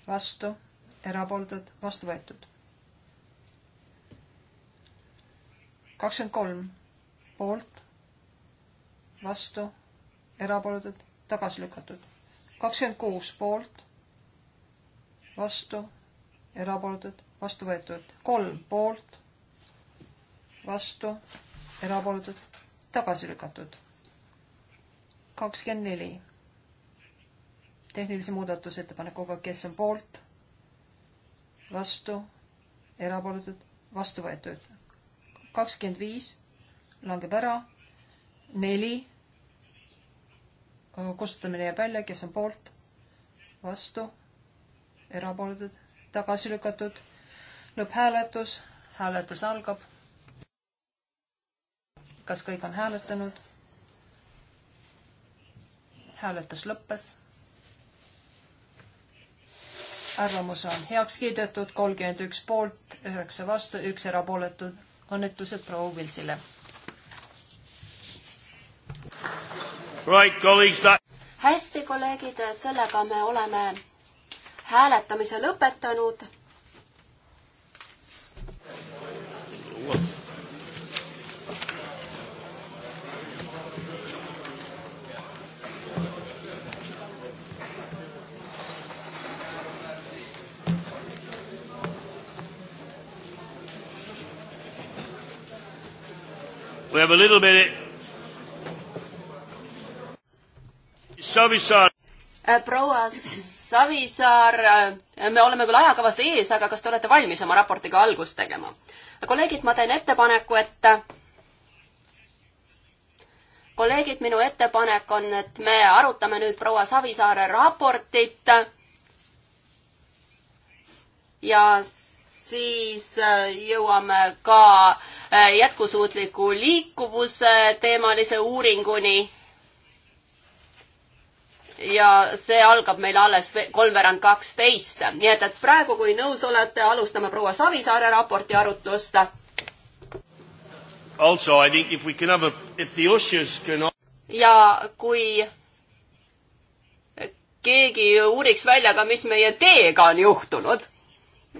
vastu, erapooletud, vastu võetud. kakskümmend kolm poolt, vastu, erapooletud, tagasi lükatud. kakskümmend kuus poolt, vastu, erapooletud, vastu võetud. kolm poolt, vastu, erapooletud, tagasi lükatud kakskümmend neli tehnilise muudatusettepanekuga, kes on poolt, vastu, erapooletud, vastu võetud. kakskümmend viis langeb ära, neli, kustutamine jääb välja, kes on poolt, vastu, erapooletud, tagasi lükatud, lõpphääletus, hääletus algab. kas kõik on hääletanud? hääletus lõppes. arvamus on heaks kiidetud, kolmkümmend üks poolt, üheksa vastu, üks erapooletu. õnnetused proua Vilsile. hästi, kolleegid, sellega me oleme hääletamise lõpetanud We have a little bit Savisaar. Äh, proua Savisaar, äh, me oleme küll ajakavast ees, aga kas te olete valmis oma raportiga algust tegema? kolleegid, ma teen ettepaneku, et kolleegid, minu ettepanek on, et me arutame nüüd proua Savisaare raportit ja siis äh, jõuame ka äh, jätkusuutliku liikuvuse teemalise uuringuni. ja see algab meil alles kolmveerand kaksteist, nii et, et praegu, kui nõus olete, alustame proua Savisaare raporti arutlust. Also I think if we can have a, if the ushers can ja kui keegi uuriks välja ka, mis meie teega on juhtunud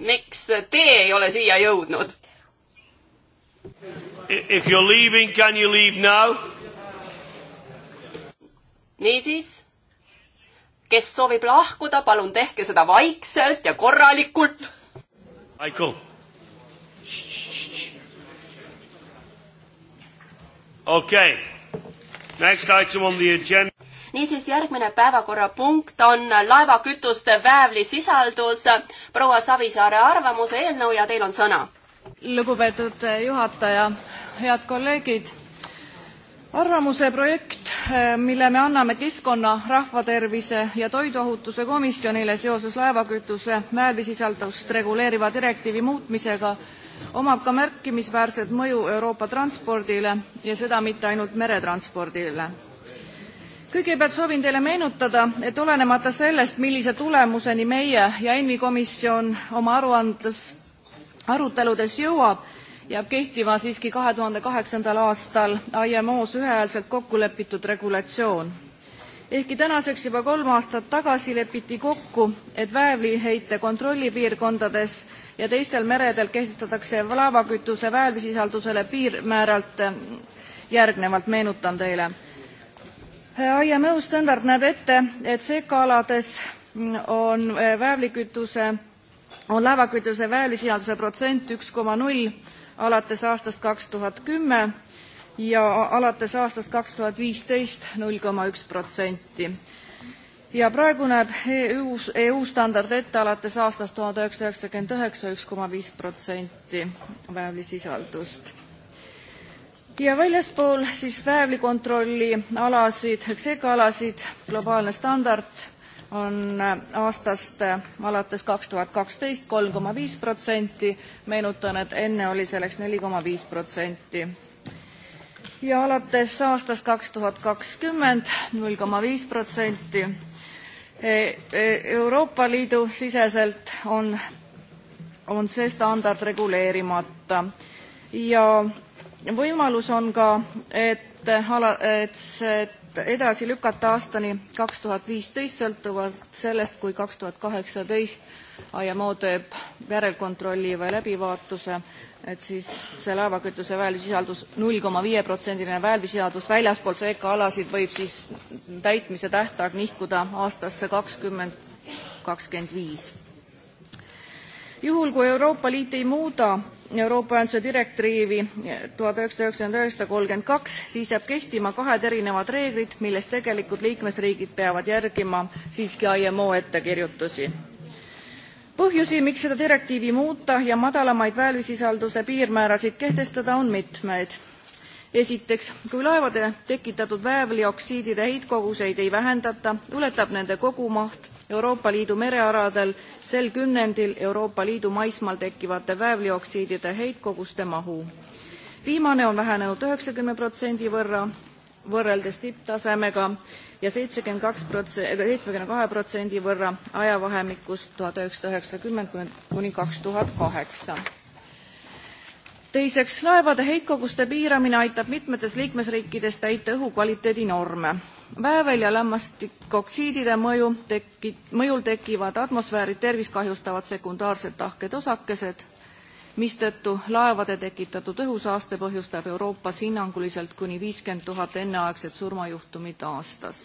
miks tee ei ole siia jõudnud? If you are leaving, can you leave now? niisiis, kes soovib lahkuda, palun tehke seda vaikselt ja korralikult. Michael. okei okay., next item on the agenda niisiis, järgmine päevakorrapunkt on laevakütuste väävlisisaldus. proua Savisaare arvamuse eelnõu ja teil on sõna. lugupeetud eh, juhataja, head kolleegid arvamuse projekt, eh, mille me anname Keskkonna, Rahvatervise ja Toiduohutuse Komisjonile seoses laevakütuse väävlisisaldust reguleeriva direktiivi muutmisega, omab ka märkimisväärset mõju Euroopa transpordile ja seda mitte ainult meretranspordile kõigepealt soovin teile meenutada, et olenemata sellest, millise tulemuseni meie ja ENVI komisjon oma aruandes, aruteludes jõuab, jääb kehtima siiski kahe tuhande kaheksandal aastal IMO-s ühehäälselt kokku lepitud regulatsioon. ehkki tänaseks juba kolm aastat tagasi lepiti kokku, et väävliheite kontrollipiirkondades ja teistel meredel kehtestatakse laevakütuse väävlisisaldusele piirmääralt mm, järgnevalt meenutan teile IMO standard näeb ette, et sekaalades on eh, väävlikütuse, on laevakütuse väävlisisalduse protsent üks koma null alates aastast kaks tuhat kümme ja alates aastast kaks tuhat viisteist null koma üks protsenti. ja praegu näeb EU, EU standard ette alates aastast tuhat üheksasada üheksakümmend üheksa üks koma viis protsenti väävlisisaldust ja väljaspool siis väävlikontrolli alasid, segaalasid globaalne standard on äh, aastast äh, alates kaks tuhat kaksteist kolm koma viis protsenti, meenutan, et enne oli selleks neli koma viis protsenti. ja alates aastast kaks tuhat kakskümmend null koma viis protsenti. E, e, Euroopa Liidu siseselt on, on see standard reguleerimata ja võimalus on ka, et ala, et see edasi lükata aastani kaks tuhat viisteist, sõltuvalt sellest, kui kaks tuhat kaheksateist IMO teeb järelkontrolli või läbivaatuse, et siis see laevakütuse väävlisisaldus, null koma viie protsendiline väävlisisaldus väljaspool seeka alasid võib siis täitmise tähtaeg nihkuda aastasse kakskümmend kakskümmend viis. juhul, kui Euroopa Liit ei muuda Euroopa Ühenduse direktiivi 1999-32, siis jääb kehtima kahed erinevad reeglid, milles tegelikult liikmesriigid peavad järgima siiski IMO ettekirjutusi. Põhjusi, miks seda direktiivi muuta ja madalamaid väävlisisalduse piirmäärasid kehtestada, on mitmeid. Esiteks, kui laevade tekitatud väävlioksiidide heitkoguseid ei vähendata, ületab nende kogumaht Euroopa Liidu merealadel sel kümnendil Euroopa Liidu maismaal tekkivate väävlioksiidide heitkoguste mahu. viimane on vähenenud üheksakümne protsendi võrra võrreldes tipptasemega ja seitsekümmend kaks prots-, seitsmekümne kahe protsendi võrra ajavahemikus tuhat üheksasada üheksakümmend kuni kaks tuhat kaheksa teiseks, laevade heitkoguste piiramine aitab mitmetes liikmesriikides täita õhukvaliteedi norme. väävel ja lämmastikoksiidide mõju teki-, mõjul tekivad atmosfääri tervist kahjustavad sekundaarsed tahked osakesed, mistõttu laevade tekitatud õhusaaste põhjustab Euroopas hinnanguliselt kuni viiskümmend tuhat enneaegset surmajuhtumit aastas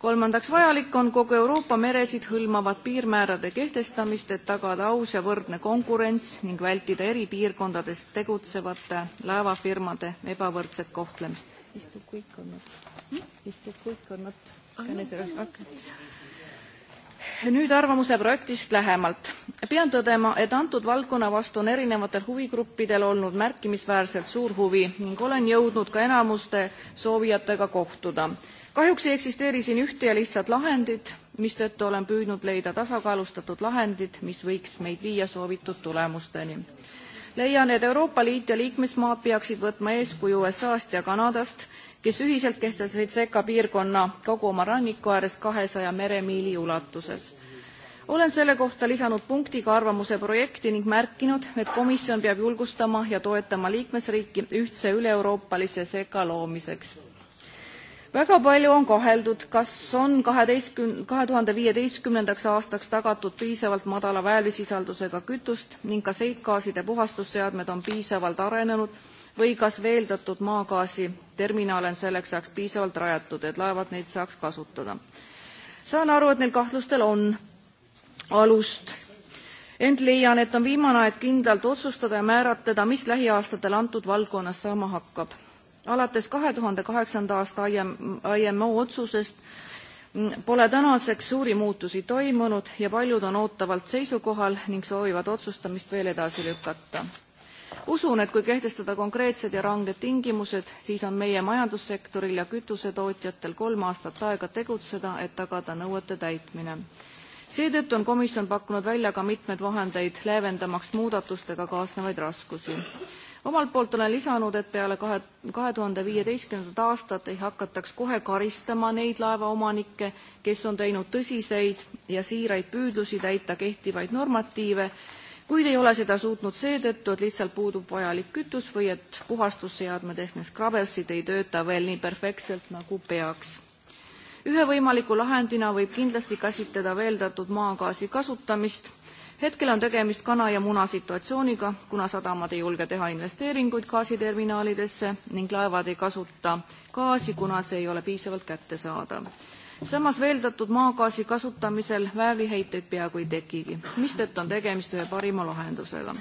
kolmandaks vajalik on kogu Euroopa meresid hõlmavad piirmäärade kehtestamist, et tagada aus ja võrdne konkurents ning vältida eri piirkondades tegutsevate laevafirmade ebavõrdset kohtlemist. istub kõik on nad, hm? istub kõik on nad, känesõrg, okei nüüd arvamuse projektist lähemalt. pean tõdema, et antud valdkonna vastu on erinevatel huvigruppidel olnud märkimisväärselt suur huvi ning olen jõudnud ka enamuste soovijatega kohtuda kahjuks ei eksisteeri siin ühte ja lihtsat lahendit, mistõttu olen püüdnud leida tasakaalustatud lahendid, mis võiks meid viia soovitud tulemusteni. leian, et Euroopa Liit ja liikmesmaad peaksid võtma eeskuju USA-st ja Kanadast, kes ühiselt kehtestasid sekka piirkonna kogu oma ranniku ääres kahesaja meremiili ulatuses olen selle kohta lisanud punkti ka arvamuse projekti ning märkinud, et komisjon peab julgustama ja toetama liikmesriiki ühtse üleeuroopalise seka loomiseks väga palju on kaheldud kas on aastaks tagatud piisavalt madala väävlisisaldusega kütust ning kas heitgaaside puhastusseadmed on piisavalt arenenud või kas veeldatud maagaasi terminale on selleks ajaks piisavalt rajatud et laevad neid saaks kasutada saan aru et neil kahtlustel on alust ent leian et on viimane aeg kindlalt otsustada ja määratleda mis lähiaastatel antud valdkonnas saama hakkab alates kahe tuhande kaheksanda aasta IMO otsusest pole tänaseks suuri muutusi toimunud ja paljud on ootavalt seisukohal ning soovivad otsustamist veel edasi lükata. usun, et kui kehtestada konkreetsed ja ranged tingimused, siis on meie majandussektoril ja kütusetootjatel kolm aastat aega tegutseda, et tagada nõuete täitmine seetõttu on komisjon pakkunud välja ka mitmeid vahendeid leevendamaks muudatustega kaasnevaid raskusi omalt poolt olen lisanud, et peale kahe, kahe tuhande viieteistkümnendat aastat ei hakataks kohe karistama neid laevaomanikke, kes on teinud tõsiseid ja siiraid püüdlusi täita kehtivaid normatiive, kuid ei ole seda suutnud seetõttu, et lihtsalt puudub vajalik kütus või et puhastusseadmed ehk need skrubbersid ei tööta veel nii perfektselt, nagu peaks ühe võimaliku lahendina võib kindlasti käsitleda veeldatud maagaasi kasutamist hetkel on tegemist kana ja muna situatsiooniga, kuna sadamad ei julge teha investeeringuid gaasiterminalidesse ning laevad ei kasuta gaasi, kuna see ei ole piisavalt kättesaadav. samas veeldatud maagaasi kasutamisel väävliheiteid peaaegu ei tekigi, mistõttu on tegemist ühe parima lahendusega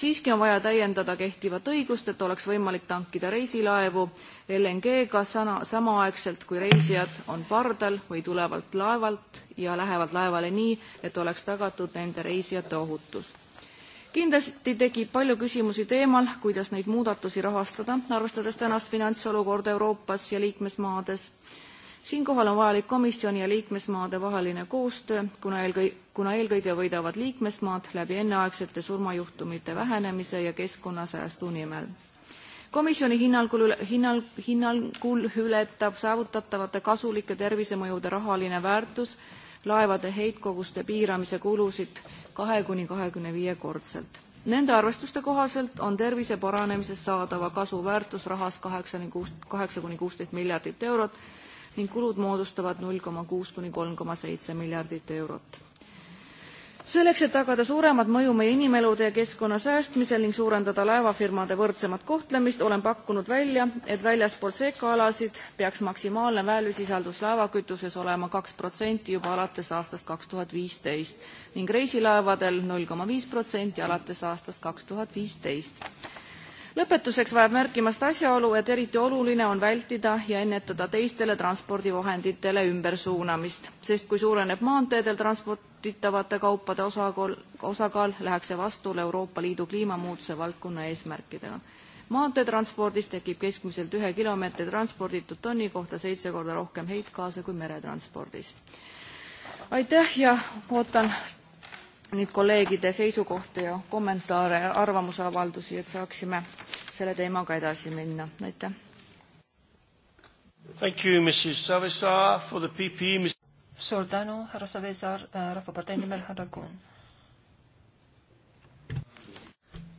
siiski on vaja täiendada kehtivat õigust, et oleks võimalik tankida reisilaevu LNG-ga sana, samaaegselt, kui reisijad on pardal või tulevalt laevalt ja lähevad laevale nii, et oleks tagatud nende reisijate ohutus. kindlasti tekib palju küsimusi teemal, kuidas neid muudatusi rahastada, arvestades tänast finantsolukorda Euroopas ja liikmesmaades siinkohal on vajalik komisjoni ja liikmesmaade vaheline koostöö, kuna eelkõi-, kuna eelkõige võidavad liikmesmaad läbi enneaegsete surmajuhtumite vähenemise ja keskkonnasäästu nimel. komisjoni hinnangul, hinnal, hinnangul ületab saavutatavate kasulike tervisemõjude rahaline väärtus laevade heitkoguste piiramise kulusid kahe kuni kahekümne viie kordselt. Nende arvestuste kohaselt on tervise paranemisest saadava kasu väärtus rahas kaheksa kuni kuus, kaheksa kuni kuusteist miljardit eurot ning kulud moodustavad null koma kuus kuni kolm koma seitse miljardit eurot. selleks, et tagada suuremat mõju meie inimelude ja keskkonna säästmisel ning suurendada laevafirmade võrdsemat kohtlemist, olen pakkunud välja, et väljaspool sekkaalasid peaks maksimaalne väävlisisaldus laevakütuses olema kaks protsenti juba alates aastast kaks tuhat viisteist ning reisilaevadel null koma viis protsenti alates aastast kaks tuhat viisteist lõpetuseks vajab märkimast asjaolu, et eriti oluline on vältida ja ennetada teistele transpordivahenditele ümbersuunamist, sest kui suureneb maanteedel transporditavate kaupade osakaal, osakaal, läheks see vastuolu Euroopa Liidu kliimamuutuse valdkonna eesmärkidega. maanteetranspordis tekib keskmiselt ühe kilomeetri transporditud tonni kohta seitse korda rohkem heitgaase kui meretranspordis. aitäh ja ootan nüüd kolleegide seisukohti ja kommentaare ja arvamusavaldusi, et saaksime selle teemaga edasi minna. aitäh. suur tänu, härra Savisaar, äh, Rahvapartei nimel härra Kuhn.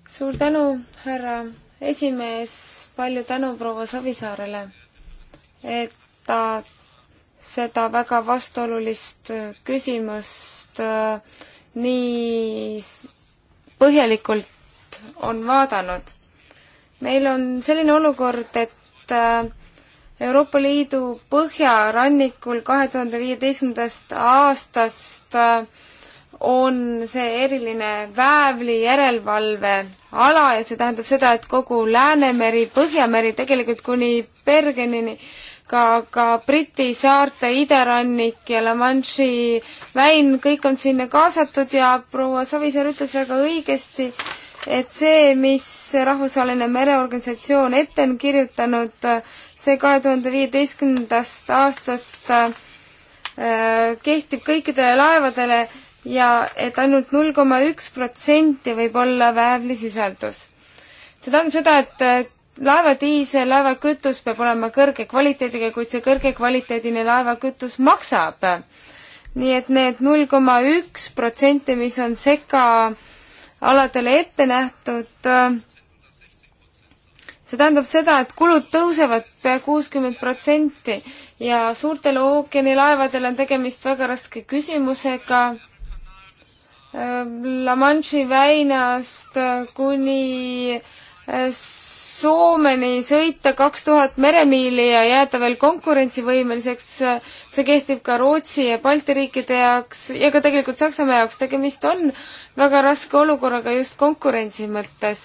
suur tänu, härra esimees, palju tänu proua Savisaarele, et ta seda väga vastuolulist küsimust äh, nii põhjalikult on vaadanud. meil on selline olukord, et äh, Euroopa Liidu põhjarannikul kahe tuhande viieteistkümnendast aastast äh, on see eriline väävli järelevalveala ja see tähendab seda, et kogu Läänemeri, Põhjameri tegelikult kuni Bergenini ka, ka Briti saarte idarannik ja La Manche'i väin, kõik on sinna kaasatud ja proua Savisaar ütles väga õigesti, et see, mis Rahvusvaheline Mereorganisatsioon ette on kirjutanud, see kahe tuhande viieteistkümnendast aastast äh, kehtib kõikidele laevadele ja et ainult null koma üks protsenti võib olla väävlisisaldus. see tähendab seda, et laevadiisel, laevakütus peab olema kõrge kvaliteediga, kuid see kõrgekvaliteedine laevakütus maksab. nii et need null koma üks protsenti, mis on seka aladele ette nähtud, see tähendab seda, et kulud tõusevad pea kuuskümmend protsenti ja suurtel ookeanilaevadel on tegemist väga raske küsimusega. Äh, La Manche'i väinast äh, kuni äh, Soomeni sõita kaks tuhat meremiili ja jääda veel konkurentsivõimeliseks, see kehtib ka Rootsi ja Balti riikide jaoks ja ka tegelikult Saksamaa jaoks, tegemist on väga raske olukorraga just konkurentsi mõttes.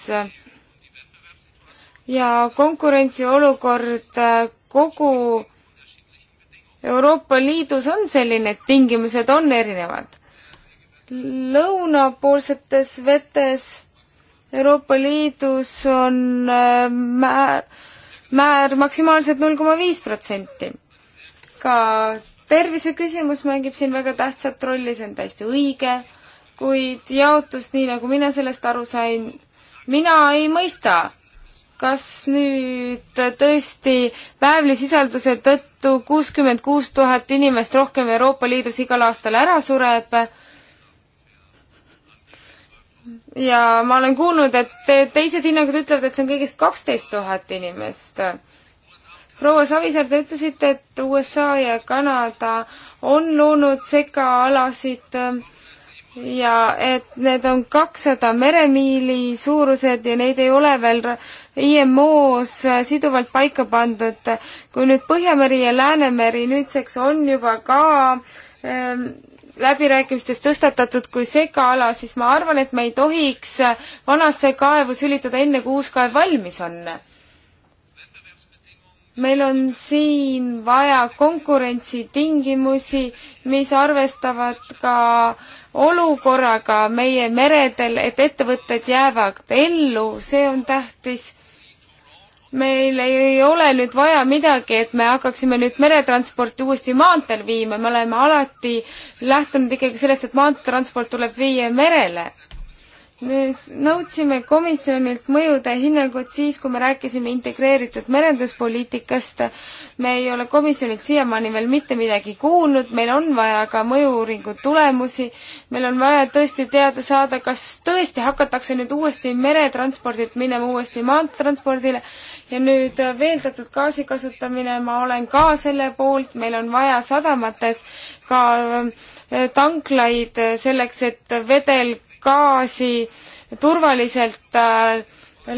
ja konkurentsiolukord äh, kogu Euroopa Liidus on selline, et tingimused on erinevad. lõunapoolsetes vetes Euroopa Liidus on äh, määr, määr maksimaalselt null koma viis protsenti. ka terviseküsimus mängib siin väga tähtsat rolli, see on täiesti õige, kuid jaotust, nii nagu mina sellest aru sain, mina ei mõista, kas nüüd tõesti väävlisisalduse tõttu kuuskümmend kuus tuhat inimest rohkem Euroopa Liidus igal aastal ära sureb äh, ja ma olen kuulnud, et teised hinnangud ütlevad, et see on kõigest kaksteist tuhat inimest. proua Savisaar, te ütlesite, et USA ja Kanada on loonud segaalasid ja et need on kakssada meremiili suurused ja neid ei ole veel IMO-s siduvalt paika pandud. kui nüüd Põhjameri ja Läänemeri nüüdseks on juba ka ähm, läbirääkimistes tõstatatud kui segaala, siis ma arvan, et me ei tohiks vanasse kaevu sülitada enne, kui uus kaev valmis on. meil on siin vaja konkurentsitingimusi, mis arvestavad ka olukorraga meie meredel, et ettevõtted jäävad ellu, see on tähtis meil ei ole nüüd vaja midagi, et me hakkaksime nüüd meretransporti uuesti maanteel viima, me oleme alati lähtunud ikkagi sellest, et maanteetransport tuleb viia merele me nõudsime komisjonilt mõjude hinnangut siis, kui me rääkisime integreeritud merenduspoliitikast. me ei ole komisjonilt siiamaani veel mitte midagi kuulnud, meil on vaja ka mõju-uuringu tulemusi. meil on vaja tõesti teada saada, kas tõesti hakatakse nüüd uuesti meretranspordilt minema uuesti maanteetranspordile ja nüüd äh, veeldatud gaasi kasutamine, ma olen ka selle poolt, meil on vaja sadamates ka äh, tanklaid äh, selleks, et vedel gaasi turvaliselt äh,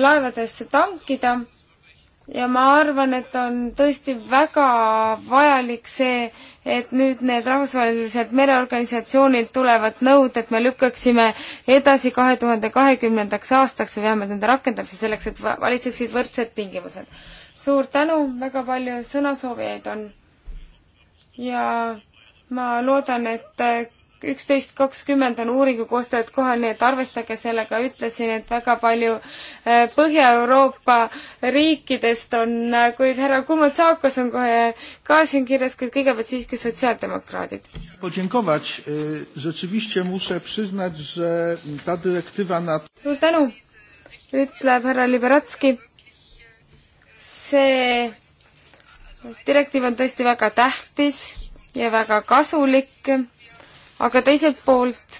laevadesse tankida ja ma arvan, et on tõesti väga vajalik see, et nüüd need rahvusvahelised mereorganisatsioonid tulevad nõud, et me lükkaksime edasi kahe tuhande kahekümnendaks aastaks või vähemalt nende rakendamise selleks, et valitseksid võrdsed tingimused. suur tänu, väga palju sõnasoovijaid on. ja ma loodan, et üksteist kakskümmend on uuringu koostajad kohal, nii et arvestage sellega, ütlesin, et väga palju äh, Põhja-Euroopa riikidest on, äh, kuid härra Kumotsakos on kohe ka siin kirjas, kuid kõigepealt siiski sotsiaaldemokraadid. suur tänu, ütleb härra Liberatski. see direktiiv on tõesti väga tähtis ja väga kasulik aga teiselt poolt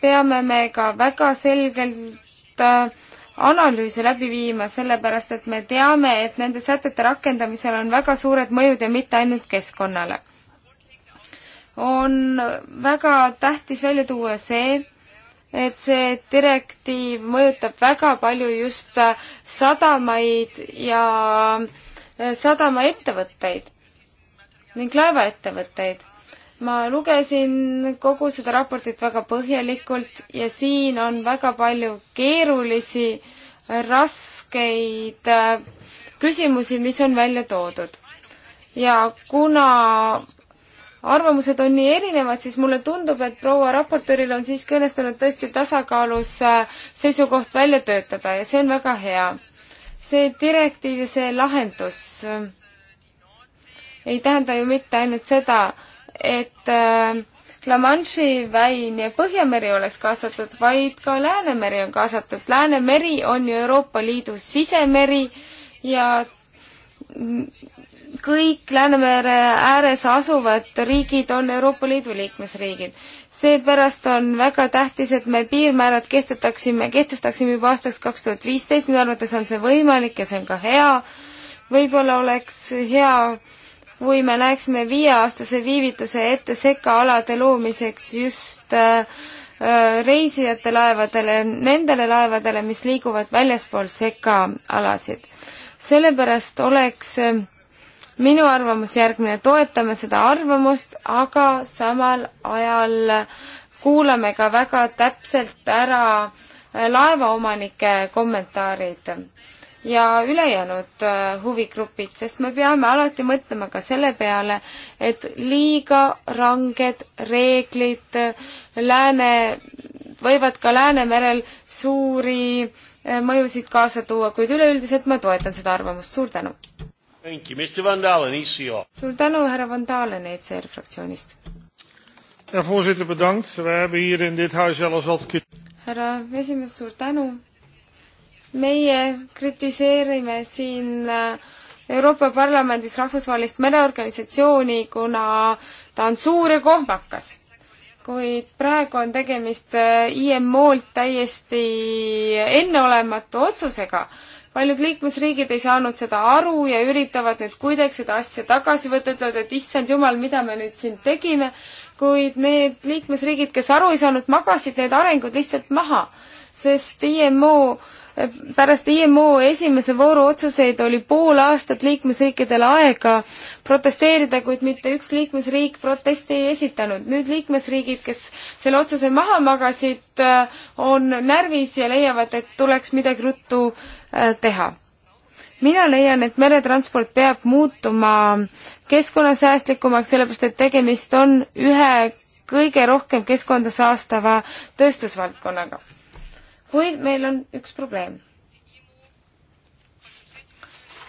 peame me ka väga selgelt äh, analüüse läbi viima, sellepärast et me teame, et nende sätete rakendamisel on väga suured mõjud ja mitte ainult keskkonnale. on väga tähtis välja tuua see, et see direktiiv mõjutab väga palju just äh, sadamaid ja äh, sadamaettevõtteid ning laevaettevõtteid ma lugesin kogu seda raportit väga põhjalikult ja siin on väga palju keerulisi, raskeid äh, küsimusi, mis on välja toodud. ja kuna arvamused on nii erinevad, siis mulle tundub, et proua raportööril on siiski õnnestunud tõesti tasakaalus äh, seisukoht välja töötada ja see on väga hea. see direktiiv ja see lahendus äh, ei tähenda ju mitte ainult seda, et äh, La Manche'i väin ja Põhjameri oleks kaasatud, vaid ka Läänemeri on kaasatud. Läänemeri on ju Euroopa Liidu sisemeri ja kõik Läänemere ääres asuvad riigid on Euroopa Liidu liikmesriigid. seepärast on väga tähtis, et me piirmäärad kehtetaksime, kehtestaksime juba aastaks kaks tuhat viisteist, minu arvates on see võimalik ja see on ka hea. võib-olla oleks hea kui me näeksime viieaastase viivituse ette sekaalade loomiseks just äh, äh, reisijate laevadele, nendele laevadele, mis liiguvad väljaspool sekaalasid. sellepärast oleks äh, minu arvamus järgmine, toetame seda arvamust, aga samal ajal kuulame ka väga täpselt ära laevaomanike kommentaarid ja ülejäänud äh, huvigrupid, sest me peame alati mõtlema ka selle peale, et liiga ranged reeglid äh, lääne, võivad ka Läänemerel suuri äh, mõjusid kaasa tuua, kuid üleüldiselt ma toetan seda arvamust, suur tänu! E suur tänu, härra Van Dalen ECR fraktsioonist! härra esimees, suur tänu! meie kritiseerime siin äh, Euroopa Parlamendis rahvusvahelist mereorganisatsiooni, kuna ta on suur ja kohmakas. kuid praegu on tegemist äh, IMO-lt täiesti enneolematu otsusega. paljud liikmesriigid ei saanud seda aru ja üritavad nüüd kuidagi seda asja tagasi võtta, ütlevad, et issand jumal, mida me nüüd siin tegime, kuid need liikmesriigid, kes aru ei saanud, magasid need arengud lihtsalt maha, sest IMO äh, pärast IMO esimese vooru otsuseid oli pool aastat liikmesriikidel aega protesteerida, kuid mitte üks liikmesriik protesti ei esitanud. nüüd liikmesriigid, kes selle otsuse maha magasid, äh, on närvis ja leiavad, et tuleks midagi ruttu äh, teha mina leian, et meretransport peab muutuma keskkonnasäästlikumaks, sellepärast et tegemist on ühe kõige rohkem keskkonda saastava tööstusvaldkonnaga kuid meil on üks probleem.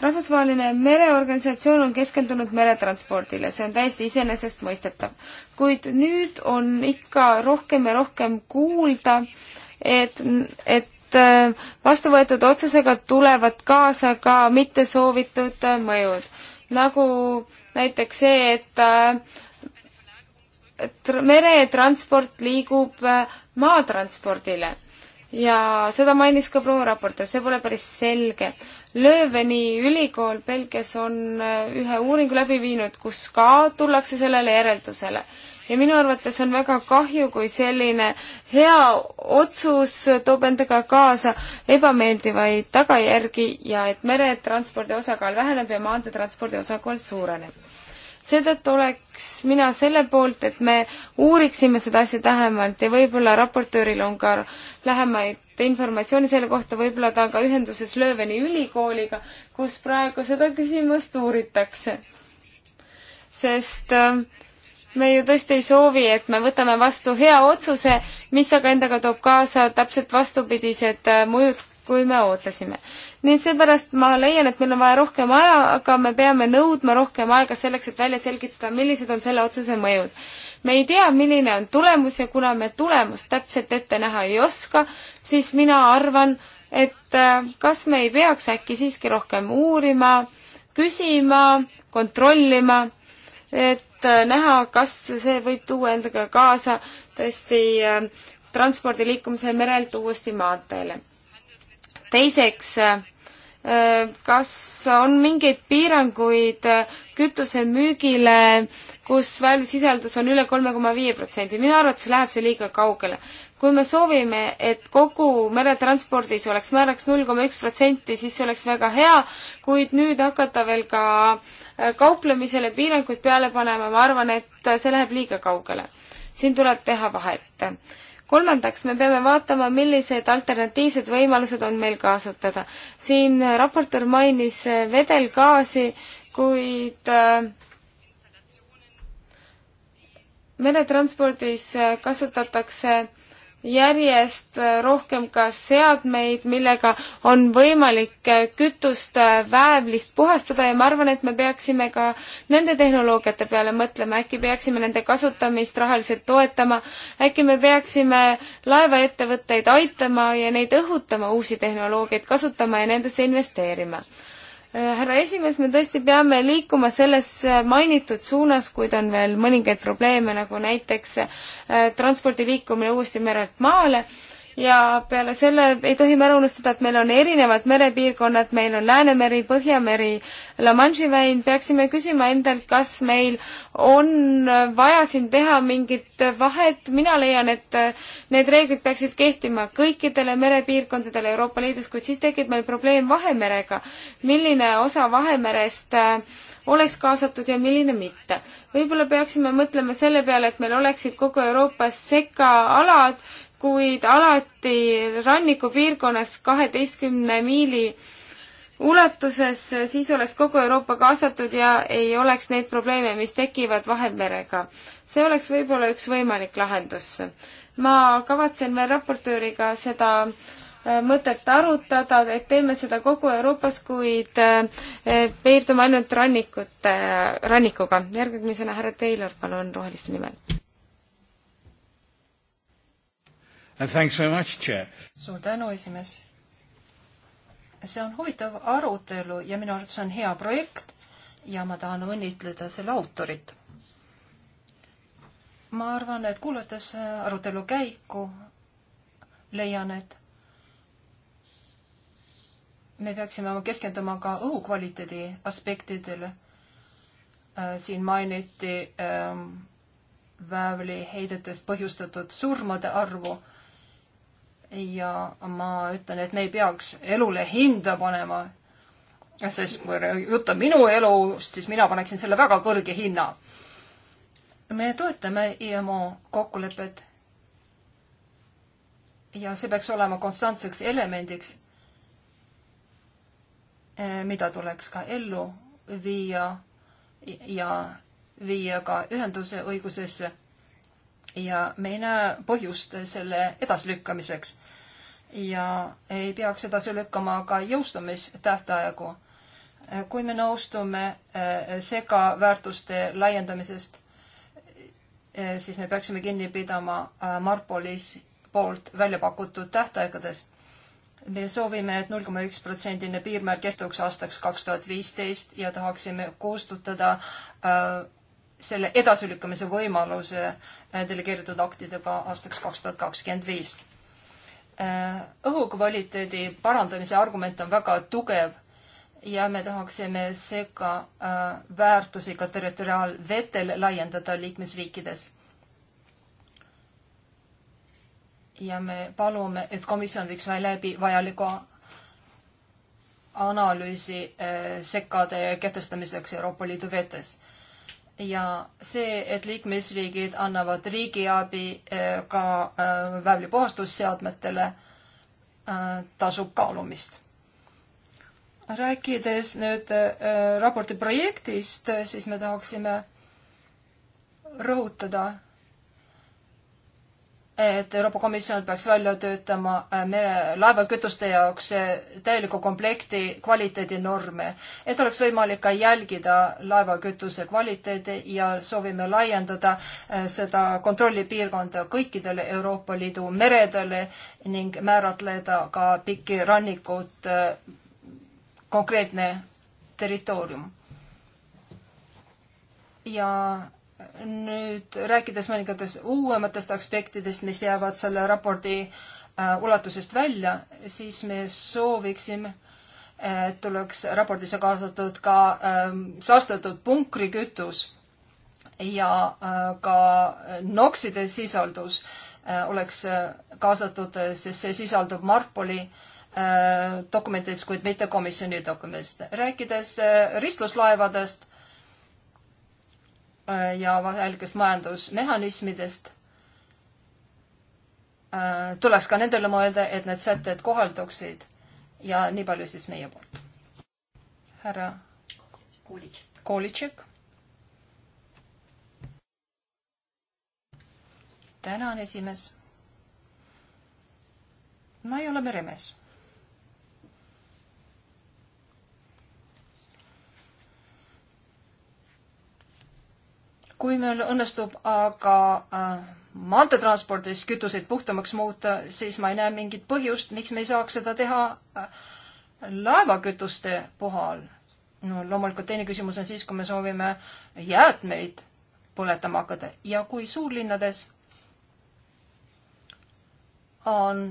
rahvusvaheline mereorganisatsioon on keskendunud meretranspordile, see on täiesti iseenesestmõistetav. kuid nüüd on ikka rohkem ja rohkem kuulda, et, et äh, vastu võetud otsusega tulevad kaasa ka mittesoovitud äh, mõjud, nagu näiteks see, et äh, meretransport liigub maatranspordile ja seda mainis ka proua raportöör, see pole päris selge. Lööveni ülikool Belgias on äh, ühe uuringu läbi viinud, kus ka tullakse sellele järeldusele. ja minu arvates on väga kahju, kui selline hea otsus toob endaga kaasa ebameeldivaid tagajärgi ja et meretranspordi osakaal väheneb ja maanteetranspordi osakaal suureneb seetõttu oleks mina selle poolt, et me uuriksime seda asja tähemalt ja võib-olla raportööril on ka lähemaid informatsiooni selle kohta, võib-olla ta on ka ühenduses Lööveni ülikooliga, kus praegu seda küsimust uuritakse. sest äh, me ju tõesti ei soovi, et me võtame vastu hea otsuse, mis aga endaga toob kaasa täpselt vastupidised äh, mõjud, kui me ootasime nii et seepärast ma leian, et meil on vaja rohkem aja, aga me peame nõudma rohkem aega selleks, et välja selgitada, millised on selle otsuse mõjud. me ei tea, milline on tulemus ja kuna me tulemust täpselt ette näha ei oska, siis mina arvan, et äh, kas me ei peaks äkki siiski rohkem uurima, küsima, kontrollima, et äh, näha, kas see võib tuua endaga kaasa tõesti äh, transpordi liikumise merelt uuesti maanteele. teiseks äh, Äh, kas on mingeid piiranguid äh, kütuse müügile, kus väävlisisaldus on üle kolme koma viie protsendi, minu arvates läheb see liiga kaugele. kui me soovime, et kogu meretranspordis oleks määraks null koma üks protsenti, siis see oleks väga hea, kuid nüüd hakata veel ka äh, kauplemisele piiranguid peale panema, ma arvan, et see läheb liiga kaugele. siin tuleb teha vahet kolmandaks, me peame vaatama, millised alternatiivsed võimalused on meil kasutada. siin raportöör mainis äh, vedelgaasi, kuid äh, meretranspordis äh, kasutatakse järjest rohkem ka seadmeid, millega on võimalik kütust äh, väävlist puhastada ja ma arvan, et me peaksime ka nende tehnoloogiate peale mõtlema, äkki peaksime nende kasutamist rahaliselt toetama, äkki me peaksime laevaettevõtteid aitama ja neid õhutama uusi tehnoloogiaid kasutama ja nendesse investeerima. Äh, härra esimees, me tõesti peame liikuma selles äh, mainitud suunas, kuid on veel mõningaid probleeme, nagu näiteks äh, transpordi liikumine uuesti merelt maale ja peale selle ei tohi me ära unustada, et meil on erinevad merepiirkonnad, meil on Läänemeri, Põhjameri, La Manche'i väin, peaksime küsima endalt, kas meil on vaja siin teha mingit vahet, mina leian, et need reeglid peaksid kehtima kõikidele merepiirkondadele Euroopa Liidus, kuid siis tekib meil probleem Vahemerega. milline osa Vahemerest äh, oleks kaasatud ja milline mitte. võib-olla peaksime mõtlema selle peale, et meil oleksid kogu Euroopas sekaalad, kuid alati rannikupiirkonnas kaheteistkümne miili ulatuses, siis oleks kogu Euroopa kaasatud ja ei oleks neid probleeme, mis tekivad Vahemerega. see oleks võib-olla üks võimalik lahendus. ma kavatsen veel raportööriga seda äh, mõtet arutada, et teeme seda kogu Euroopas, kuid äh, piirdume ainult rannikute, äh, rannikuga. järgmisena härra Taylor, palun, Roheliste nimel suur tänu, esimees. see on huvitav arutelu ja minu arvates on hea projekt ja ma tahan õnnitleda selle autorit. ma arvan, et kuulates arutelu käiku, leian, et me peaksime keskenduma ka õhukvaliteedi aspektidele. siin mainiti ähm, väävliheidetest põhjustatud surmade arvu ja ma ütlen, et me ei peaks elule hinda panema, sest kui jutt on minu elust, siis mina paneksin selle väga kõrge hinna. me toetame IMO kokkulepet. ja see peaks olema konstantseks elemendiks, eh, mida tuleks ka ellu viia ja viia ka ühenduse õigusesse ja me ei näe põhjust selle edaslükkamiseks. ja ei peaks edasi lükkama ka jõustumistähtaegu. kui me nõustume eh, segaväärtuste laiendamisest, eh, siis me peaksime kinni pidama eh, Marpolis poolt välja pakutud tähtaegades. me soovime et, et null koma üks protsendine piirmäär kehtuks aastaks kaks tuhat viisteist ja tahaksime kustutada äh, selle edasilükkamise võimaluse äh, delegeeritud aktidega aastaks kaks tuhat kakskümmend viis. Äh, õhukvaliteedi parandamise argument on väga tugev ja me tahaksime seega äh, väärtusi ka territoriaalvetel laiendada liikmesriikides ja me palume, et komisjon viiks läbi vajaliku analüüsi sekkade kehtestamiseks Euroopa Liidu vetes ja see, et liikmesriigid annavad riigiabi eh, ka eh, väävlipuhastusseadmetele, eh, tasub kaalumist. rääkides nüüd raporti projektist, siis me tahaksime rõhutada et Euroopa Komisjon peaks välja töötama äh, mere, laevakütuste jaoks äh, täieliku komplekti kvaliteedinorme, et oleks võimalik ka jälgida laevakütuse kvaliteedi ja soovime laiendada äh, seda kontrollipiirkonda kõikidele Euroopa Liidu meredele ning määratleda ka pikki rannikud, konkreetne territoorium. ja nüüd rääkides mõningatest uuematest aspektidest, mis jäävad selle raporti äh, ulatusest välja, siis me sooviksime, äh, et oleks raportisse kaasatud ka äh, saastatud punkrikütus ja äh, ka nokside sisaldus äh, oleks äh, kaasatud, sest see sisaldub Marpoli dokumentides, kuid mitte komisjoni dokumentides. rääkides ristluslaevadest Äh, ja vajalikest majandusmehhanismidest, äh, tuleks ka nendele mõelda, et need sätted kohalduksid ja nii palju siis meie poolt. härra Kolitšek. tänan, esimees. ma ei ole meremees kui meil õnnestub aga äh, maanteetranspordis kütuseid puhtamaks muuta, siis ma ei näe mingit põhjust, miks me ei saaks seda teha äh, laevakütuste puhul. no loomulikult teine küsimus on siis, kui me soovime jäätmeid põletama hakata ja kui suurlinnades on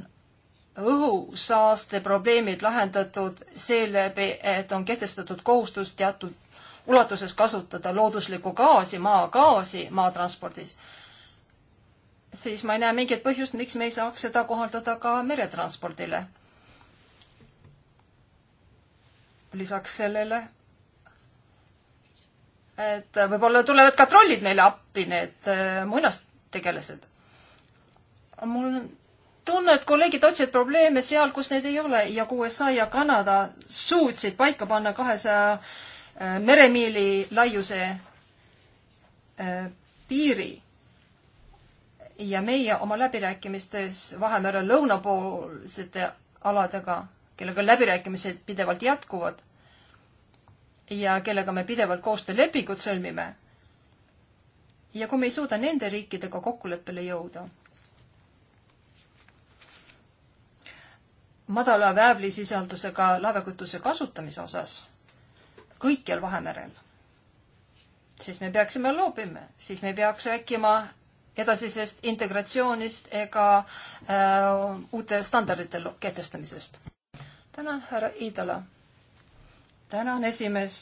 õhusaaste probleemid lahendatud seeläbi, et on kehtestatud kohustus teatud ulatuses kasutada looduslikku gaasi, maagaasi maatranspordis, siis ma ei näe mingit põhjust, miks me ei saaks seda kohaldada ka meretranspordile. lisaks sellele, et võib-olla tulevad ka trollid meile appi, need äh, muinastegelased. mul on tunne, et kolleegid otsivad probleeme seal, kus neid ei ole ja kui USA ja Kanada suutsid paika panna kahesaja Äh, meremiili laiuse äh, piiri. ja meie oma läbirääkimistes Vahemere lõunapoolsete aladega, kellega läbirääkimised pidevalt jätkuvad ja kellega me pidevalt koostöölepingud sõlmime. ja kui me ei suuda nende riikidega kokkuleppele jõuda, madala väävlisisaldusega laevakütuse kasutamise osas kõikjal Vahemerel, siis me peaksime loobima, siis me peaks rääkima edasisest integratsioonist ega äh, uute standardite kehtestamisest. tänan, härra Iidala. tänan, esimees.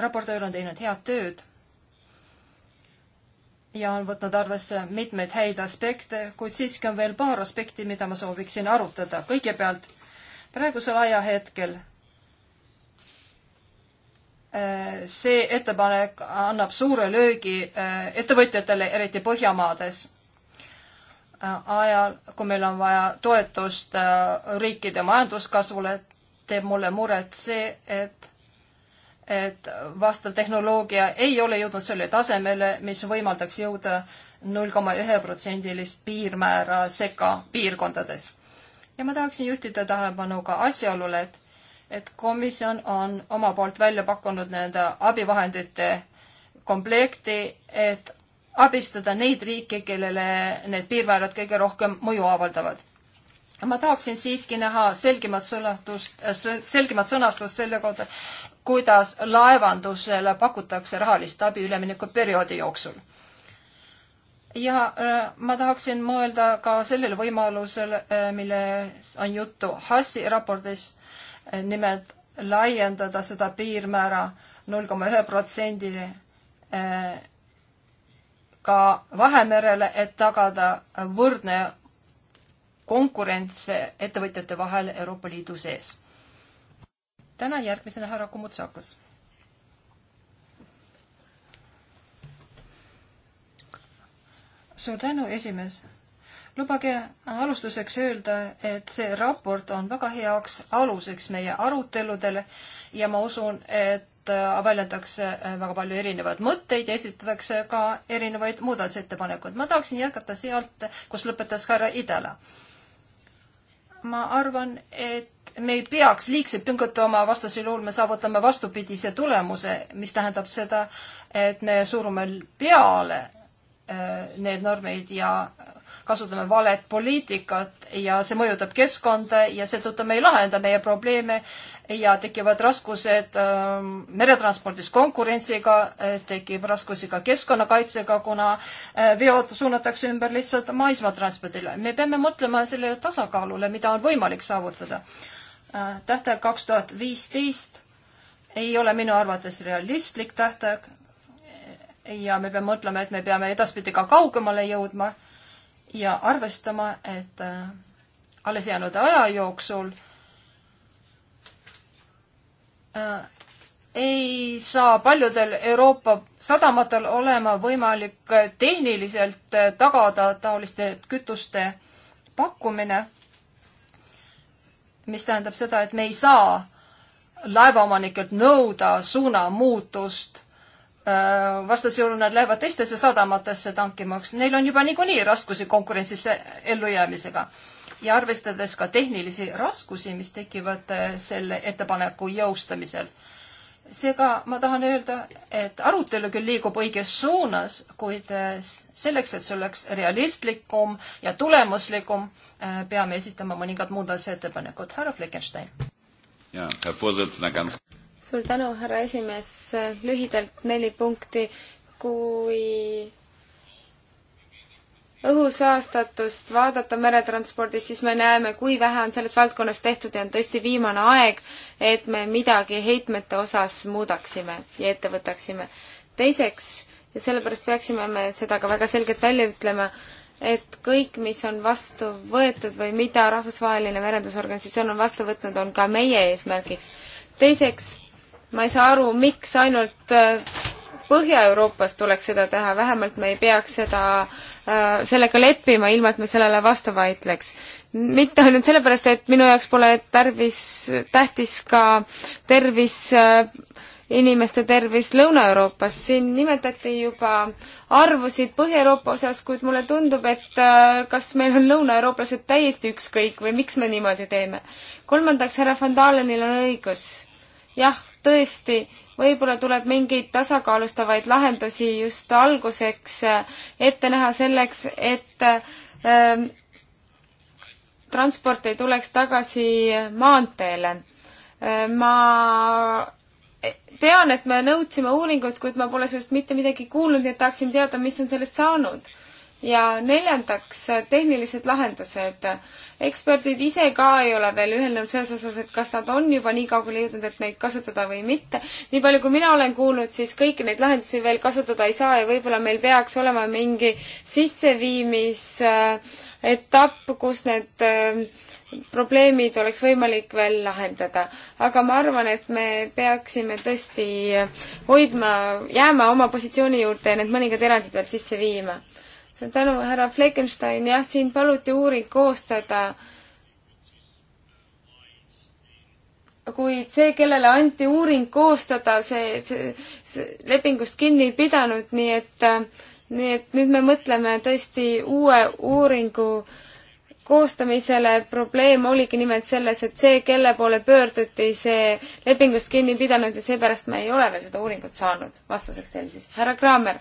raportöör on teinud head tööd ja on võtnud arvesse mitmeid häid aspekte, kuid siiski on veel paar aspekti, mida ma sooviksin arutada. kõigepealt praegusel ajahetkel Äh, see ettepanek annab suure löögi äh, ettevõtjatele, eriti Põhjamaades, äh, ajal, kui meil on vaja toetust riikide majanduskasvule, teeb mulle muret see, et et vastav tehnoloogia ei ole jõudnud selle tasemele, mis võimaldaks jõuda null koma ühe protsendilist piirmäära seka piirkondades. ja ma tahaksin juhtida tähelepanu ka asjaolule, et et komisjon on oma poolt välja pakkunud nende abivahendite komplekti, et abistada neid riike, kellele need piirmäärad kõige rohkem mõju avaldavad. ma tahaksin siiski näha selgemat sõnastust, äh, selgemat sõnastust selle kohta, kuidas laevandusele pakutakse rahalist abi üleminekuperioodi jooksul. ja äh, ma tahaksin mõelda ka sellele võimalusele äh,, milles on juttu Hassi raportis nimelt laiendada seda piirmäära null koma ühe protsendini eh, ka Vahemerele, et tagada võrdne konkurents ettevõtjate vahel Euroopa Liidu sees. täna järgmisena härra Kumutsakas. suur tänu, esimees lubage alustuseks öelda, et see raport on väga heaks aluseks meie aruteludele ja ma usun, et äh, väljendatakse äh, väga palju erinevaid mõtteid ja esitatakse ka erinevaid muudatusettepanekuid. ma tahaksin jätkata sealt, kus lõpetas härra Idala. ma arvan, et me ei peaks liigselt pingutama, vastasel juhul me saavutame vastupidise tulemuse, mis tähendab seda, et me surume peale äh, need normid ja kasutame valet poliitikat ja see mõjutab keskkonda ja seetõttu me ei lahenda meie probleeme ja tekivad raskused äh, meretranspordis konkurentsiga äh,, tekib raskusi ka keskkonnakaitsega, kuna äh, veod suunatakse ümber lihtsalt maismaatranspordile. me peame mõtlema sellele tasakaalule, mida on võimalik saavutada äh,. tähtaeg kaks tuhat viisteist ei ole minu arvates realistlik tähtaeg ja me peame mõtlema, et me peame edaspidi ka kaugemale jõudma ja arvestama, et äh, alles jäänud aja jooksul äh, ei saa paljudel Euroopa sadamatel olema võimalik tehniliselt äh, tagada taoliste kütuste pakkumine, mis tähendab seda, et me ei saa laevaomanikelt nõuda suunamuutust Äh, vastasjuhul nad lähevad teistesse sadamatesse tankimaks, neil on juba niikuinii raskusi konkurentsis ellujäämisega. ja arvestades ka tehnilisi raskusi, mis tekivad äh, selle ettepaneku jõustamisel. seega ma tahan öelda, et arutelu küll liigub õiges suunas, kuid äh, selleks, et see oleks realistlikum ja tulemuslikum, peame esitama mõningad muudatusettepanekud. härra Fleckenstein. jaa, Herr Vorsitzender, ganz suur tänu, härra esimees, lühidalt neli punkti, kui õhusaastatust vaadata meretranspordis, siis me näeme, kui vähe on selles valdkonnas tehtud ja on tõesti viimane aeg, et me midagi heitmete osas muudaksime ja ette võtaksime. teiseks, ja sellepärast peaksime me seda ka väga selgelt välja ütlema, et kõik, mis on vastu võetud või mida Rahvusvaheline Merendusorganisatsioon on vastu võtnud, on ka meie eesmärgiks. teiseks, ma ei saa aru, miks ainult äh, Põhja-Euroopas tuleks seda teha, vähemalt me ei peaks seda, äh, sellega leppima, ilma et me sellele vastu vaidleks. mitte ainult sellepärast, et minu jaoks pole tarvis, tähtis ka tervis, äh, inimeste tervis Lõuna-Euroopas, siin nimetati juba arvusid Põhja-Euroopa osas, kuid mulle tundub, et kas meil on lõunaeurooplased täiesti ükskõik või miks me niimoodi teeme. kolmandaks, härra Van Dalenil on õigus. jah tõesti, võib-olla tuleb mingeid tasakaalustavaid lahendusi just alguseks äh, ette näha selleks, et äh, transport ei tuleks tagasi maanteele äh,. ma tean, et me nõudsime uuringut, kuid ma pole sellest mitte midagi kuulnud, nii et tahaksin teada, mis on sellest saanud ja neljandaks, tehnilised lahendused. eksperdid ise ka ei ole veel ühel nõul selles osas, et kas nad on juba nii kaugele jõudnud, et neid kasutada või mitte. nii palju, kui mina olen kuulnud, siis kõiki neid lahendusi veel kasutada ei saa ja võib-olla meil peaks olema mingi sisseviimisetapp, äh, kus need äh, probleemid oleks võimalik veel lahendada. aga ma arvan, et me peaksime tõesti hoidma, jääma oma positsiooni juurde ja need mõningad erandid veel sisse viima suur tänu, härra Fleckenstein, jah, siin paluti uuring koostada. kuid see, kellele anti uuring koostada, see, see, see lepingust kinni ei pidanud, nii et, nii et nüüd me mõtleme tõesti uue uuringu koostamisele. probleem oligi nimelt selles, et see, kelle poole pöörduti, see lepingust kinni ei pidanud ja seepärast me ei ole veel seda uuringut saanud. vastuseks teile siis, härra Kraamer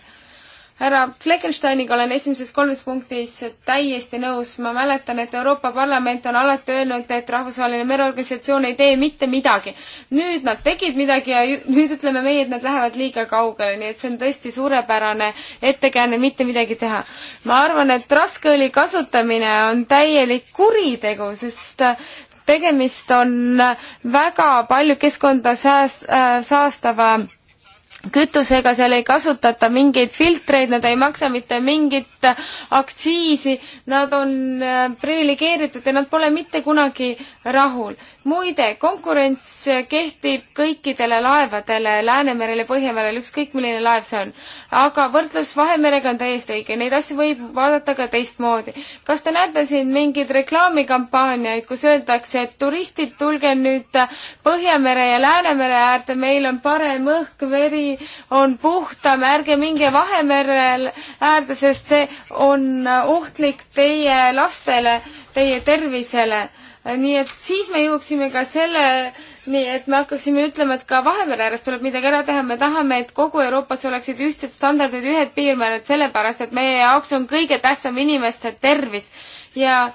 härra Fleckensteiniga olen esimeses kolmes punktis täiesti nõus. ma mäletan, et Euroopa Parlament on alati öelnud, et Rahvusvaheline Mereorganisatsioon ei tee mitte midagi. nüüd nad tegid midagi ja nüüd ütleme meie, et nad lähevad liiga kaugele, nii et see on tõesti suurepärane ettekääne mitte midagi teha. ma arvan, et raskeõli kasutamine on täielik kuritegu, sest tegemist on väga palju keskkonda sääs- äh,, saastava kütusega, seal ei kasutata mingeid filtreid, nad ei maksa mitte mingit aktsiisi, nad on äh, priviligeeritud ja nad pole mitte kunagi rahul. muide, konkurents kehtib kõikidele laevadele Läänemerel ja Põhjamerel, ükskõik milline laev see on. aga võrdlus Vahemerega on täiesti õige, neid asju võib vaadata ka teistmoodi. kas te näete siin mingeid reklaamikampaaniaid, kus öeldakse, et turistid, tulge nüüd Põhjamere ja Läänemere äärde, meil on parem õhk, veri, asi on puhtam, ärge minge Vahemerel äärde, sest see on ohtlik teie lastele, teie tervisele. nii et siis me jõuaksime ka selleni, et me hakkaksime ütlema, et ka Vahemere ääres tuleb midagi ära teha, me tahame, et kogu Euroopas oleksid ühtsed standardid, ühed piirmäärad, sellepärast et meie jaoks on kõige tähtsam inimeste tervis ja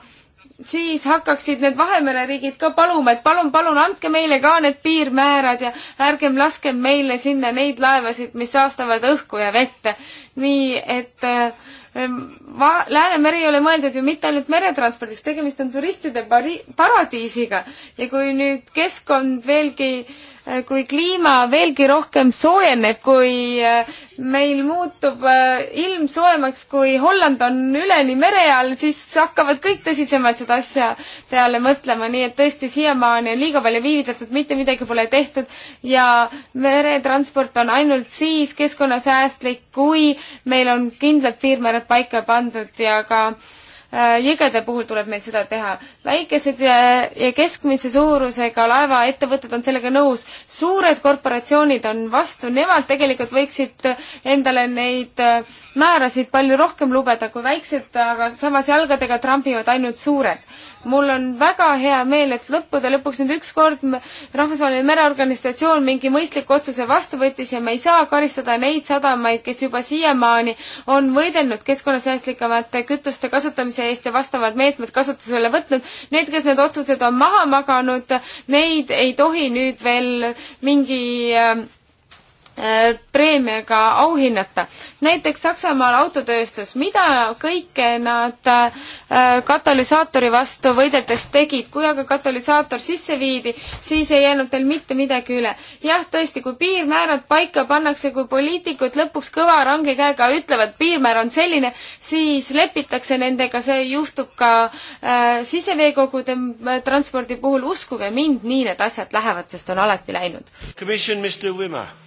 siis hakkaksid need Vahemere riigid ka paluma, et palun, palun andke meile ka need piirmäärad ja ärgem laskem meile sinna neid laevasid, mis saastavad õhku ja vette. nii et äh, va-, Läänemeri ei ole mõeldud ju mitte ainult meretranspordiks, tegemist on turistide pari-, paradiisiga ja kui nüüd keskkond veelgi äh, Eh, kui kliima veelgi rohkem soojeneb, kui eh, meil muutub eh, ilm soojemaks, kui Holland on üleni mere all, siis hakkavad kõik tõsisemalt seda asja peale mõtlema, nii et tõesti siiamaani on liiga palju viivitatud, mitte midagi pole tehtud ja meretransport on ainult siis keskkonnasäästlik, kui meil on kindlad piirmäärad paika pandud ja ka äh, Äh, jõgede puhul tuleb meil seda teha. väikesed ja, äh, ja keskmise suurusega laevaettevõtted on sellega nõus, suured korporatsioonid on vastu, nemad tegelikult võiksid endale neid äh, määrasid palju rohkem lubada kui väiksed, aga samas jalgadega trambivad ainult suured mul on väga hea meel, et lõppude lõpuks nüüd ükskord Rahvusvaheline Mereorganisatsioon mingi mõistliku otsuse vastu võttis ja me ei saa karistada neid sadamaid, kes juba siiamaani on võidelnud keskkonnasäästlikumate kütuste kasutamise eest ja vastavad meetmed kasutusele võtnud. Need, kes need otsused on maha maganud, neid ei tohi nüüd veel mingi äh, Äh, preemiaga auhinnata. näiteks Saksamaal autotööstus, mida kõike nad äh, katalüsaatori vastu võideldes tegid, kui aga katalüsaator sisse viidi, siis ei jäänud neil mitte midagi üle. jah, tõesti, kui piirmäärad paika pannakse, kui poliitikud lõpuks kõva range käega ütlevad, piirmäär on selline, siis lepitakse nendega, see juhtub ka äh, siseveekogude äh, transpordi puhul, uskuge mind, nii need asjad lähevad, sest on alati läinud. Commission Mr Wimmer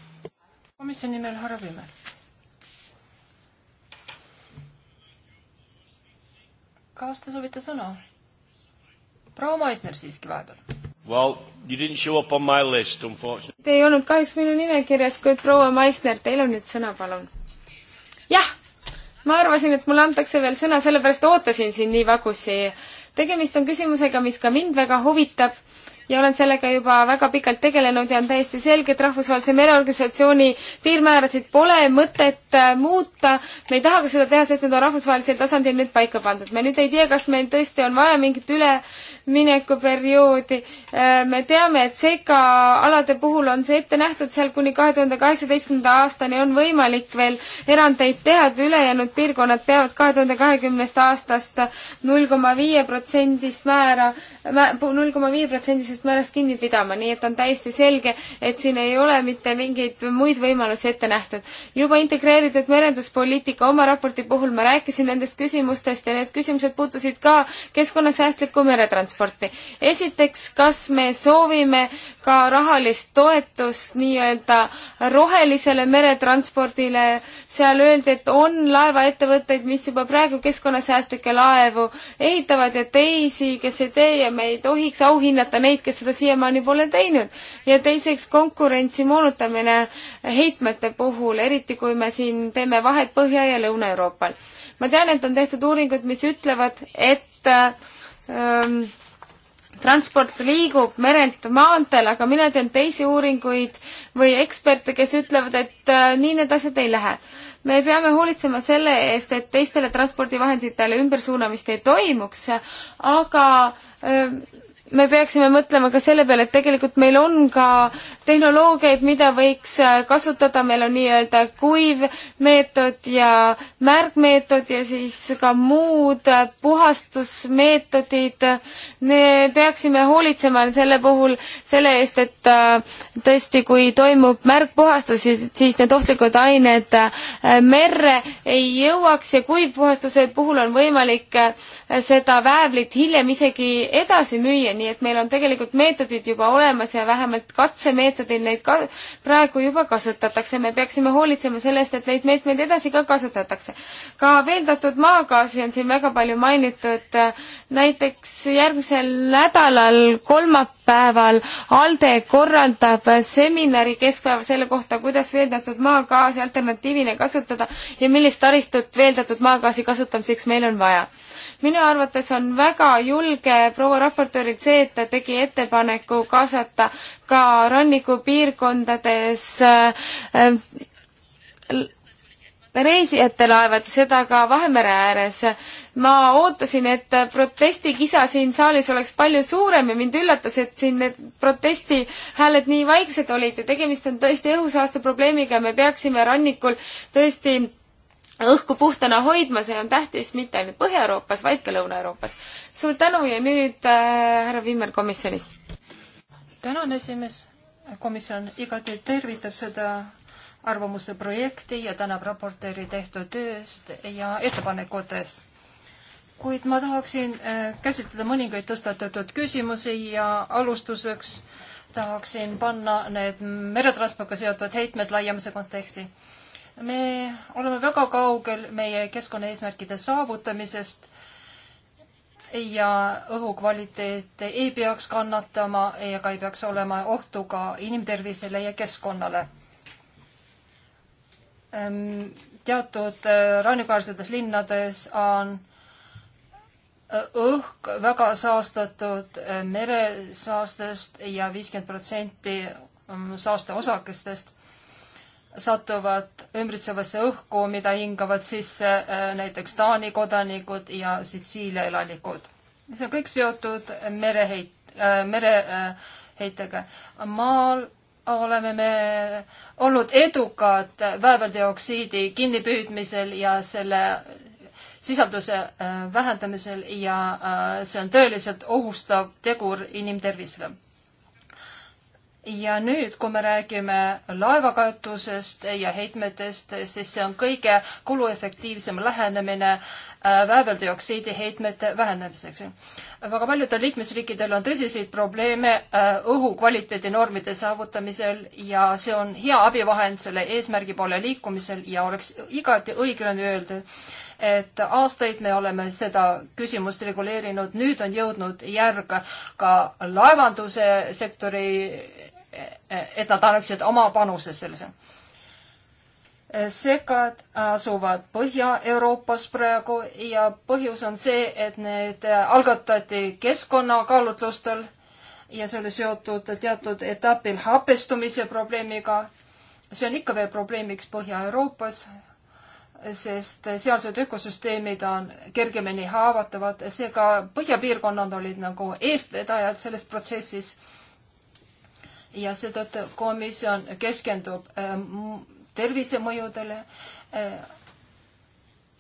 komisjoni nimel härra Vimmel. kas te soovite sõna? proua Maisner siiski vahepeal. Well, you didn't show up on my list, unfortunately. Te ei olnud kahjuks minu nimekirjas, kuid proua Maisner, teil on nüüd sõna, palun. jah, ma arvasin, et mulle antakse veel sõna, sellepärast ootasin siin nii vagusi. tegemist on küsimusega, mis ka mind väga huvitab ja olen sellega juba väga pikalt tegelenud ja on täiesti selge, et Rahvusvahelise Mereorganisatsiooni piirmäärasid pole mõtet äh, muuta. me ei taha ka seda teha, sest need on rahvusvahelisel tasandil nüüd paika pandud. me nüüd ei tea, kas meil tõesti on vaja mingit üle üleminekuperioodi. Äh, me teame, et sekaalade puhul on see ette nähtud seal kuni kahe tuhande kaheksateistkümnenda aastani on võimalik veel erandeid teha, et ülejäänud piirkonnad peavad kahe tuhande kahekümnest aastast null koma viie protsendist määra, null koma viie protsendisest määrast kinni pidama, nii et on täiesti selge, et siin ei ole mitte mingeid muid võimalusi ette nähtud. juba integreeritud merenduspoliitika oma raporti puhul ma rääkisin nendest küsimustest ja need küsimused puutusid ka keskkonnasäästlikku meretransporti transporti. esiteks, kas me soovime ka rahalist toetust nii-öelda rohelisele meretranspordile, seal öeldi, et on laevaettevõtteid, mis juba praegu keskkonnasäästlikke laevu ehitavad ja teisi, kes ei tee ja me ei tohiks auhinnata neid, kes seda siiamaani pole teinud. ja teiseks, konkurentsi moonutamine heitmete puhul, eriti kui me siin teeme vahet Põhja- ja Lõuna-Euroopal ma tean, et on tehtud uuringud, mis ütlevad, et ähm, transport liigub merelt maanteel, aga mina tean teisi uuringuid või eksperte, kes ütlevad, et äh, nii need asjad ei lähe. me peame hoolitsema selle eest, et teistele transpordivahenditele ümbersuunamist ei toimuks, aga öö, äh, me peaksime mõtlema ka selle peale, et tegelikult meil on ka tehnoloogiaid, mida võiks äh, kasutada, meil on nii-öelda kuiv meetod ja märgmeetod ja siis ka muud äh, puhastusmeetodid. me peaksime hoolitsema selle puhul selle eest, et äh, tõesti, kui toimub märgpuhastus, siis need ohtlikud ained merre ei jõuaks ja kuivpuhastuse puhul on võimalik seda väävlit hiljem isegi edasi müüa nii et meil on tegelikult meetodid juba olemas ja vähemalt katsemeetodil neid ka praegu juba kasutatakse. me peaksime hoolitsema selle eest, et neid meetmeid edasi ka kasutatakse. ka veeldatud maagaasi on siin väga palju mainitud. näiteks järgmisel nädalal kolmapäeval keskpäeval ALDE korraldab seminari keskpäeval selle kohta, kuidas veeldatud maagaasi alternatiivina kasutada ja millist taristut veeldatud maagaasi kasutamiseks meil on vaja. minu arvates on väga julge proua raportöörilt see, et ta tegi ettepaneku kaasata ka rannikupiirkondades äh, reisijate laevad, seda ka Vahemere ääres. ma ootasin, et protestikisa siin saalis oleks palju suurem ja mind üllatas, et siin need protestihääled nii vaiksed olid ja tegemist on tõesti õhusaaste probleemiga, me peaksime rannikul tõesti õhku puhtana hoidma, see on tähtis mitte ainult Põhja-Euroopas, vaid ka Lõuna-Euroopas. suur tänu ja nüüd äh, härra Vimmer komisjonist. tänan, esimees. komisjon igati tervitab seda arvamuse projekti ja tänab raportööri tehtud tööst ja ettepanekutest. kuid ma tahaksin äh, käsitleda mõningaid tõstatatud küsimusi ja alustuseks tahaksin panna need meretranspordiga seotud heitmed laiemise konteksti. me oleme väga kaugel meie keskkonnaeesmärkide saavutamisest ja õhukvaliteet ei peaks kannatama ega ei peaks olema ohtu ka inimtervisele ja keskkonnale. Ehm, teatud äh, rannikuäärsetes linnades on äh, õhk väga saastatud äh, meresaastest ja viiskümmend protsenti ähm, saasteosakestest satuvad ümbritsevasse õhku, mida hingavad sisse näiteks Taani kodanikud ja Sitsiilia elanikud. see on kõik seotud mereheit- äh,, mereheitega. maal oleme me olnud edukad väävelteoksiidi kinnipüüdmisel ja selle sisalduse äh, vähendamisel ja äh, see on tõeliselt ohustav tegur inimtervisele ja nüüd, kui me räägime laevakaetusest ja heitmetest, siis see on kõige kuluefektiivsem lähenemine äh, vääveldioksiidi heitmete vähenemiseks. väga paljudel liikmesriikidel on tõsiseid probleeme äh, õhukvaliteedi normide saavutamisel ja see on hea abivahend selle eesmärgi poole liikumisel ja oleks igati õiglane öelda, et aastaid me oleme seda küsimust reguleerinud, nüüd on jõudnud järg ka laevanduse sektori et nad annaksid oma panuse sellesse. segad asuvad Põhja-Euroopas praegu ja põhjus on see, et need algatati keskkonnakaalutlustel ja see oli seotud teatud etapil hapestumise probleemiga. see on ikka veel probleemiks Põhja-Euroopas, sest sealsed ökosüsteemid on kergemini haavatavad, seega põhjapiirkonnad olid nagu eestvedajad selles protsessis ja seetõttu komisjon keskendub äh, tervisemõjudele äh,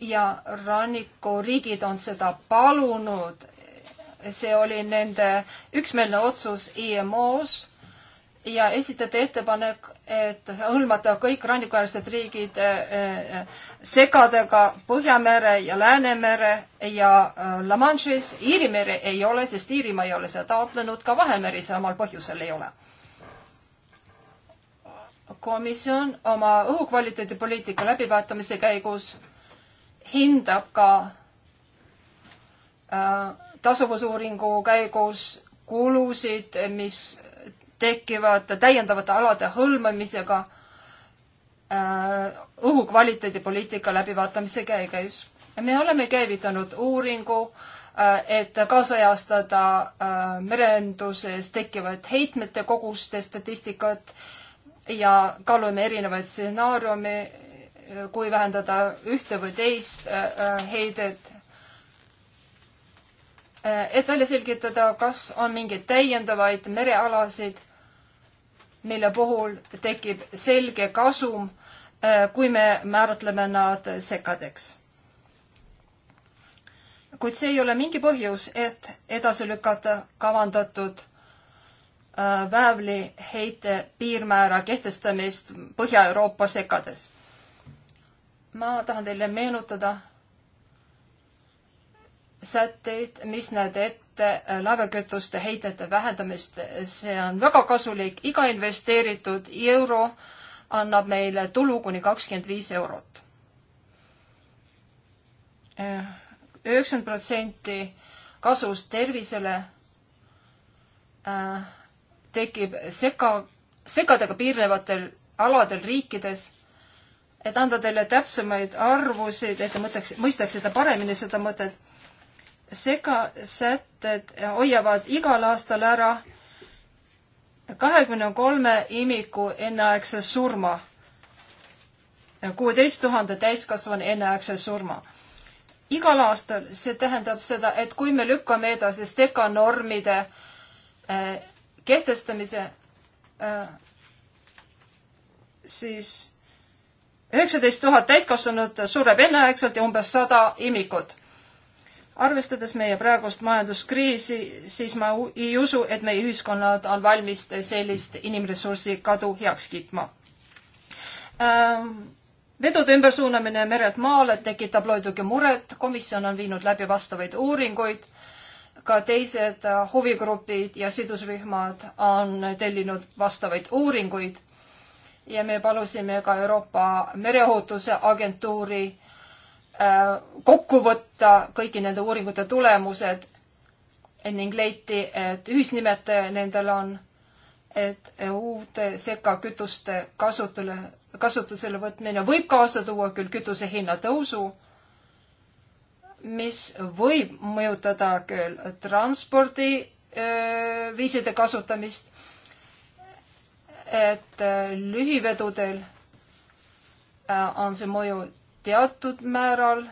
ja rannikuriigid on seda palunud. see oli nende üksmeelne otsus IMO-s ja esitati ettepanek, et hõlmata kõik rannikuäärsed riigid äh, segadega Põhjamere ja Läänemere ja La Manche'is. Iirimere ei ole, sest Iirimaa ei ole seda taotlenud, ka Vahemeri samal põhjusel ei ole komisjon oma õhukvaliteedipoliitika läbivaatamise käigus hindab ka äh, tasuvusuuringu käigus kulusid, mis tekivad täiendavate alade hõlmamisega äh, õhukvaliteedipoliitika läbivaatamise käigus. me oleme käivitanud uuringu äh,, et kaasajastada äh, mereenduses tekkivat heitmete koguste statistikat ja kaalume erinevaid stsenaariume, kui vähendada ühte või teist äh, äh, heidet. Äh, et välja selgitada, kas on mingeid täiendavaid merealasid, mille puhul tekib selge kasum, kui me määratleme nad sekadeks kuid see ei ole mingi põhjus, et edasi lükata kavandatud Äh, väävliheite piirmäära kehtestamist Põhja-Euroopa sekades. ma tahan teile meenutada sätteid, mis näeb ette äh, laevakütuste heidete vähendamist. see on väga kasulik, iga investeeritud euro annab meile tulu kuni kakskümmend viis eurot. üheksakümmend protsenti kasust tervisele äh, tekib sega, segadega piirnevatel aladel riikides, et anda teile täpsemaid arvusid, et te mõtleks, mõistaksite paremini seda mõtet. segasätted hoiavad igal aastal ära kahekümne kolme imiku enneaegse surma, kuueteist tuhande täiskasvanu enneaegse surma. igal aastal, see tähendab seda, et kui me lükkame edasi steka normide eh, kehtestamise, äh, siis üheksateist tuhat täiskasvanut sureb enneaegselt ja umbes sada imikut. arvestades meie praegust majanduskriisi, siis ma ei usu, et meie ühiskonnad on valmis sellist inimressursi kadu heaks kiitma ähm, vedude ümbersuunamine merelt maale tekitab muidugi muret, komisjon on viinud läbi vastavaid uuringuid ka teised äh, huvigrupid ja sidusrühmad on tellinud vastavaid uuringuid ja me palusime ka Euroopa Mereohutuse Agentuuri äh, kokku võtta kõigi nende uuringute tulemused ning leiti, et ühisnimetaja nendel on, et uute sekakütuste kasutule, kasutusele võtmine võib kaasa tuua küll kütuse hinna tõusu mis võib mõjutada küll transpordiviiside kasutamist, et lühivedudel on see mõju teatud määral,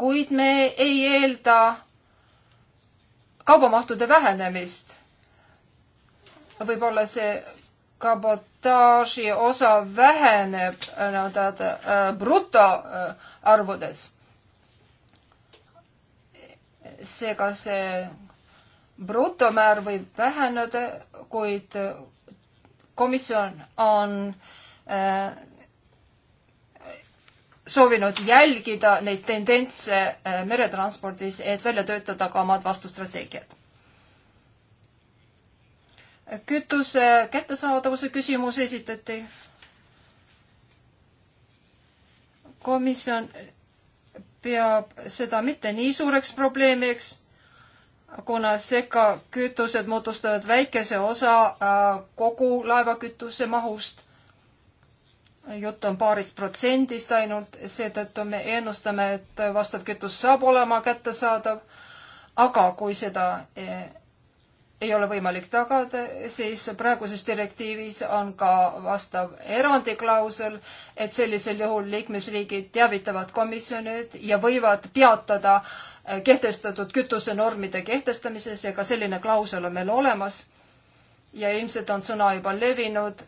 kuid me ei eelda kaubamahtude vähenemist. võib-olla see kabotaaži osa väheneb nii-öelda äh, brutoarvudes äh, seega see brutomäär võib väheneda, kuid komisjon on äh, soovinud jälgida neid tendentse äh, meretranspordis, et välja töötada ka omad vastustrateegiad. kütuse kättesaadavuse küsimus esitati. komisjon peab seda mitte nii suureks probleemiks, kuna sekakütused moodustavad väikese osa äh, kogu laevakütuse mahust. jutt on paarist protsendist ainult, seetõttu me ennustame, et vastav kütus saab olema kättesaadav. aga kui seda äh, ei ole võimalik tagada, siis praeguses direktiivis on ka vastav erandiklausel, et sellisel juhul liikmesriigid teavitavad komisjonid ja võivad peatada äh, kehtestatud kütusenormide kehtestamises ja ka selline klausel on meil olemas. ja ilmselt on sõna juba levinud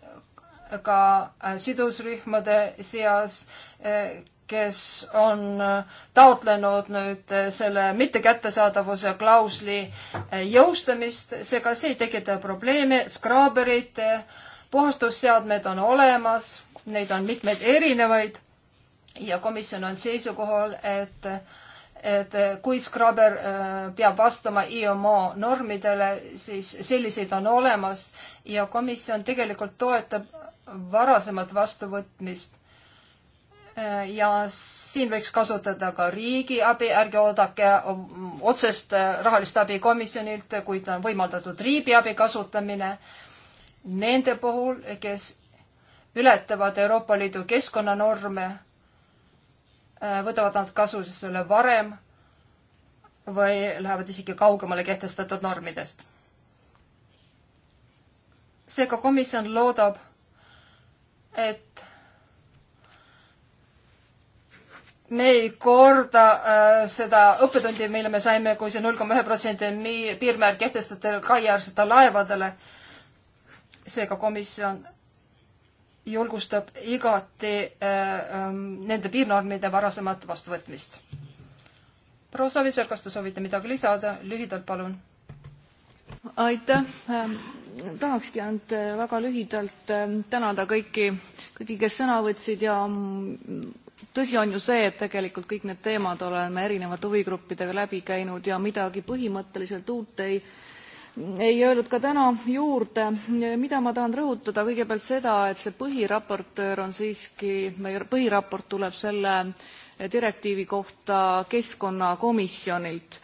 ka äh, sidusrühmade seas, äh, kes on äh, taotlenud nüüd äh, selle mittekättesaadavuse klausli äh, jõustamist, seega see ei tekita probleeme, skraaberid, puhastusseadmed on olemas, neid on mitmeid erinevaid ja komisjon on seisukohal, et et kui skraber peab vastama IMO normidele, siis selliseid on olemas ja komisjon tegelikult toetab varasemat vastuvõtmist Äh, ja siin võiks kasutada ka riigiabi, ärge oodake um, otsest äh, rahalist abi komisjonilt, kuid on võimaldatud riigiabi kasutamine nende puhul, kes ületavad Euroopa Liidu keskkonnanorme, äh, võtavad nad kasutusele varem või lähevad isegi kaugemale kehtestatud normidest. seega komisjon loodab, et me ei korda äh, seda õppetundi, mille me saime, kui see null koma ühe protsendi piirmäär kehtestati kaiaäärsetele laevadele. seega komisjon julgustab igati äh, äh, nende piirnormide varasemat vastuvõtmist. proua Savitser, kas te soovite midagi lisada? lühidalt, palun. aitäh ähm,. tahakski ainult äh, väga lühidalt ähm, tänada kõiki, kõiki, kes sõna võtsid ja mm, tõsi on ju see, et tegelikult kõik need teemad oleme erinevate huvigruppidega läbi käinud ja midagi põhimõtteliselt uut ei, ei öelnud ka täna juurde. mida ma tahan rõhutada, kõigepealt seda, et see põhiraportöör on siiski, meie põhiraport tuleb selle direktiivi kohta keskkonnakomisjonilt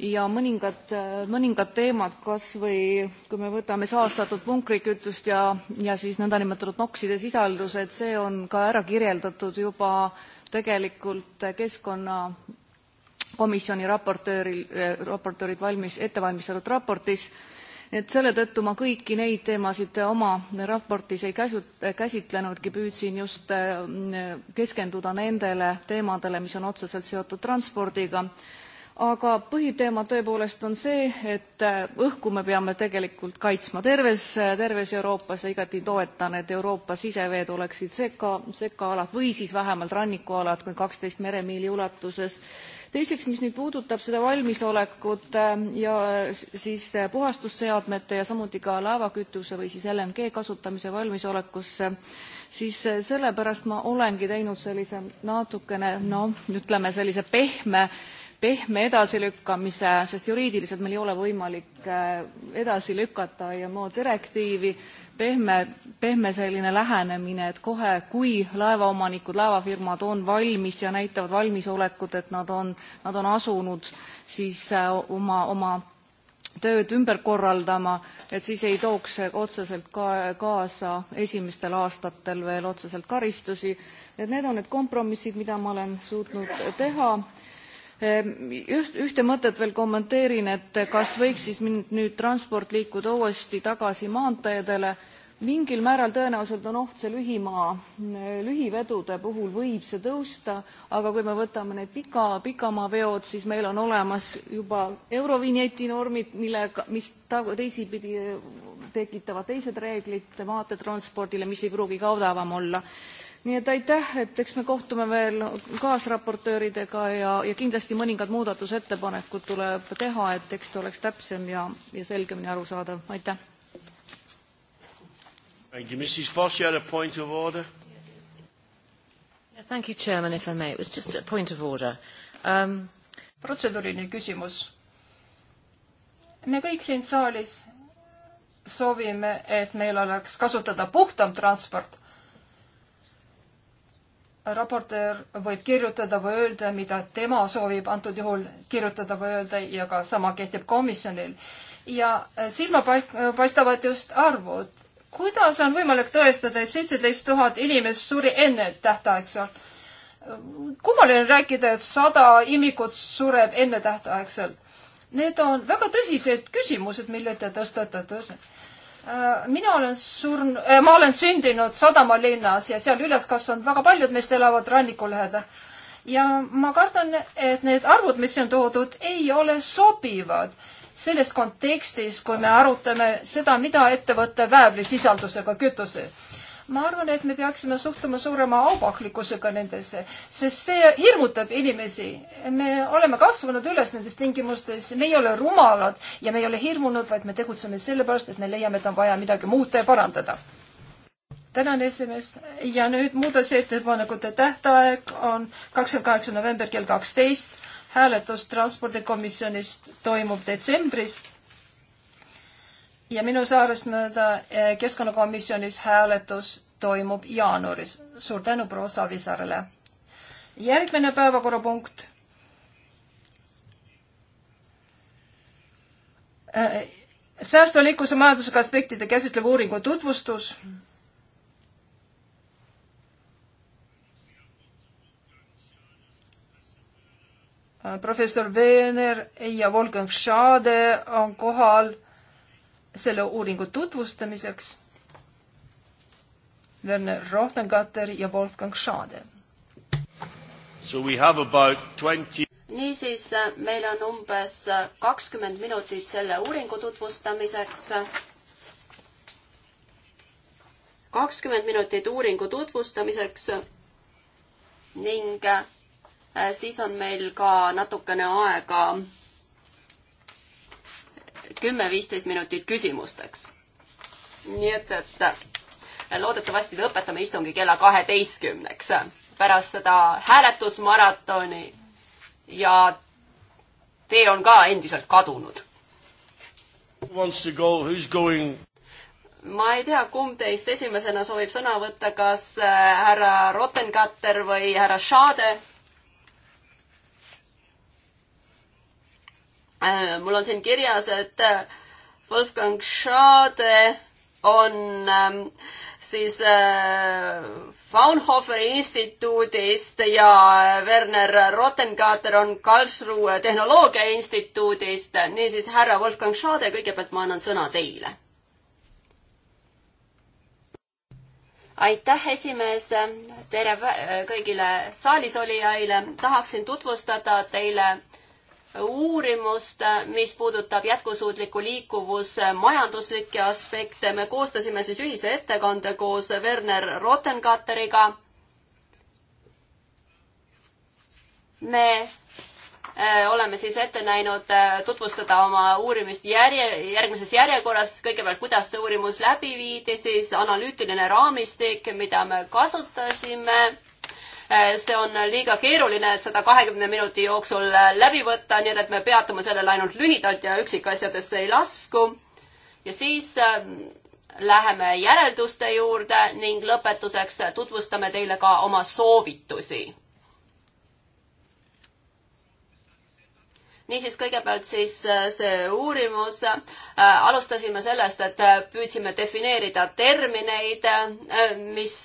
ja mõningad, äh, mõningad teemad, kas või kui me võtame saastatud punkrikütust ja, ja siis nõndanimetatud nokside sisaldused, see on ka ära kirjeldatud juba tegelikult keskkonnakomisjoni raportööril, äh, raportöörid valmis, ette valmistatud raportis, et selle tõttu ma kõiki neid teemasid oma raportis ei käsu-, käsitlenudki, püüdsin just äh, keskenduda nendele teemadele, mis on otseselt seotud transpordiga aga põhiteema tõepoolest on see, et äh, õhku me peame tegelikult kaitsma terves, äh, terves Euroopas ja igati toetan, et Euroopa siseveed oleksid seka, sekaalad või siis vähemalt rannikualad kui kaksteist meremiili ulatuses. teiseks, mis nüüd puudutab seda valmisolekut äh, ja siis puhastusseadmete ja samuti ka laevakütuse või siis LNG kasutamise valmisolekusse, siis sellepärast ma olengi teinud sellise natukene noh, ütleme sellise pehme pehme edasilükkamise, sest juriidiliselt meil ei ole võimalik äh, edasi lükata IMO direktiivi, pehme, pehme selline lähenemine, et kohe, kui laevaomanikud, laevafirmad on valmis ja näitavad valmisolekut, et nad on, nad on asunud siis äh, oma, oma tööd ümber korraldama, et siis ei tooks see otseselt ka kaasa esimestel aastatel veel otseselt karistusi. et need on need kompromissid, mida ma olen suutnud teha Ehm, üht, ühte mõtet veel kommenteerin, et kas võiks siis nüüd transport liikuda uuesti tagasi maanteedele. mingil määral tõenäoliselt on oht see lühimaa, lühivedude puhul võib see tõusta, aga kui me võtame need pika, pikamaaveod, siis meil on olemas juba Eurovinjeti normid, millega, mis teisipidi tekitavad teised reeglid maanteetranspordile, mis ei pruugi ka odavam olla nii et aitäh, et eks me kohtume veel kaasraportööridega ja, ja kindlasti mõningad muudatusettepanekud tuleb teha, et tekst oleks täpsem ja, ja selgemini arusaadav, aitäh. Thank you, Mrs Foss, you had a point of order? Thank you, Chairman, if I may. It was just a point of order um.... protseduuriline küsimus. me kõik siin saalis soovime, et meil oleks kasutada puhtam transport, raportöör võib kirjutada või öelda, mida tema soovib antud juhul kirjutada või öelda ja ka sama kehtib komisjonil. ja äh, silma paistavad just arvud. kuidas on võimalik tõestada, et seitseteist tuhat inimest suri enne tähtaegselt? kummaline rääkida, et sada imikut sureb ennetähtaegselt. Need on väga tõsised küsimused, mille te tõstatate Äh, mina olen surn-, äh, ma olen sündinud sadamalinnas ja seal üles kasvanud väga paljud meist elavad ranniku lähedal. ja ma kardan, et need arvud, mis on toodud, ei ole sobivad selles kontekstis, kui me arutame seda, mida ette võtta väävlisisaldusega kütuses ma arvan, et me peaksime suhtuma suurema aupaklikkusega nendesse, sest see hirmutab inimesi. me oleme kasvanud üles nendes tingimustes, me ei ole rumalad ja me ei ole hirmunud, vaid me tegutseme sellepärast, et me leiame, et on vaja midagi muuta ja parandada. tänan esimest ja nüüd muudatusettepanekute tähtaeg on kakskümmend kaheksa november kell kaksteist. hääletus transpordikomisjonis toimub detsembris ja minu saarest mööda eh, keskkonnakomisjonis hääletus toimub jaanuaris. suur tänu proua Savisaarele. järgmine päevakorrapunkt äh,. säästva liikluse majandusega aspektide käsitlev uuringu tutvustus. professor Weener ja Wolfgang Schade on kohal selle uuringu tutvustamiseks Werner Rohtengatter ja Wolfgang Schade. niisiis, meil on umbes kakskümmend minutit selle uuringu tutvustamiseks. kakskümmend minutit uuringu tutvustamiseks ning eh, siis on meil ka natukene aega kümme-viisteist minutit küsimusteks. nii et, et loodetavasti lõpetame istungi kella kaheteistkümneks pärast seda hääletusmaratoni ja tee on ka endiselt kadunud. Go, ma ei tea, kumb teist esimesena soovib sõna võtta, kas äh, härra Rottenkatter või härra Schade Äh, mul on siin kirjas, et äh, Wolfgang Schade on ähm, siis äh, Fraunhoferi instituudist ja Werner Rottenkater on Karlsruhe Tehnoloogia Instituudist. niisiis, härra Wolfgang Schade, kõigepealt ma annan sõna teile. aitäh, esimees. tere kõigile saalis olijaile. tahaksin tutvustada teile äh, uurimust, mis puudutab jätkusuutliku liikuvuse majanduslikke aspekte. me koostasime siis ühise ettekande koos Werner Rottenkatteriga. me äh, oleme siis ette näinud äh, tutvustada oma uurimist järje, järgmises järjekorras, kõigepealt kuidas see uurimus läbi viidi, siis analüütiline raamistik, mida me kasutasime Eh, see on liiga keeruline, et seda kahekümne minuti jooksul eh, läbi võtta, nii et me peatume sellel ainult lühidalt ja üksikasjadesse ei lasku. ja siis eh, läheme järelduste juurde ning lõpetuseks tutvustame teile ka oma soovitusi niisiis, kõigepealt siis see uurimus. alustasime sellest, et püüdsime defineerida termineid, mis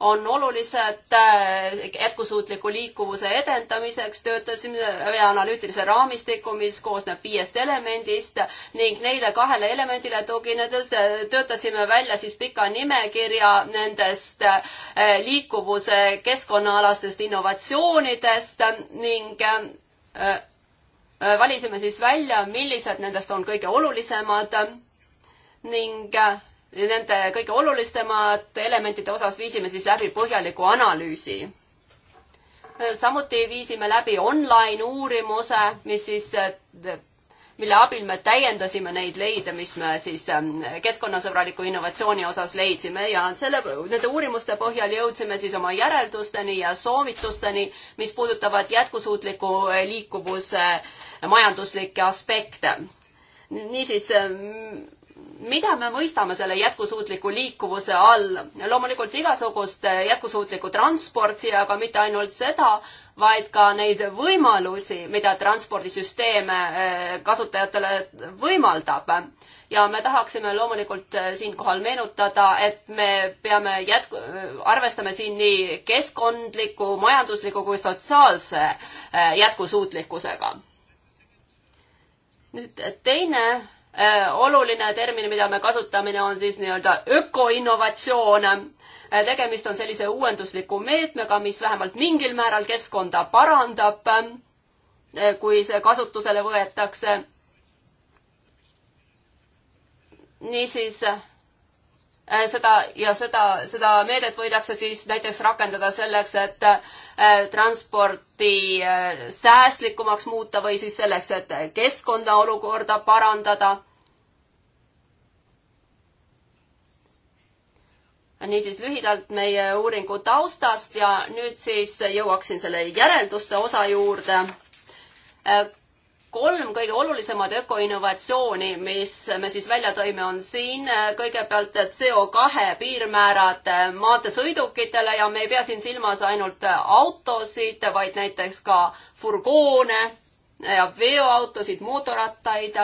on olulised äh, jätkusuutliku liikuvuse edendamiseks, töötasime ühe analüütilise raamistiku, mis koosneb viiest elemendist ning neile kahele elemendile tuginedes äh, töötasime välja siis pika nimekirja nendest äh, liikuvuse keskkonnaalastest innovatsioonidest ning valisime siis välja, millised nendest on kõige olulisemad ning nende kõige olulisemate elementide osas viisime siis läbi põhjaliku analüüsi. samuti viisime läbi online uurimuse, mis siis, mille abil me täiendasime neid leide, mis me siis ähm, keskkonnasõbraliku innovatsiooni osas leidsime ja selle, nende uurimuste põhjal jõudsime siis oma järeldusteni ja soovitusteni, mis puudutavad jätkusuutliku liikuvuse majanduslikke aspekte. niisiis ähm, mida me mõistame selle jätkusuutliku liikuvuse all? loomulikult igasugust eh, jätkusuutlikku transporti, aga mitte ainult seda, vaid ka neid võimalusi, mida transpordisüsteem eh, kasutajatele võimaldab. ja me tahaksime loomulikult eh, siinkohal meenutada, et me peame jätku, arvestame siin nii keskkondliku, majandusliku kui sotsiaalse jätkusuutlikkusega. nüüd teine Äh, oluline termin, mida me kasutamine on siis nii-öelda ökoinnovatsioon. Äh, tegemist on sellise uuendusliku meetmega, mis vähemalt mingil määral keskkonda parandab, äh, kui see kasutusele võetakse. niisiis Äh, seda ja seda, seda meedet võidakse siis näiteks rakendada selleks, et äh, transporti äh, säästlikumaks muuta või siis selleks, et keskkonda olukorda parandada. niisiis lühidalt meie uuringu taustast ja nüüd siis jõuaksin selle järelduste osa juurde kolm kõige olulisemat ökoinnovatsiooni, mis me siis välja tõime, on siin äh, kõigepealt CO2 piirmäärad äh, maanteesõidukitele ja me ei pea siin silmas ainult äh, autosid, vaid näiteks ka furgoone ja veoautosid, mootorrattaid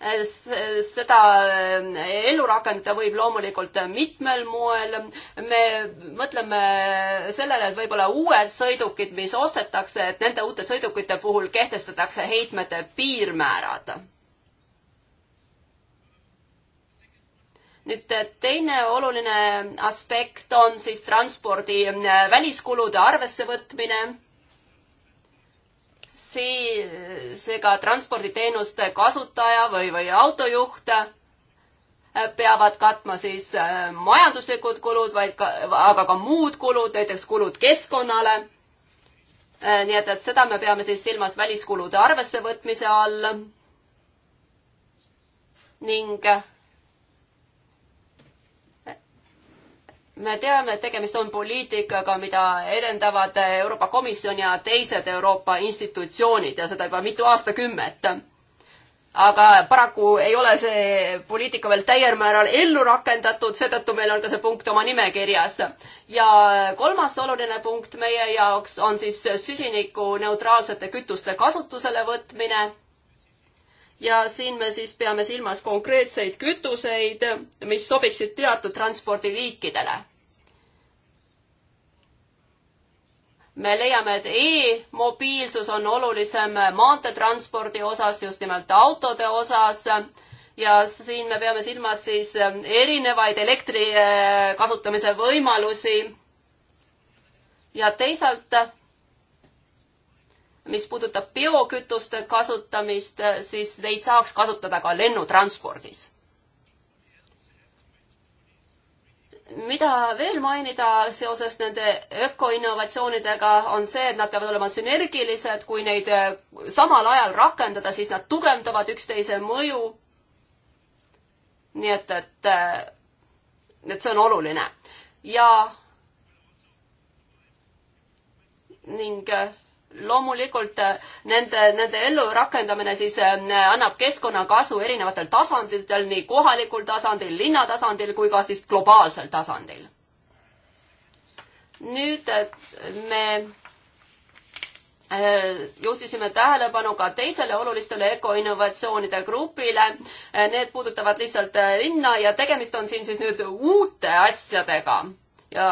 seda eh, ellu rakendada võib loomulikult mitmel moel. me mõtleme sellele, et võib-olla uued sõidukid, mis ostetakse, et nende uute sõidukite puhul kehtestatakse heitmete piirmäärad. nüüd eh, teine oluline aspekt on siis transpordi eh, väliskulude arvesse võtmine seega transporditeenuste kasutaja või, või autojuht äh, peavad katma siis äh, majanduslikud kulud, vaid ka, aga ka muud kulud, näiteks kulud keskkonnale. Äh, nii et, et seda me peame siis silmas väliskulude arvessevõtmise all. ning me teame, et tegemist on poliitikaga, mida edendavad Euroopa Komisjon ja teised Euroopa institutsioonid ja seda juba mitu aastakümmet. aga paraku ei ole see poliitika veel täiel määral ellu rakendatud, seetõttu meil on ka see punkt oma nimekirjas. ja kolmas oluline punkt meie jaoks on siis süsinikuneutraalsete kütuste kasutusele võtmine ja siin me siis peame silmas konkreetseid kütuseid, mis sobiksid teatud transpordiliikidele. me leiame, et e-mobiilsus on olulisem maanteetranspordi osas, just nimelt autode osas ja siin me peame silmas siis erinevaid elektri eh, kasutamise võimalusi. ja teisalt, mis puudutab biokütuste kasutamist, siis neid saaks kasutada ka lennutranspordis mida veel mainida seoses nende ökoinnovatsioonidega, on see, et nad peavad olema sünergilised, kui neid äh, samal ajal rakendada, siis nad tugevdavad üksteise mõju. nii et, et, äh, et see on oluline ja ning äh, loomulikult äh, nende, nende ellurakendamine siis äh, annab keskkonnakasu erinevatel tasanditel, nii kohalikul tasandil, linna tasandil kui ka siis globaalsel tasandil. nüüd äh, me juhtisime tähelepanu ka teisele olulistele ökoinnovatsioonide grupile. Need puudutavad lihtsalt linna ja tegemist on siin siis nüüd uute asjadega ja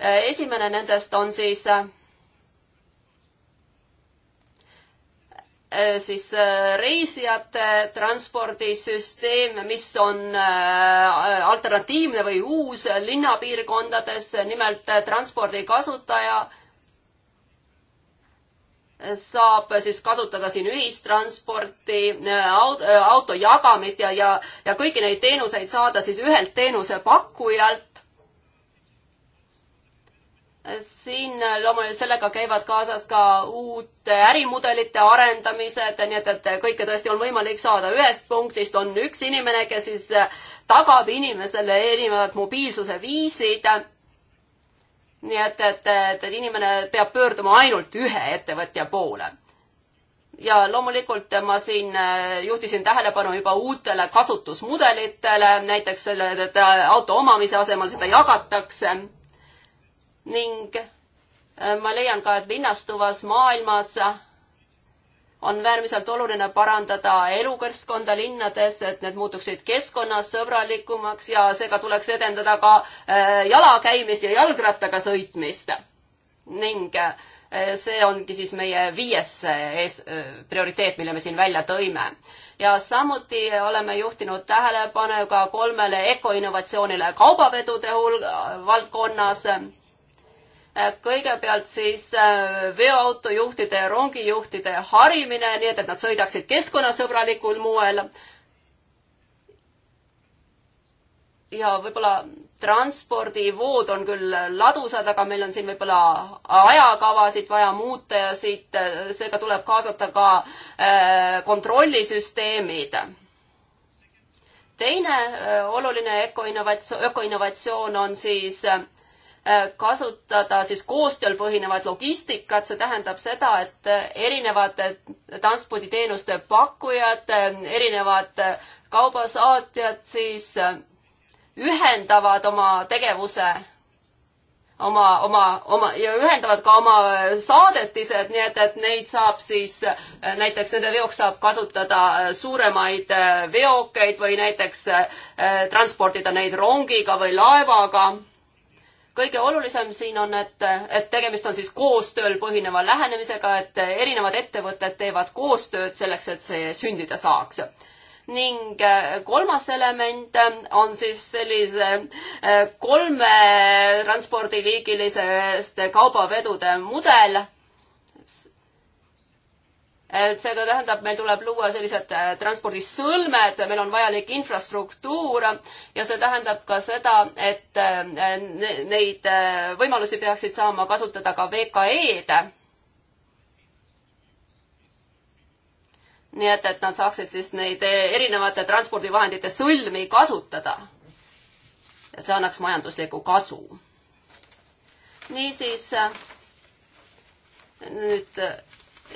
esimene nendest on siis äh, Äh, siis äh, reisijate transpordisüsteem, mis on äh, alternatiivne või uus linnapiirkondades, nimelt transpordi kasutaja saab siis kasutada siin ühistransporti, auto jagamist ja, ja, ja kõiki neid teenuseid saada siis ühelt teenusepakkujalt siin äh, loomulikult sellega käivad kaasas ka uute ärimudelite arendamised, nii et, et kõike tõesti on võimalik saada ühest punktist, on üks inimene, kes siis äh, tagab inimesele erinevad mobiilsuse viisid. nii et, et, et inimene peab pöörduma ainult ühe ettevõtja poole ja loomulikult ma siin äh, juhtisin tähelepanu juba uutele kasutusmudelitele, näiteks selle, et auto omamise asemel seda jagatakse ning äh, ma leian ka, et linnastuvas maailmas on äärmiselt oluline parandada elukeskkonda linnades, et need muutuksid keskkonnasõbralikumaks ja seega tuleks edendada ka äh, jala käimist ja jalgrattaga sõitmist. ning äh, see ongi siis meie viies ees, prioriteet, mille me siin välja tõime. ja samuti oleme juhtinud tähelepanu ka kolmele ökoinnovatsioonile kaubavedude hulga, valdkonnas Äh, kõigepealt siis äh, veoautojuhtide ja rongijuhtide harimine, nii et, et nad sõidaksid keskkonnasõbralikul moel. ja võib-olla transpordivood on küll ladusad, aga meil on siin võib-olla ajakavasid vaja muuta ja siit, äh, seega tuleb kaasata ka kontrollisüsteemid. teine oluline ökoinnovatsioon, ökoinnovatsioon on siis Äh, kasutada siis koostööl põhinevat logistikat, see tähendab seda, et äh, erinevad transporditeenuste pakkujad, äh, erinevad kaubasaatjad siis ühendavad oma tegevuse oma, oma, oma ja ühendavad ka oma saadetised, nii et, et neid saab siis, näiteks nende veoks saab kasutada suuremaid veokeid või näiteks transportida neid rongiga või laevaga kõige olulisem siin on, et, et tegemist on siis koostööl põhineva lähenemisega, et erinevad ettevõtted teevad koostööd selleks, et see sündida saaks ning äh, kolmas element äh, on siis sellise äh, kolme transpordiliigilistest kaubavedude mudel et see tähendab, meil tuleb luua sellised äh, transpordisõlmed, meil on vajalik infrastruktuur ja see tähendab ka seda, et äh, neid äh, võimalusi peaksid saama kasutada ka VKE-d. nii et, et nad saaksid siis neid erinevate transpordivahendite sõlmi kasutada. ja see annaks majanduslikku kasu. niisiis nüüd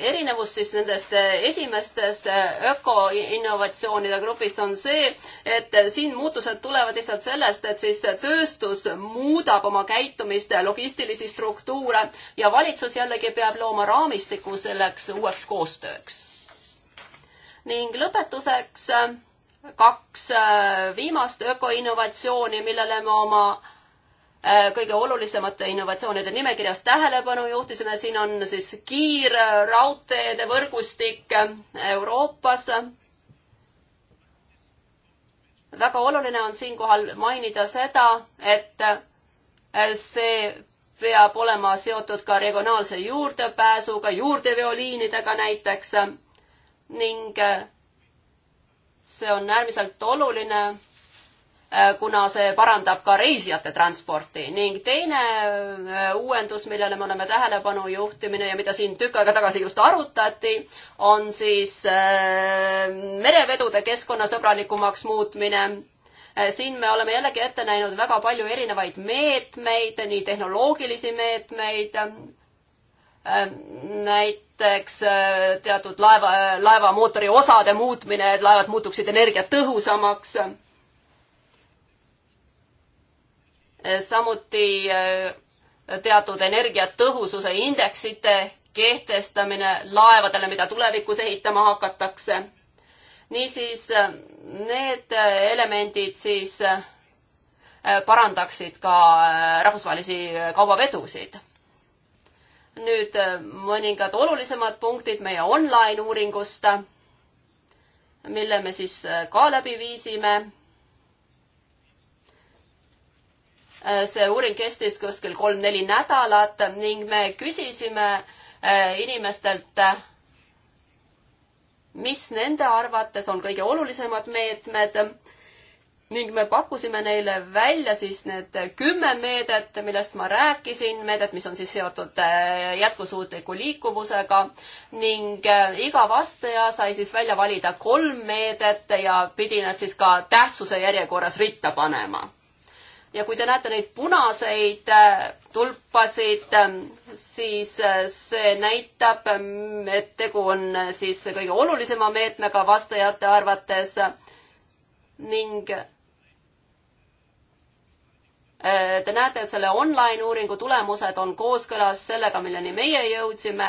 erinevus siis nendest eh, esimestest eh, ökoinnovatsioonide grupist on see, et eh, siin muutused tulevad lihtsalt sellest, et siis tööstus muudab oma käitumist, logistilisi struktuure ja valitsus jällegi peab looma raamistiku selleks uueks koostööks. ning lõpetuseks kaks viimast ökoinnovatsiooni, millele me oma Äh, kõige olulisemate innovatsioonide nimekirjas tähelepanu juhtisime, siin on siis kiirraudteede võrgustik äh, Euroopas väga oluline on siinkohal mainida seda, et äh, see peab olema seotud ka regionaalse juurdepääsuga, juurdeveoliinidega näiteks ning see on äärmiselt oluline Äh, kuna see parandab ka reisijate transporti ning teine äh, uuendus, millele me oleme tähelepanu juhtimine ja mida siin tükk aega tagasi just arutati, on siis äh, merevedude keskkonnasõbralikumaks muutmine siin me oleme jällegi ette näinud väga palju erinevaid meetmeid, nii tehnoloogilisi meetmeid, näiteks teatud laeva, laeva mootori osade muutmine, et laevad muutuksid energiatõhusamaks Eh, samuti eh, teatud energiatõhususe indeksite kehtestamine laevadele, mida tulevikus ehitama hakatakse. niisiis eh, need elemendid siis parandaksid ka rahvusvahelisi kaubavedusid. nüüd mõningad olulisemad punktid meie online uuringust, mille me siis ka läbi viisime Äh, see uuring kestis kuskil kolm-neli nädalat ning me küsisime äh, inimestelt, mis nende arvates on kõige olulisemad meetmed ning me pakkusime neile välja siis need kümme meedet, millest ma rääkisin, meedet, mis on siis seotud äh, jätkusuutliku liikuvusega ning iga vastaja sai siis välja valida kolm meedet ja pidi nad siis ka tähtsuse järjekorras ritta panema ja kui te näete neid punaseid äh, tulpasid, ähm, siis äh, see näitab, mm, et tegu on äh, siis kõige olulisema meetmega vastajate arvates ning te näete, et selle online uuringu tulemused on kooskõlas sellega, milleni meie jõudsime.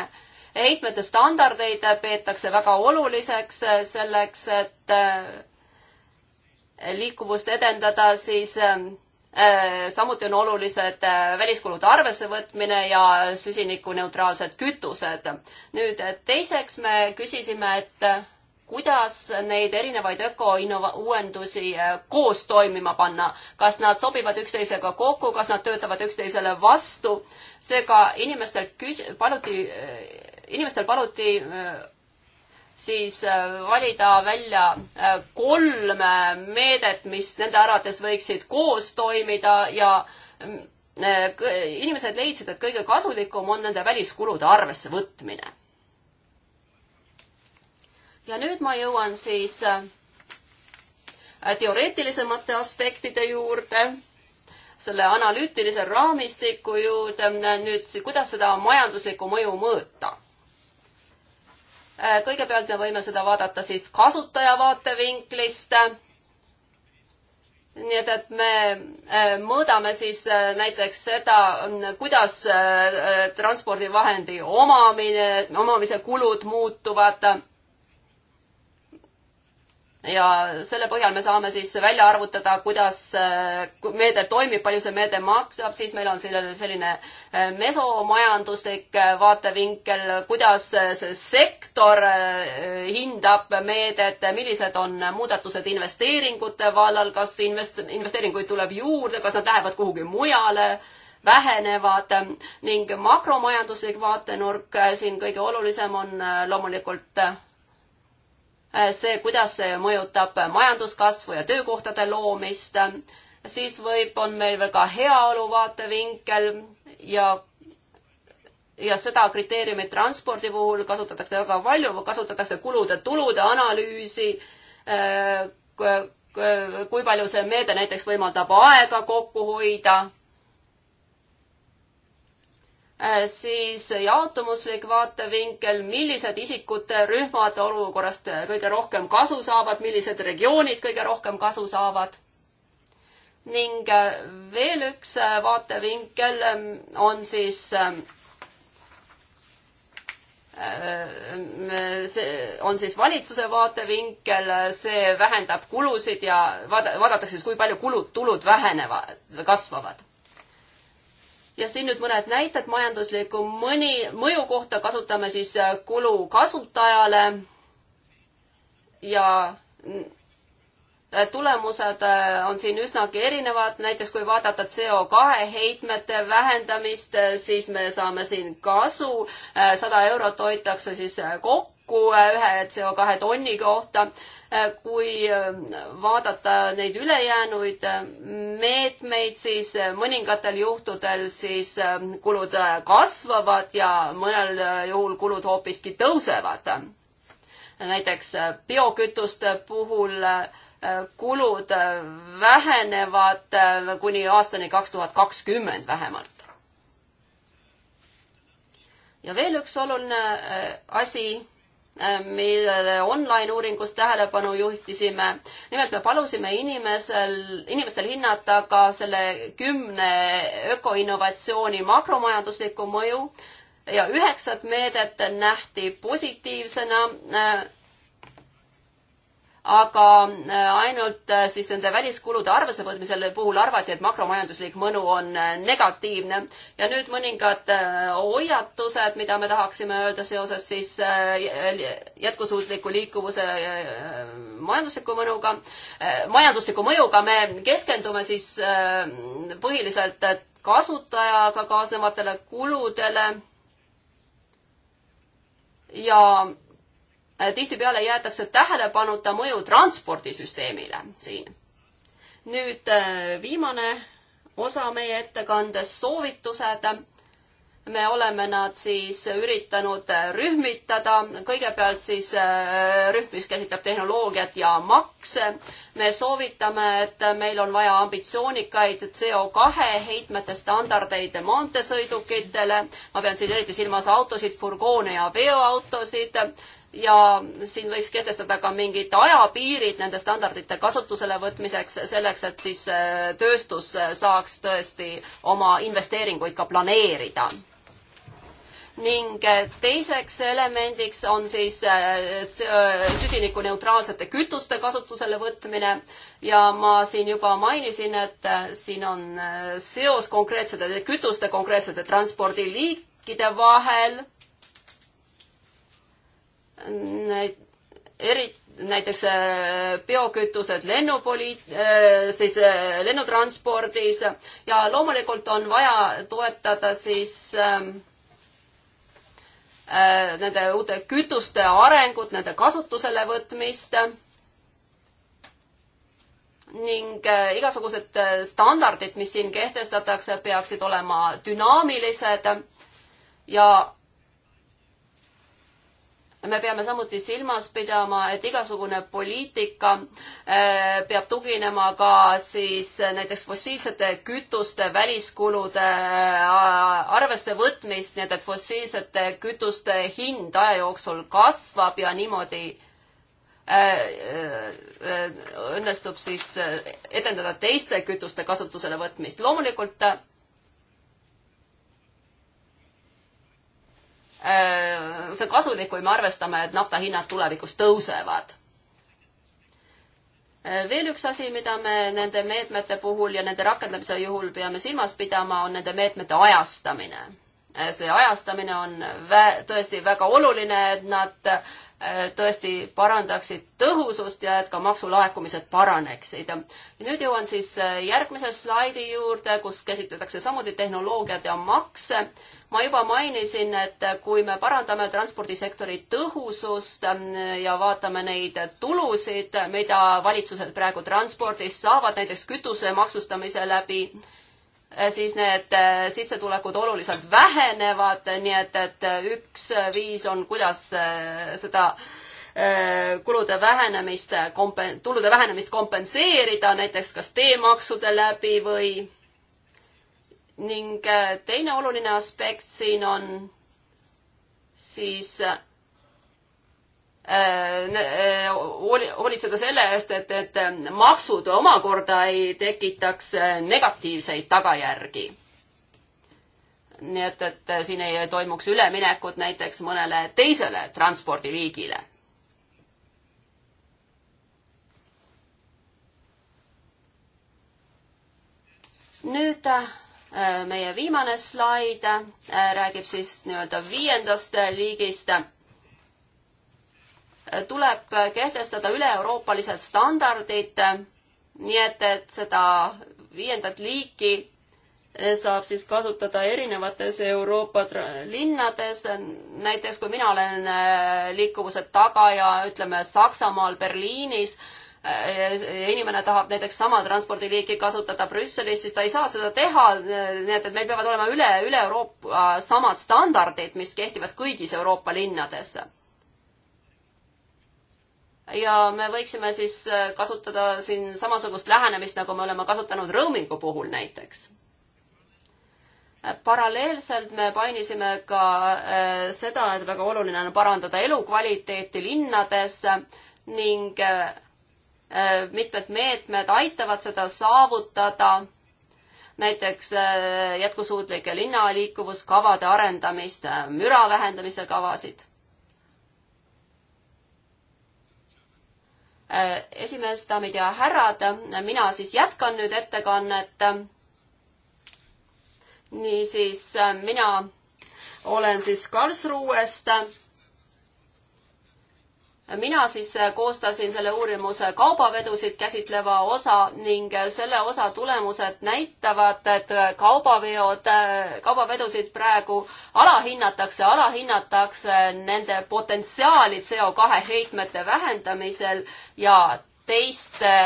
heitmete standardeid peetakse väga oluliseks selleks, et liikuvust edendada, siis ähm, Äh, samuti on olulised äh, väliskulude arvessevõtmine ja süsinikuneutraalsed kütused. nüüd äh, teiseks me küsisime, et kuidas neid erinevaid ökouuendusi koos toimima panna, kas nad sobivad üksteisega kokku, kas nad töötavad üksteisele vastu. seega inimestel küs-, paluti, inimestel paluti siis äh, valida välja äh, kolm äh, meedet, mis nende arvates võiksid koos toimida ja mm, inimesed leidsid, et kõige kasulikum on nende väliskulude arvesse võtmine. ja nüüd ma jõuan siis teoreetilisemate aspektide juurde, selle analüütilise raamistiku juurde, nüüd kuidas seda majanduslikku mõju mõõta Äh, kõigepealt me võime seda vaadata siis kasutaja vaatevinklist. nii et, et me äh, mõõdame siis äh, näiteks seda, kuidas transpordivahendi omamine, omamise kulud muutuvad ja selle põhjal me saame siis välja arvutada, kuidas äh, meede toimib, palju see meede maksab, siis meil on selline, selline äh, mesomajanduslik äh, vaatevinkel, kuidas see sektor hindab meedet, millised on muudatused investeeringute vallal, kas invest-, investeeringuid tuleb juurde, kas nad lähevad kuhugi mujale vähenevad ning makromajanduslik vaatenurk siin kõige olulisem on loomulikult Äh, see, kuidas see mõjutab majanduskasvu ja töökohtade loomist, siis võib, on meil veel ka heaolu vaatevinkel ja ja seda kriteeriumi transpordi puhul kasutatakse väga palju, kasutatakse kulude-tulude analüüsi, äh, kui palju see meede näiteks võimaldab aega kokku hoida Äh, siis jaotumuslik vaatevinkel, millised isikute äh, rühmad olukorrast äh, kõige rohkem kasu saavad, millised regioonid kõige rohkem kasu saavad. ning veel üks vaatevinkel ähm, on siis ähm, see on siis valitsuse vaatevinkel, see vähendab kulusid ja vaada-, vaadatakse siis, kui palju kulud, tulud vähenevad, kasvavad ja siin nüüd mõned näited majandusliku mõni, mõju kohta kasutame siis äh, kulu kasutajale ja äh, tulemused äh, on siin üsnagi erinevad, näiteks kui vaadata CO2 heitmete vähendamist, siis me saame siin kasu, sada eurot hoitakse siis kokku kokku äh, ühe CO2 tonni kohta. Äh, kui äh, vaadata neid ülejäänuid meetmeid, siis mõningatel juhtudel siis kulud kasvavad ja mõnel juhul kulud hoopiski tõusevad. näiteks biokütuste puhul kulud vähenevad kuni aastani kaks tuhat kakskümmend vähemalt. ja veel üks oluline asi millele online uuringus tähelepanu juhtisime. nimelt me palusime inimesel, inimestel hinnata ka selle kümne ökoinnovatsiooni makromajanduslikku mõju ja üheksat meedet nähti positiivsena aga äh, ainult äh, siis nende väliskulude arvesse võtmisel puhul arvati, et makromajanduslik mõnu on äh, negatiivne. ja nüüd mõningad hoiatused, mida me tahaksime öelda seoses siis jätkusuutliku liikuvuse majandusliku mõnuga, majandusliku mõjuga, me keskendume siis põhiliselt kasutajaga kaasnevatele kuludele ja Äh, tihtipeale jäetakse tähelepanuta mõju transpordisüsteemile siin. nüüd äh, viimane osa meie ettekandes, soovitused. me oleme nad siis üritanud rühmitada, kõigepealt siis äh, rühm, mis käsitleb tehnoloogiat ja makse. me soovitame, et meil on vaja ambitsioonikaid CO2 heitmete standardeid maanteesõidukitele. ma pean siin eriti silmas autosid, furgoone ja veoautosid ja siin võiks kehtestada ka mingid ajapiirid nende standardite kasutusele võtmiseks, selleks et siis äh, tööstus äh, saaks tõesti oma investeeringuid ka planeerida. ning äh, teiseks elemendiks on siis süsinikuneutraalsete kütuste kasutusele võtmine ja ma siin juba mainisin, et siin on seos konkreetsete kütuste, konkreetsete transpordiliikide vahel neid eri, näiteks äh, biokütused lennupoliit-, äh, siis äh, lennutranspordis ja loomulikult on vaja toetada siis ähm, nende uute kütuste arengut, nende kasutusele võtmist ning igasugused standardid, mis siin kehtestatakse, peaksid olema dünaamilised ja me peame samuti silmas pidama, et igasugune poliitika äh, peab tuginema ka siis näiteks fossiilsete kütuste väliskulude äh, arvesse võtmist, nii et, et fossiilsete kütuste hind aja jooksul kasvab ja niimoodi äh, õnnestub siis edendada teiste kütuste kasutusele võtmist. loomulikult Äh, see on kasulik, kui me arvestame, et nafta hinnad tulevikus tõusevad äh, veel üks asi, mida me nende meetmete puhul ja nende rakendamise juhul peame silmas pidama, on nende meetmete ajastamine. Äh, see ajastamine on vä-, tõesti väga oluline, et nad tõesti parandaksid tõhusust ja et ka maksulaekumised paraneksid. nüüd jõuan siis järgmise slaidi juurde, kus käsitletakse samuti tehnoloogiat ja makse ma juba mainisin, et kui me parandame transpordisektori tõhusust ähm, ja vaatame neid tulusid, mida valitsused praegu transpordis saavad, näiteks kütuse maksustamise läbi, äh, siis need äh, sissetulekud oluliselt vähenevad, nii et, et üks viis on, kuidas äh, seda kulude vähenemist, tulude vähenemist kompenseerida, näiteks kas teemaksude läbi või ning äh, teine oluline aspekt siin on siis äh, äh, hoolitseda selle eest, et, et maksud omakorda ei tekitaks negatiivseid tagajärgi. nii et, et siin ei toimuks üleminekut näiteks mõnele teisele transpordiliigile. nüüd Äh, meie viimane slaid äh, räägib siis nii-öelda viiendast liigist. Äh, tuleb kehtestada üle-euroopalised standardid, nii et, et seda viiendat liiki saab siis kasutada erinevates Euroopa linnades. näiteks kui mina olen liikuvuse tagaja, ütleme Saksamaal, Berliinis inimene tahab näiteks sama transpordiliiki kasutada Brüsselis, siis ta ei saa seda teha, nii et, et meil peavad olema üle, üle Euroopa samad standardid, mis kehtivad kõigis Euroopa linnades. ja me võiksime siis kasutada siin samasugust lähenemist, nagu me oleme kasutanud roaming'u puhul näiteks paralleelselt me painisime ka äh, seda, et väga oluline on parandada elukvaliteeti linnades ning äh, Äh, mitmed meetmed aitavad seda saavutada, näiteks äh, jätkusuutlike linnaliikuvuskavade arendamist, äh, müra vähendamise kavasid. esimees, daamid ja härrad, mina siis jätkan nüüd ettekannet. niisiis, mina olen siis Karlsruhest mina siis koostasin selle uurimuse kaubavedusid käsitleva osa ning selle osa tulemused näitavad, et kaubaveod, kaubavedusid praegu alahinnatakse, alahinnatakse nende potentsiaali CO2 heitmete vähendamisel ja teiste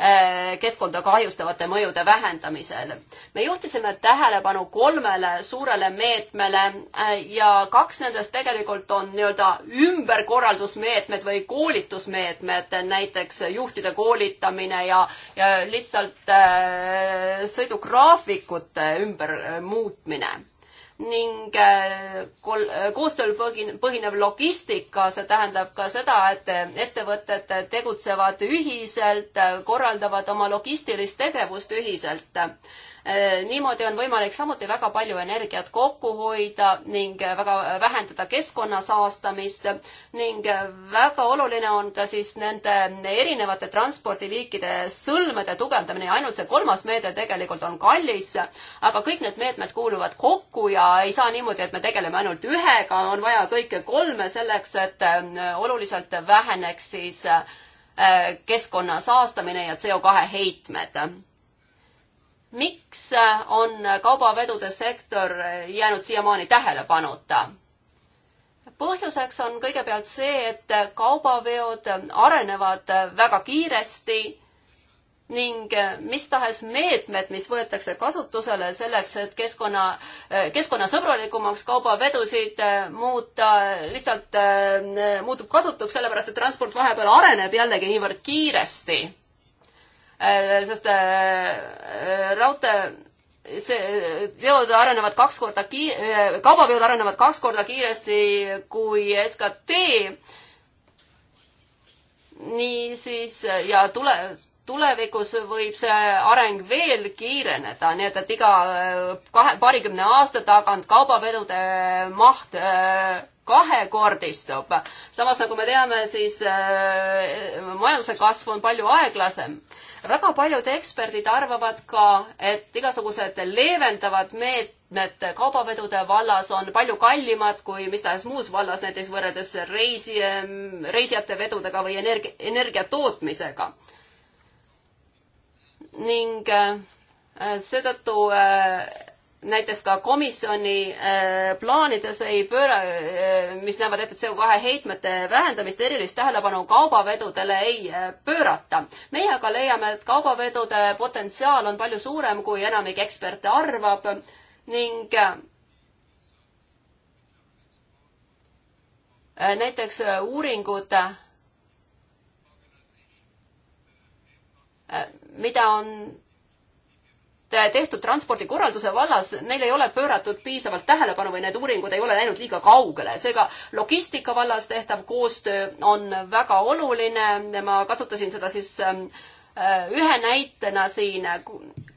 Äh, keskkonda kahjustavate mõjude vähendamisel. me juhtisime tähelepanu kolmele suurele meetmele äh, ja kaks nendest tegelikult on nii-öelda ümberkorraldusmeetmed või koolitusmeetmed, näiteks juhtide koolitamine ja, ja lihtsalt äh, sõidugraafikute ümber muutmine ning äh, kol-, äh, koostööl põgin-, põhinev logistika, see tähendab ka seda, et ettevõtted tegutsevad ühiselt, korraldavad oma logistilist tegevust ühiselt Äh, niimoodi on võimalik samuti väga palju energiat kokku hoida ning väga vähendada keskkonna saastamist ning väga oluline on ka siis nende erinevate transpordiliikide sõlmede tugevdamine ja ainult see kolmas meede tegelikult on kallis, aga kõik need meetmed kuuluvad kokku ja ei saa niimoodi, et me tegeleme ainult ühega, on vaja kõike kolme selleks, et äh, oluliselt väheneks siis äh, keskkonna saastamine ja CO2 heitmed miks äh, on kaubavedude sektor äh, jäänud siiamaani tähelepanuta? põhjuseks on kõigepealt see, et kaubaveod arenevad äh, väga kiiresti ning mis tahes meetmed, mis võetakse kasutusele selleks, et keskkonna, keskkonnasõbralikumaks kaubavedusid muuta, lihtsalt muutub kasutuks, sellepärast et transport vahepeal areneb jällegi niivõrd kiiresti Äh, sest äh, äh, raudtee see, veod arenevad kaks korda kiir-, kaubaveod arenevad kaks korda kiiresti kui SKT. niisiis ja tule, tulevikus võib see areng veel kiireneda, nii et, et iga äh, kahe, paarikümne aasta tagant kaubavedude maht äh, kahekordistub. samas nagu me teame, siis äh, majanduse kasv on palju aeglasem. väga paljud eksperdid arvavad ka, et igasugused leevendavad meetmed kaubavedude vallas on palju kallimad kui mis tahes muus vallas, näiteks võrreldes reisi, reisijate vedudega või energia, energia tootmisega ning äh, seetõttu äh, näiteks ka komisjoni äh, plaanides ei pööra, mis näevad ette CO2 heitmete vähendamist, erilist tähelepanu kaubavedudele ei pöörata. meie aga leiame, et kaubavedude potentsiaal on palju suurem, kui enamik eksperte arvab ning näiteks uuringud mida on tehtud transpordikorralduse vallas, neil ei ole pööratud piisavalt tähelepanu või need uuringud ei ole läinud liiga kaugele, seega logistika vallas tehtav koostöö on väga oluline, ma kasutasin seda siis ähm, äh, ühe näitena siin,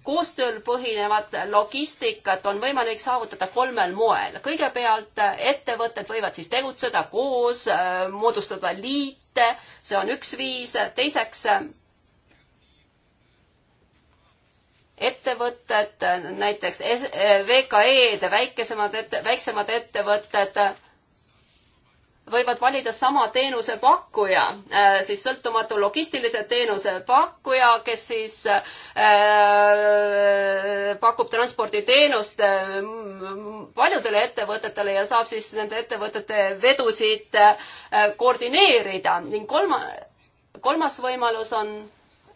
koostööl põhinevat logistikat on võimalik saavutada kolmel moel. kõigepealt äh, ettevõtted võivad siis tegutseda koos, äh, moodustada liite, see on üks viis, teiseks ettevõtted, näiteks VKE-d, väikesemad ette, väiksemad ettevõtted võivad valida sama teenusepakkuja, äh, siis sõltumatu logistilise teenusepakkuja, kes siis äh, pakub transporditeenust äh, paljudele ettevõtetele ja saab siis nende ettevõtete vedusid äh, koordineerida ning kolma, kolmas võimalus on,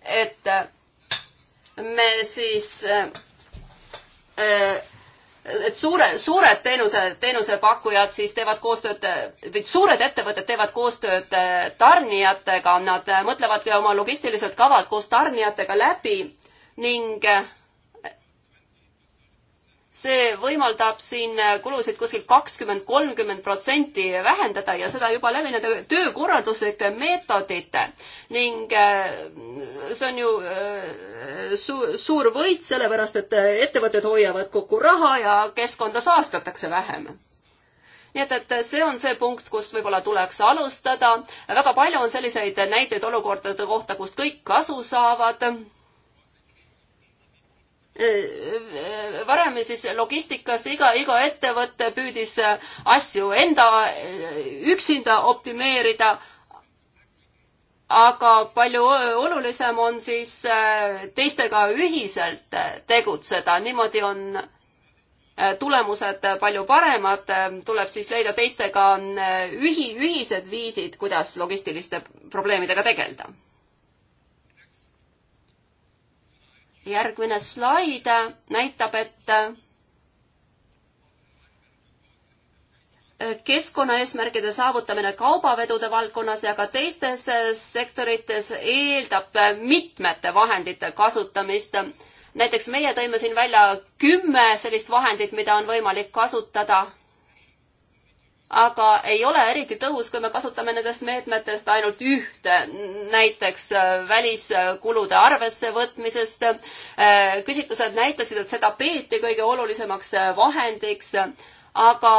et me siis äh, äh, et suure, suured teenuse, teenusepakkujad siis teevad koostööd, või suured ettevõtted teevad koostööd äh, tarnijatega, nad mõtlevadki oma logistilised kavad koos tarnijatega läbi ning see võimaldab siin äh, kulusid kuskil kakskümmend, kolmkümmend protsenti vähendada ja seda juba läbi nende töökorralduslike meetodite. ning äh, see on ju äh, su-, suur võit, sellepärast et ettevõtted hoiavad kokku raha ja keskkonda saastatakse vähem nii et, et see on see punkt, kust võib-olla tuleks alustada. väga palju on selliseid näiteid olukordade kohta, kust kõik kasu saavad varem siis logistikas iga, iga ettevõte püüdis asju enda, üksinda optimeerida, aga palju olulisem on siis teistega ühiselt tegutseda, niimoodi on tulemused palju paremad, tuleb siis leida teistega ühi-, ühised viisid, kuidas logistiliste probleemidega tegeleda järgmine slaid näitab, et äh, keskkonnaeesmärgide saavutamine kaubavedude valdkonnas ja ka teistes äh, sektorites eeldab äh, mitmete vahendite kasutamist. näiteks meie tõime siin välja kümme sellist vahendit, mida on võimalik kasutada aga ei ole eriti tõhus, kui me kasutame nendest meetmetest ainult ühte, näiteks äh, väliskulude arvesse võtmisest. Äh, küsitlused näitasid, et seda peeti kõige olulisemaks äh, vahendiks, aga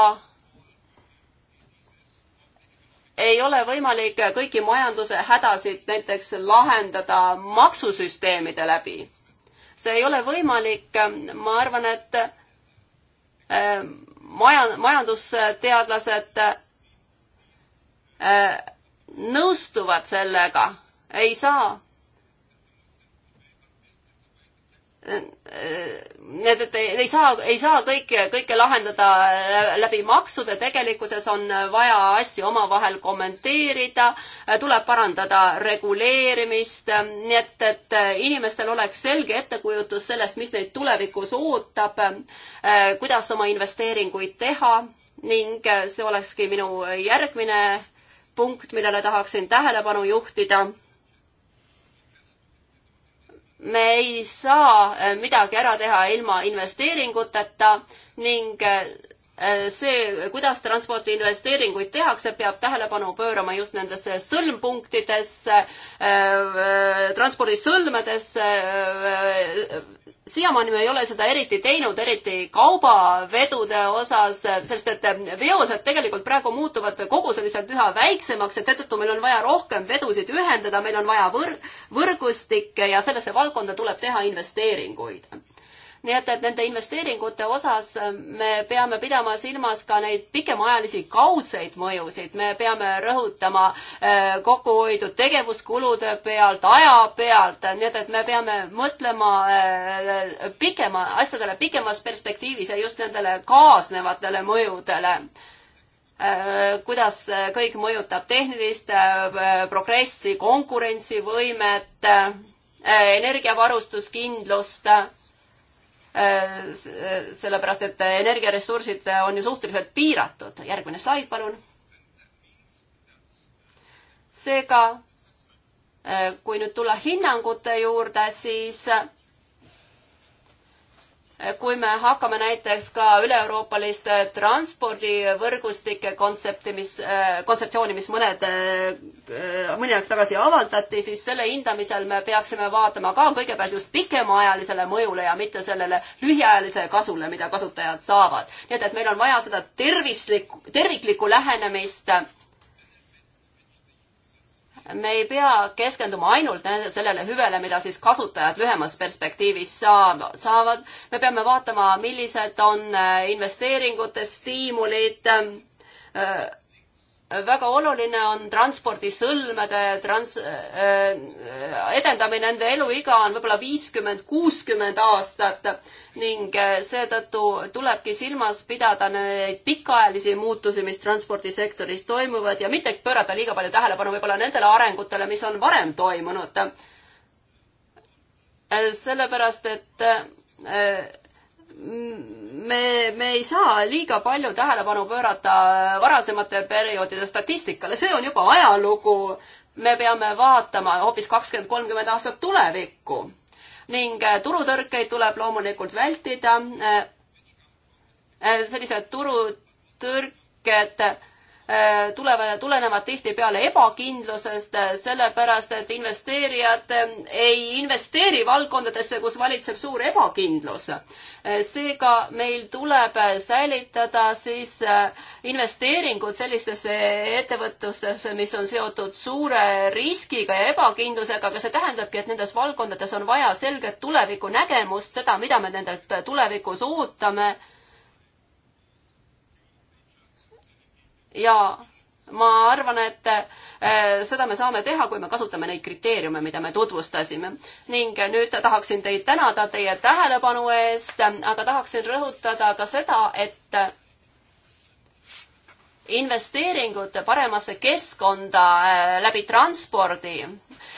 ei ole võimalik kõiki majanduse hädasid näiteks lahendada maksusüsteemide läbi. see ei ole võimalik, ma arvan, et maja, majandusteadlased äh, nõustuvad sellega, ei saa Need, et ei, ei saa, ei saa kõike, kõike lahendada läbi maksude, tegelikkuses on vaja asju omavahel kommenteerida, tuleb parandada reguleerimist, nii et, et inimestel oleks selge ettekujutus sellest, mis neid tulevikus ootab, kuidas oma investeeringuid teha ning see olekski minu järgmine punkt, millele tahaksin tähelepanu juhtida me ei saa äh, midagi ära teha ilma investeeringuteta ning äh, äh, see, kuidas transpordiinvesteeringuid tehakse, peab tähelepanu pöörama just nendesse sõlmpunktidesse, transpordisõlmedesse, siiamaani me ei ole seda eriti teinud, eriti kaubavedude osas, sest et veosed tegelikult praegu muutuvad koguseliselt üha väiksemaks ja seetõttu meil on vaja rohkem vedusid ühendada, meil on vaja võr-, võrgustikke ja sellesse valdkonda tuleb teha investeeringuid nii et, et nende investeeringute osas äh, me peame pidama silmas ka neid pikemaajalisi kaudseid mõjusid, me peame rõhutama äh, kokkuhoidu tegevuskulude pealt, aja pealt, nii et, et me peame mõtlema äh, pikema, asjadele pikemas perspektiivis ja just nendele kaasnevatele mõjudele kuidas kõik mõjutab tehnilist progressi, konkurentsivõimet, energiavarustuskindlust Äh, sellepärast, et energiaressursid on ju suhteliselt piiratud. järgmine slaid, palun. seega, äh, kui nüüd tulla hinnangute juurde, siis kui me hakkame näiteks ka üle-euroopaliste transpordivõrgustike kontsepti, mis, äh, kontseptsiooni, mis mõned, äh, mõni aeg tagasi avaldati, siis selle hindamisel me peaksime vaatama ka kõigepealt just pikemaajalisele mõjule ja mitte sellele lühiajalisele kasule, mida kasutajad saavad. nii et, et meil on vaja seda tervislikku, terviklikku lähenemist me ei pea keskenduma ainult sellele hüvele, mida siis kasutajad lühemas perspektiivis saab, saavad. me peame vaatama, millised on äh, investeeringute stiimulid äh, väga oluline on transpordisõlmede trans- äh,, edendamine, nende eluiga on võib-olla viiskümmend, kuuskümmend aastat ning äh, seetõttu tulebki silmas pidada neid pikaajalisi muutusi, mis transpordisektoris toimuvad ja mitte pöörata liiga palju tähelepanu võib-olla nendele arengutele, mis on varem toimunud. Äh, sellepärast, et äh, me, me ei saa liiga palju tähelepanu pöörata varasemate perioodide statistikale, see on juba ajalugu. me peame vaatama hoopis kakskümmend, kolmkümmend aastat tulevikku ning eh, turutõrkeid tuleb loomulikult vältida. Eh, eh, sellised turutõrked Äh, tulevad, tulenevad tihtipeale ebakindlusest, äh, sellepärast et investeerijad äh, ei investeeri valdkondadesse, kus valitseb suur ebakindlus. seega meil tuleb säilitada siis investeeringud sellistesse ettevõtlustesse, mis on seotud suure riskiga ja ebakindlusega, aga see tähendabki, et nendes valdkondades on vaja selget tulevikunägemust, seda, mida me nendelt tulevikus ootame ja ma arvan, et äh, seda me saame teha, kui me kasutame neid kriteeriume, mida me tutvustasime. ning nüüd tahaksin teid tänada teie tähelepanu eest, aga tahaksin rõhutada ka seda, et investeeringud paremasse keskkonda äh, läbi transpordi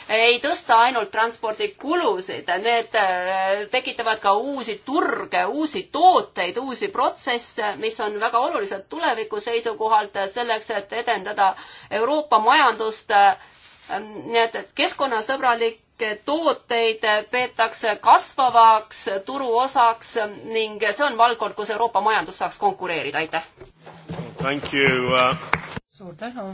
ei tõsta ainult transpordikulusid, need äh, tekitavad ka uusi turge, uusi tooteid, uusi protsesse, mis on väga olulised tuleviku seisukohalt äh, selleks, et edendada Euroopa majandust. Äh, ähm, nii et, et keskkonnasõbralik tooteid peetakse kasvavaks turuosaks ning see on valdkond, kus Euroopa majandus saaks konkureerida, aitäh! Uh suur tänu!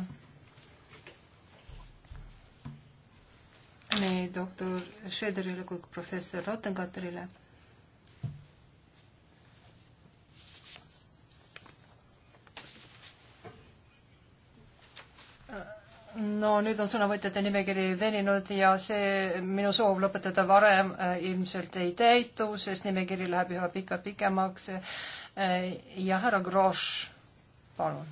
nii doktor Schröderile kui ka professor Rottengatterile. no nüüd on sõnavõtjate nimekiri veninud ja see minu soov lõpetada varem äh, ilmselt ei täitu, sest nimekiri läheb üha pika pikemaks. Äh, ja härra Grosch, palun.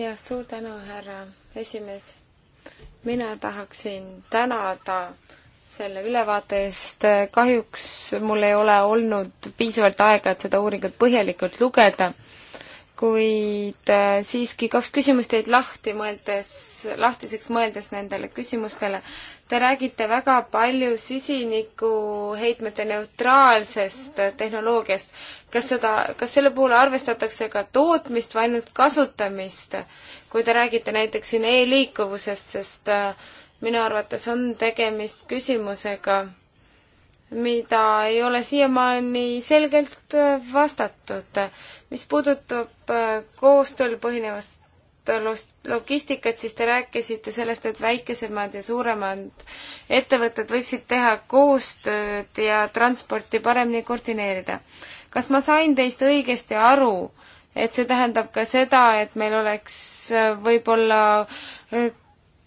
jah, suur tänu, härra esimees mina tahaksin tänada selle ülevaate eest, kahjuks mul ei ole olnud piisavalt aega, et seda uuringut põhjalikult lugeda kuid äh, siiski kaks küsimust jäid lahti, mõeldes, lahtiseks mõeldes nendele küsimustele. Te räägite väga palju süsinikuheitmete neutraalsest tehnoloogiast. kas seda, kas selle puhul arvestatakse ka tootmist või ainult kasutamist? kui te räägite näiteks siin e-liikuvusest, sest äh, minu arvates on tegemist küsimusega, mida ei ole siiamaani selgelt äh, vastatud. mis puudutab äh, koostööl põhinevast logistikat, siis te rääkisite sellest, et väikesemad ja suuremad ettevõtted võiksid teha koostööd ja transporti paremini koordineerida. kas ma sain teist õigesti aru, et see tähendab ka seda, et meil oleks äh, võib-olla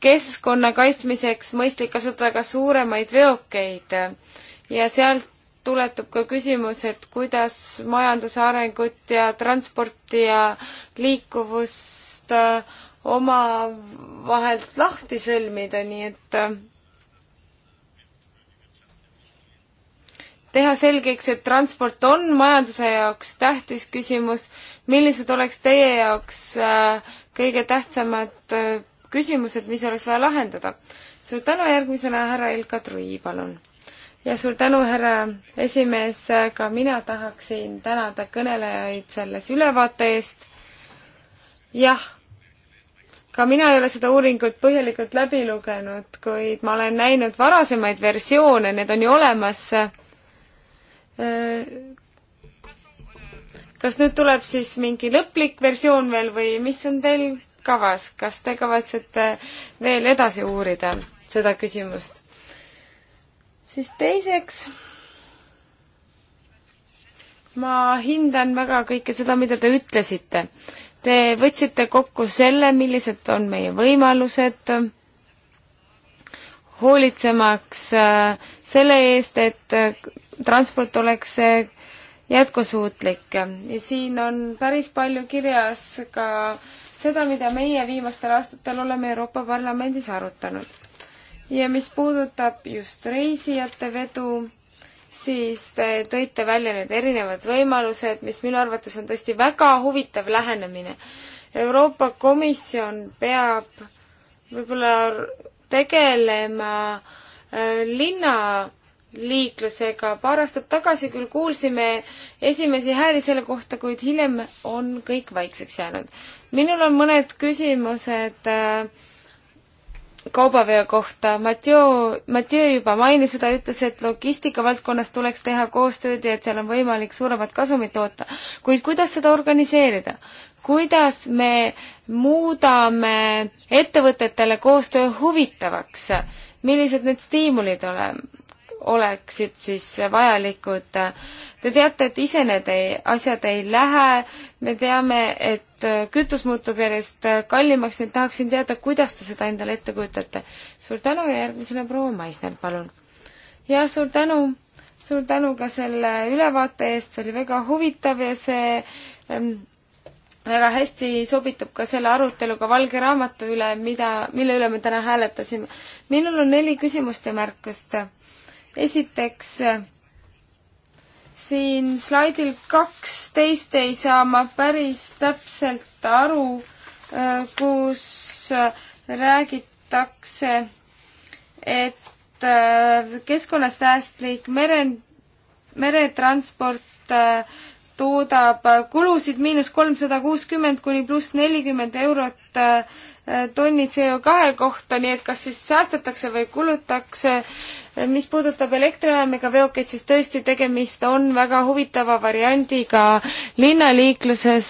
keskkonna kaitsmiseks mõistlik kasutada ka suuremaid veokeid? ja sealt tuletub ka küsimus, et kuidas majanduse arengut ja transporti ja liikuvust äh, omavahelt lahti sõlmida, nii et äh, teha selgeks, et transport on majanduse jaoks tähtis küsimus, millised oleks teie jaoks äh, kõige tähtsamad küsimused, mis oleks vaja lahendada? suur tänu, järgmisena härra Ilka Trui, palun ja suur tänu, härra esimees, ka mina tahaksin tänada kõnelejaid selles ülevaate eest. jah, ka mina ei ole seda uuringut põhjalikult läbi lugenud, kuid ma olen näinud varasemaid versioone, need on ju olemas. kas nüüd tuleb siis mingi lõplik versioon veel või mis on teil kavas, kas te kavatsete veel edasi uurida seda küsimust? siis teiseks, ma hindan väga kõike seda, mida te ütlesite. Te võtsite kokku selle, millised on meie võimalused hoolitsemaks äh, selle eest, et äh, transport oleks äh, jätkusuutlik ja siin on päris palju kirjas ka seda, mida meie viimastel aastatel oleme Euroopa Parlamendis arutanud ja mis puudutab just reisijate vedu, siis te tõite välja need erinevad võimalused, mis minu arvates on tõesti väga huvitav lähenemine. Euroopa Komisjon peab võib-olla tegelema äh, linna liiklusega. paar aastat tagasi küll kuulsime esimesi hääli selle kohta, kuid hiljem on kõik vaikseks jäänud. minul on mõned küsimused äh, kaubaveo kohta, Mathieu, Mathieu juba mainis seda, ütles, et logistika valdkonnas tuleks teha koostööd ja et seal on võimalik suuremat kasumit toota. kuid kuidas seda organiseerida? kuidas me muudame ettevõtetele koostöö huvitavaks? millised need stiimulid ole, oleksid siis vajalikud. Te teate, et ise need ei, asjad ei lähe, me teame, et kütus muutub järjest kallimaks, nüüd tahaksin teada, kuidas te seda endale ette kujutate. suur tänu ja järgmisena proua Maisner, palun. ja suur tänu, suur tänu ka selle ülevaate eest, see oli väga huvitav ja see ähm, väga hästi sobitub ka selle aruteluga valge raamatu üle, mida, mille üle me täna hääletasime. minul on neli küsimust ja märkust esiteks, siin slaidil kaksteist ei saa ma päris täpselt aru, äh, kus äh, räägitakse, et äh, keskkonnasäästlik mere, meretransport toodab kulusid miinus kolmsada kuuskümmend kuni pluss nelikümmend eurot tonni CO kahe kohta, nii et kas siis säästetakse või kulutakse äh, Eh, mis puudutab elektrijaamiga veokeid, siis tõesti tegemist on väga huvitava variandiga linnaliikluses,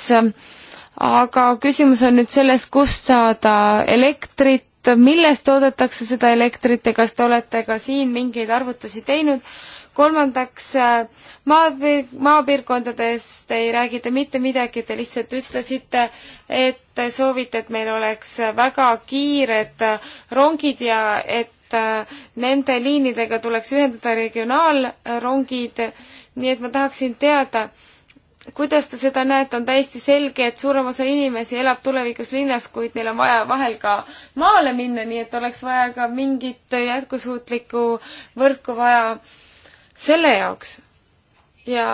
aga küsimus on nüüd selles, kust saada elektrit, millest toodetakse seda elektrit ja kas te olete ka siin mingeid arvutusi teinud kolmandaks, eh, maapiir-, maapiirkondadest ei räägi te mitte midagi, te lihtsalt ütlesite, et soovite, et meil oleks väga kiired rongid ja et et äh, nende liinidega tuleks ühendada regionaalrongid, nii et ma tahaksin teada, kuidas te seda näete, on täiesti selge, et suurem osa inimesi elab tulevikus linnas, kuid neil on vaja vahel ka maale minna, nii et oleks vaja ka mingit jätkusuutlikku võrku vaja selle jaoks. ja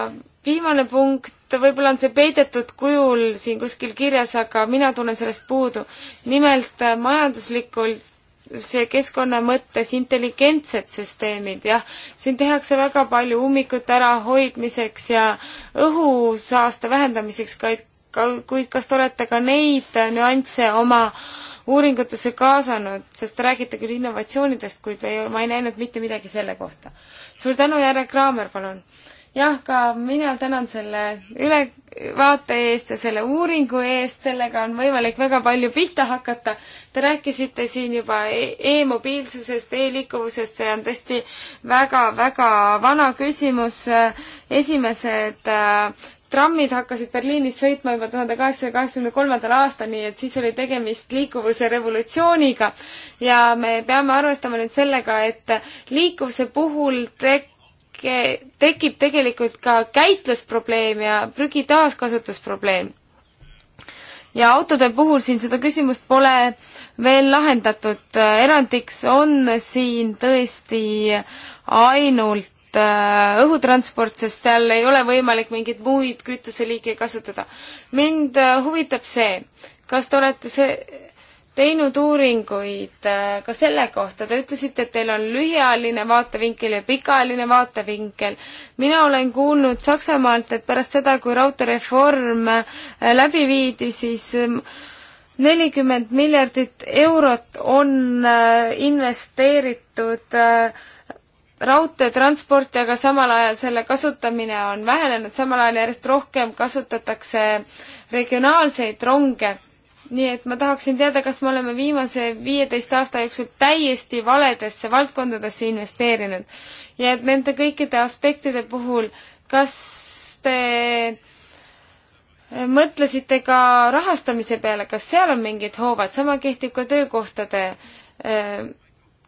viimane punkt, võib-olla on see peidetud kujul siin kuskil kirjas, aga mina tunnen sellest puudu. nimelt äh, majanduslikult see keskkonna mõttes intelligentsed süsteemid, jah, siin tehakse väga palju ummikute ärahoidmiseks ja õhusaaste vähendamiseks, kuid kas te olete ka neid nüansse oma uuringutesse kaasanud, sest te räägite küll innovatsioonidest, kuid ei, ma ei näinud mitte midagi selle kohta. suur tänu, Jare Kraamer, palun! jah, ka mina tänan selle ülevaate eest ja selle uuringu eest, sellega on võimalik väga palju pihta hakata. Te rääkisite siin juba e-, e-mobiilsusest e, e-liikuvusest, see on tõesti väga-väga vana küsimus. esimesed äh, trammid hakkasid Berliinis sõitma juba tuhande kaheksasaja kaheksakümne kolmandal aastal, nii et siis oli tegemist liikuvuse revolutsiooniga. ja me peame arvestama nüüd sellega, et liikuvuse puhul tek-, tekib tegelikult ka käitlusprobleem ja prügi taaskasutusprobleem. ja autode puhul siin seda küsimust pole veel lahendatud, erandiks on siin tõesti ainult äh, õhutransport, sest seal ei ole võimalik mingeid muid kütuseliike kasutada. mind äh, huvitab see, kas te olete see, teinud uuringuid äh, ka selle kohta, te ütlesite, et teil on lühiajaline vaatevinkel ja pikaajaline vaatevinkel. mina olen kuulnud Saksamaalt, et pärast seda, kui raudteereform äh, läbi viidi, siis ähm, nelikümmend miljardit eurot on äh, investeeritud raudteetransporti, aga samal ajal selle kasutamine on vähenenud, samal ajal järjest rohkem kasutatakse regionaalseid ronge nii et ma tahaksin teada, kas me oleme viimase viieteist aasta jooksul täiesti valedesse valdkondadesse investeerinud ja et nende kõikide aspektide puhul, kas te mõtlesite ka rahastamise peale, kas seal on mingid hoovad, sama kehtib ka töökohtade öö, äh,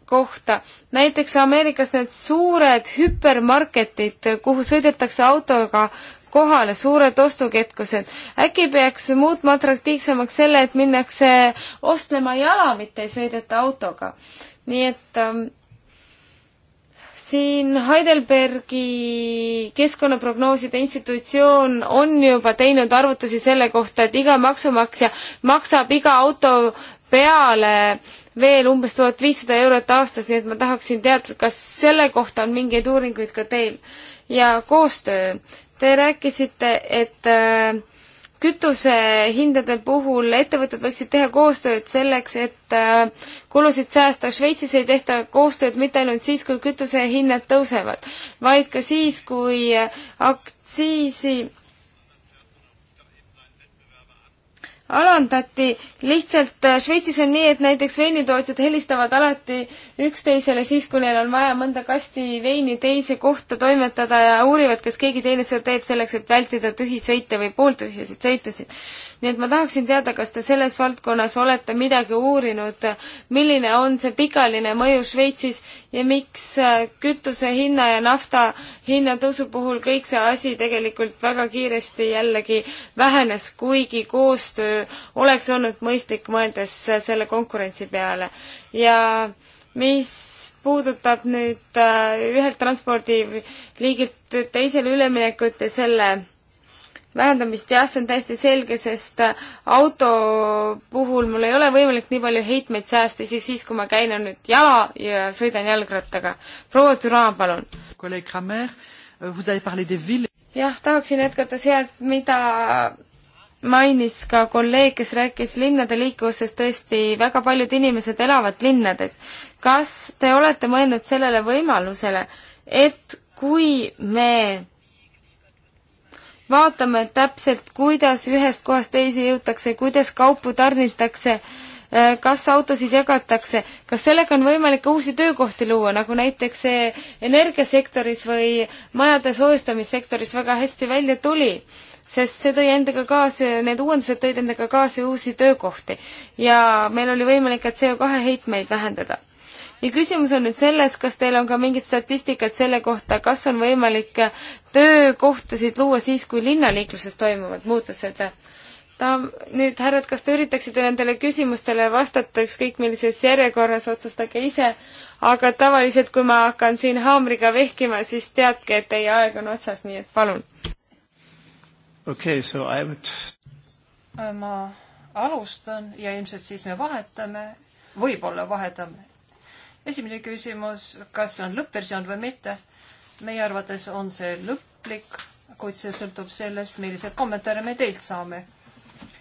kohta. näiteks Ameerikas need suured hüpermarketid, kuhu sõidetakse autoga kohale suured ostuketkused. äkki peaks muutma atraktiivsemaks selle, et minnakse ostlema jala, mitte ei sõideta autoga. nii et ähm, siin Heidelbergi keskkonnaprognooside institutsioon on juba teinud arvutusi selle kohta, et iga maksumaksja maksab iga auto peale veel umbes tuhat viissada eurot aastas, nii et ma tahaksin teada, kas selle kohta on mingeid uuringuid ka teil? ja koostöö, Te rääkisite, et äh, kütusehindade puhul ettevõtted võiksid teha koostööd selleks, et äh, kulusid säästa. Šveitsis ei tehta koostööd mitte ainult siis, kui kütusehinnad tõusevad, vaid ka siis, kui äh, aktsiisi alandati, lihtsalt äh, Šveitsis on nii, et näiteks veinitootjad helistavad alati üksteisele siis, kui neil on vaja mõnda kasti veini teise kohta toimetada ja uurivad, kas keegi teine seda teeb selleks, et vältida tühisõite või pooltühjasid sõitusid. nii et ma tahaksin teada, kas te selles valdkonnas olete midagi uurinud, milline on see pikaline mõju Šveitsis ja miks äh, kütuse hinna ja nafta hinna tõusu puhul kõik see asi tegelikult väga kiiresti jällegi vähenes, kuigi koostöö koostöö oleks olnud mõistlik, mõeldes selle konkurentsi peale. ja mis puudutab nüüd äh, ühelt transpordiliigilt teisele üleminekut ja selle vähendamist, jah, see on täiesti selge, sest äh, auto puhul mul ei ole võimalik nii palju heitmeid säästa, isegi siis, kui ma käin nüüd jala ja sõidan jalgrattaga. proua Düran, palun. kolleeg Kramer, äh, vous avez parlé des villes jah, tahaksin jätkata sealt, mida mainis ka kolleeg, kes rääkis linnade liiklusest, tõesti väga paljud inimesed elavad linnades. kas te olete mõelnud sellele võimalusele, et kui me vaatame täpselt, kuidas ühest kohast teise jõutakse, kuidas kaupu tarnitakse, äh, kas autosid jagatakse, kas sellega on võimalik uusi töökohti luua, nagu näiteks see energiasektoris või majade soojustamissektoris väga hästi välja tuli sest see tõi endaga kaasa, need uuendused tõid endaga kaasa uusi töökohti ja meil oli võimalik ka CO2 heitmeid vähendada ja küsimus on nüüd selles, kas teil on ka mingit statistikat selle kohta, kas on võimalik töökohtasid luua siis, kui linnaliikluses toimuvad muutused? ta, nüüd härrad, kas te üritaksite nendele küsimustele vastata ükskõik millises järjekorras, otsustage ise, aga tavaliselt, kui ma hakkan siin haamriga vehkima, siis teadke, et teie aeg on otsas, nii et palun okei okay,, so I would. ma alustan ja ilmselt siis me vahetame, võib-olla vahetame. esimene küsimus, kas see on lõppversioon või mitte. meie arvates on see lõplik, kuid see sõltub sellest, milliseid kommentaare me teilt saame.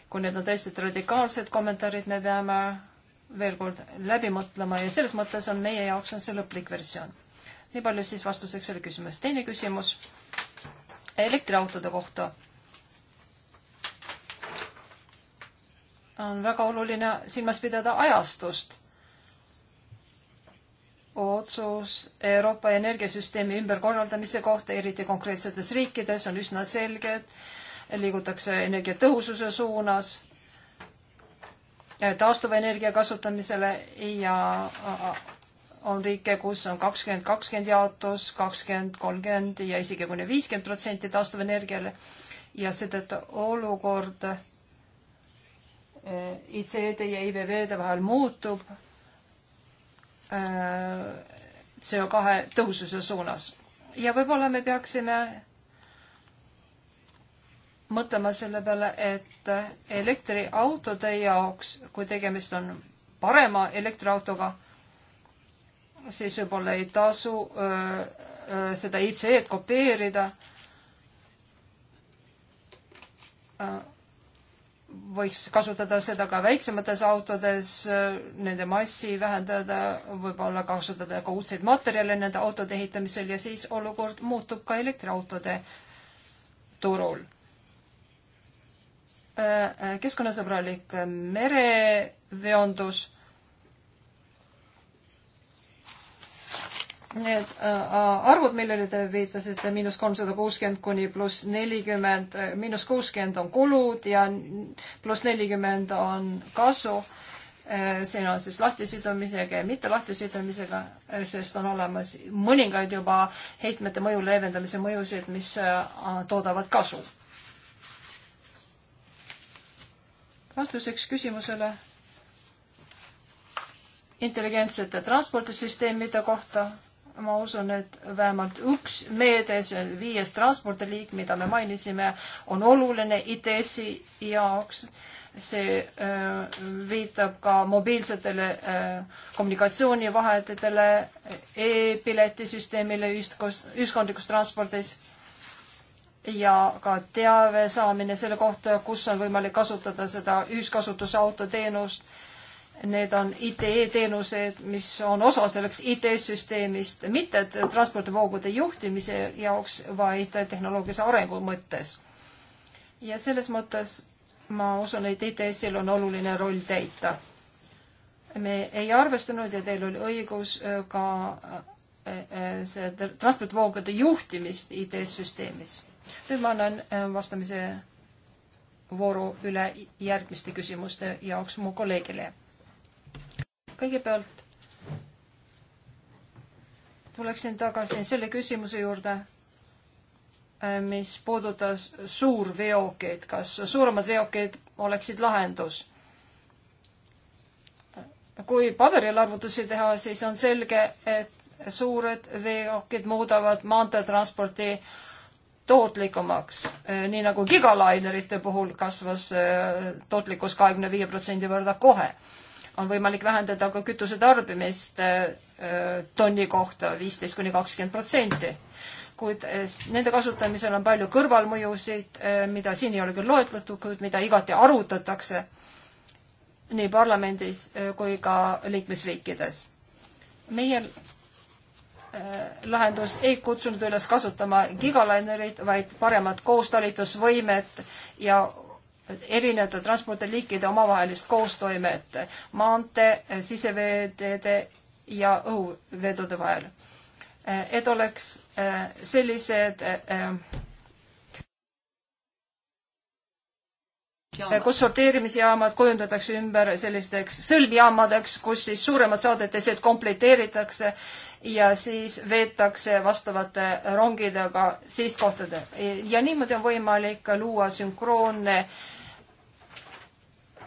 kui need on tõesti radikaalsed kommentaarid, me peame veel kord läbi mõtlema ja selles mõttes on meie jaoks on see lõplik versioon. nii palju siis vastuseks selle küsimuse. teine küsimus elektriautode kohta on väga oluline silmas pidada ajastust. otsus Euroopa energiasüsteemi ümberkorraldamise kohta, eriti konkreetsetes riikides, on üsna selge, et liigutakse energiatõhususe suunas, taastuva energia kasutamisele ja on riike, kus on kakskümmend, kakskümmend jaotus, kakskümmend, kolmkümmend ja isegi kuni viiskümmend protsenti taastuvenergiale ja seetõttu olukord ICD ja IVV-de vahel muutub äh, CO2 tõhususe suunas. ja võib-olla me peaksime mõtlema selle peale, et elektriautode jaoks, kui tegemist on parema elektriautoga, siis võib-olla ei tasu öö, äh, öö, äh, seda IC-d kopeerida võiks kasutada seda ka väiksemates autodes, nende massi vähendada, võib-olla kasutada ka uudseid materjale nende autode ehitamisel ja siis olukord muutub ka elektriautode turul. Äh, äh, keskkonnasõbralik mereveondus need äh, äh, arvud, millele te viitasite, miinus kolmsada kuuskümmend kuni pluss nelikümmend, äh, miinus kuuskümmend on kulud ja pluss nelikümmend on kasu. siin on siis lahtisidumisega ja mitte lahtisidumisega, sest on olemas mõningaid juba heitmete mõju leevendamise mõjusid, mis toodavad kasu. vastuseks küsimusele intelligentsete transpordisüsteemide kohta ma usun, et vähemalt üks meede, see on viies transpordiliik, mida me mainisime, on oluline ITS-i jaoks. see äh, viitab ka mobiilsetele äh, kommunikatsioonivahenditele e, e-piletisüsteemile ühiskos, ühiskondlikus transpordis ja ka teave saamine selle kohta, kus on võimalik kasutada seda ühiskasutuse autoteenust äh, Need on IT-teenused, e mis on osa selleks IT-süsteemist, mitte transpordivoogude juhtimise jaoks, vaid tehnoloogilise arengu mõttes. ja selles mõttes ma usun, et ITS-il on oluline roll täita. me ei arvestanud ja teil oli õigus äh, ka äh, äh, see transportvoogude juhtimist ITS-süsteemis. nüüd ma annan vastamise vooru üle järgmiste küsimuste jaoks mu kolleegile kõigepealt tuleksin tagasi selle küsimuse juurde, äh, mis puudutas suurveokeid, kas suuremad veokeid oleksid lahendus? kui paberil arvutusi teha, siis on selge, et suured veokid muudavad maanteetranspordi tootlikumaks, äh, nii nagu gigalainerite puhul kasvas äh, tootlikkus kahekümne viie protsendi võrra kohe on võimalik vähendada ka kütuse tarbimist äh, äh, tonni kohta viisteist kuni kakskümmend protsenti. kuid äh, nende kasutamisel on palju kõrvalmõjusid, mida siin ei ole küll loetletud, kuid mida igati arutatakse nii parlamendis kui ka liikmesriikides. meie lahendus ei kutsunud üles kasutama gigalainereid, vaid paremat koostalitusvõimet ja erinevate transpordiliikide omavahelist koostoimet maantee, siseveeteede ja õhuvedude vahel. Eh, et oleks eh, sellised eh, kus sorteerimisjaamad kujundatakse ümber sellisteks sõlmjaamadeks, kus siis suuremad saadetised komplekteeritakse ja siis veetakse vastavate rongidega sihtkohtade. ja niimoodi on võimalik luua sünkroonne äh,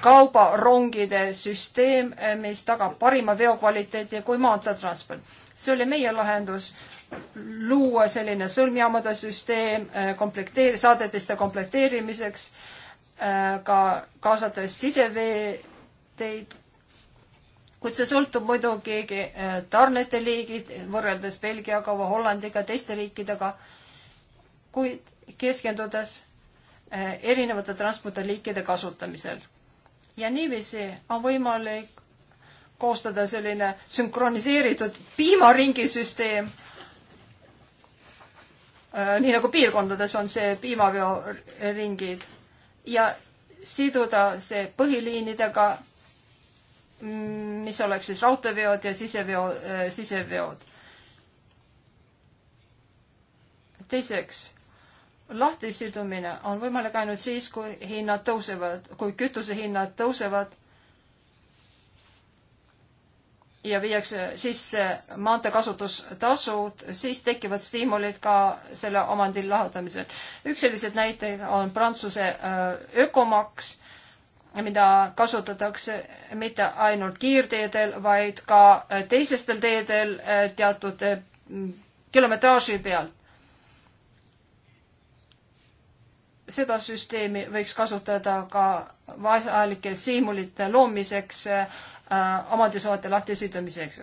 kaubarongide süsteem, mis tagab parima veokvaliteedi kui maanteetransport. see oli meie lahendus, luua selline sõlmjaamade süsteem äh, komplekteer-, saadetiste komplekteerimiseks, äh, ka kaasates siseveeteid, kuid see sõltub muidugi äh, tarnete liigid võrreldes Belgiaga või Hollandiga, teiste riikidega, kuid keskendudes erinevate transpordiliikide kasutamisel ja niiviisi on võimalik koostada selline sünkroniseeritud piimaringisüsteem. Äh, nii nagu piirkondades on see piimaveoringid ja siduda see põhiliinidega, mm, mis oleks siis raudteeveod ja siseveo, äh, siseveod. teiseks lahtisidumine on võimalik ainult siis, kui hinnad tõusevad, kui kütusehinnad tõusevad ja viiakse sisse maanteekasutustasud, siis tekivad stiimulid ka selle omandi lahutamisel. üks selliseid näiteid on Prantsuse äh, ökomaks, mida kasutatakse mitte ainult kiirteedel, vaid ka äh, teisestel teedel äh, teatud kilometraaži pealt seda süsteemi võiks kasutada ka vaesalike siimulite loomiseks äh,, omandisuhete lahtisidumiseks.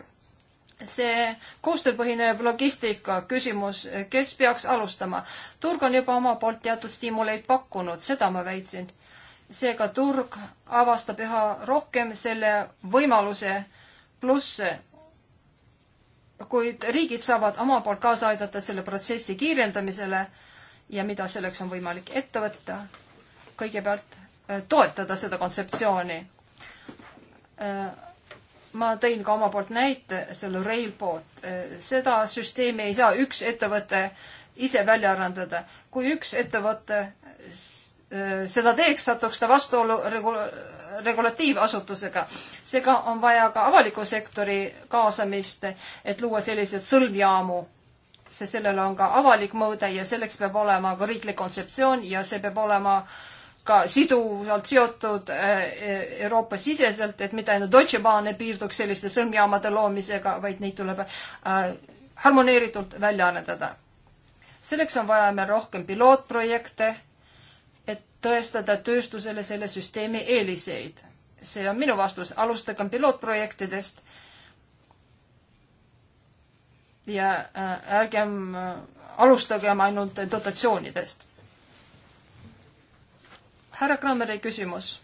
see koostööpõhine logistika küsimus, kes peaks alustama? turg on juba oma poolt teatud stiimuleid pakkunud, seda ma väitsin. seega turg avastab üha rohkem selle võimaluse plusse, kuid riigid saavad oma poolt kaasa aidata selle protsessi kiirendamisele ja mida selleks on võimalik ette võtta. kõigepealt äh, toetada seda kontseptsiooni. Äh, ma tõin ka oma poolt näite selle Rail poolt. Äh, seda süsteemi ei saa üks ettevõte ise välja arendada. kui üks ettevõte seda teeks, satuks ta vastuolu regula-, regulatiivasutusega. seega on vaja ka avaliku sektori kaasamist, et luua selliseid sõlmjaamu sest sellel on ka avalik mõõde ja selleks peab olema ka riiklik kontseptsioon ja see peab olema ka siduvalt seotud eh, Euroopa-siseselt, et mitte ainult Deutsche Bahn ei piirduks selliste sõlmjaamade loomisega, vaid neid tuleb eh, harmoneeritult välja arendada. selleks on vaja meil rohkem pilootprojekte, et tõestada tööstusele selle süsteemi eeliseid. see on minu vastus, alustagem pilootprojektidest ja äh, ärgem äh, alustagem ainult dotatsioonidest. härra Krammeri küsimus.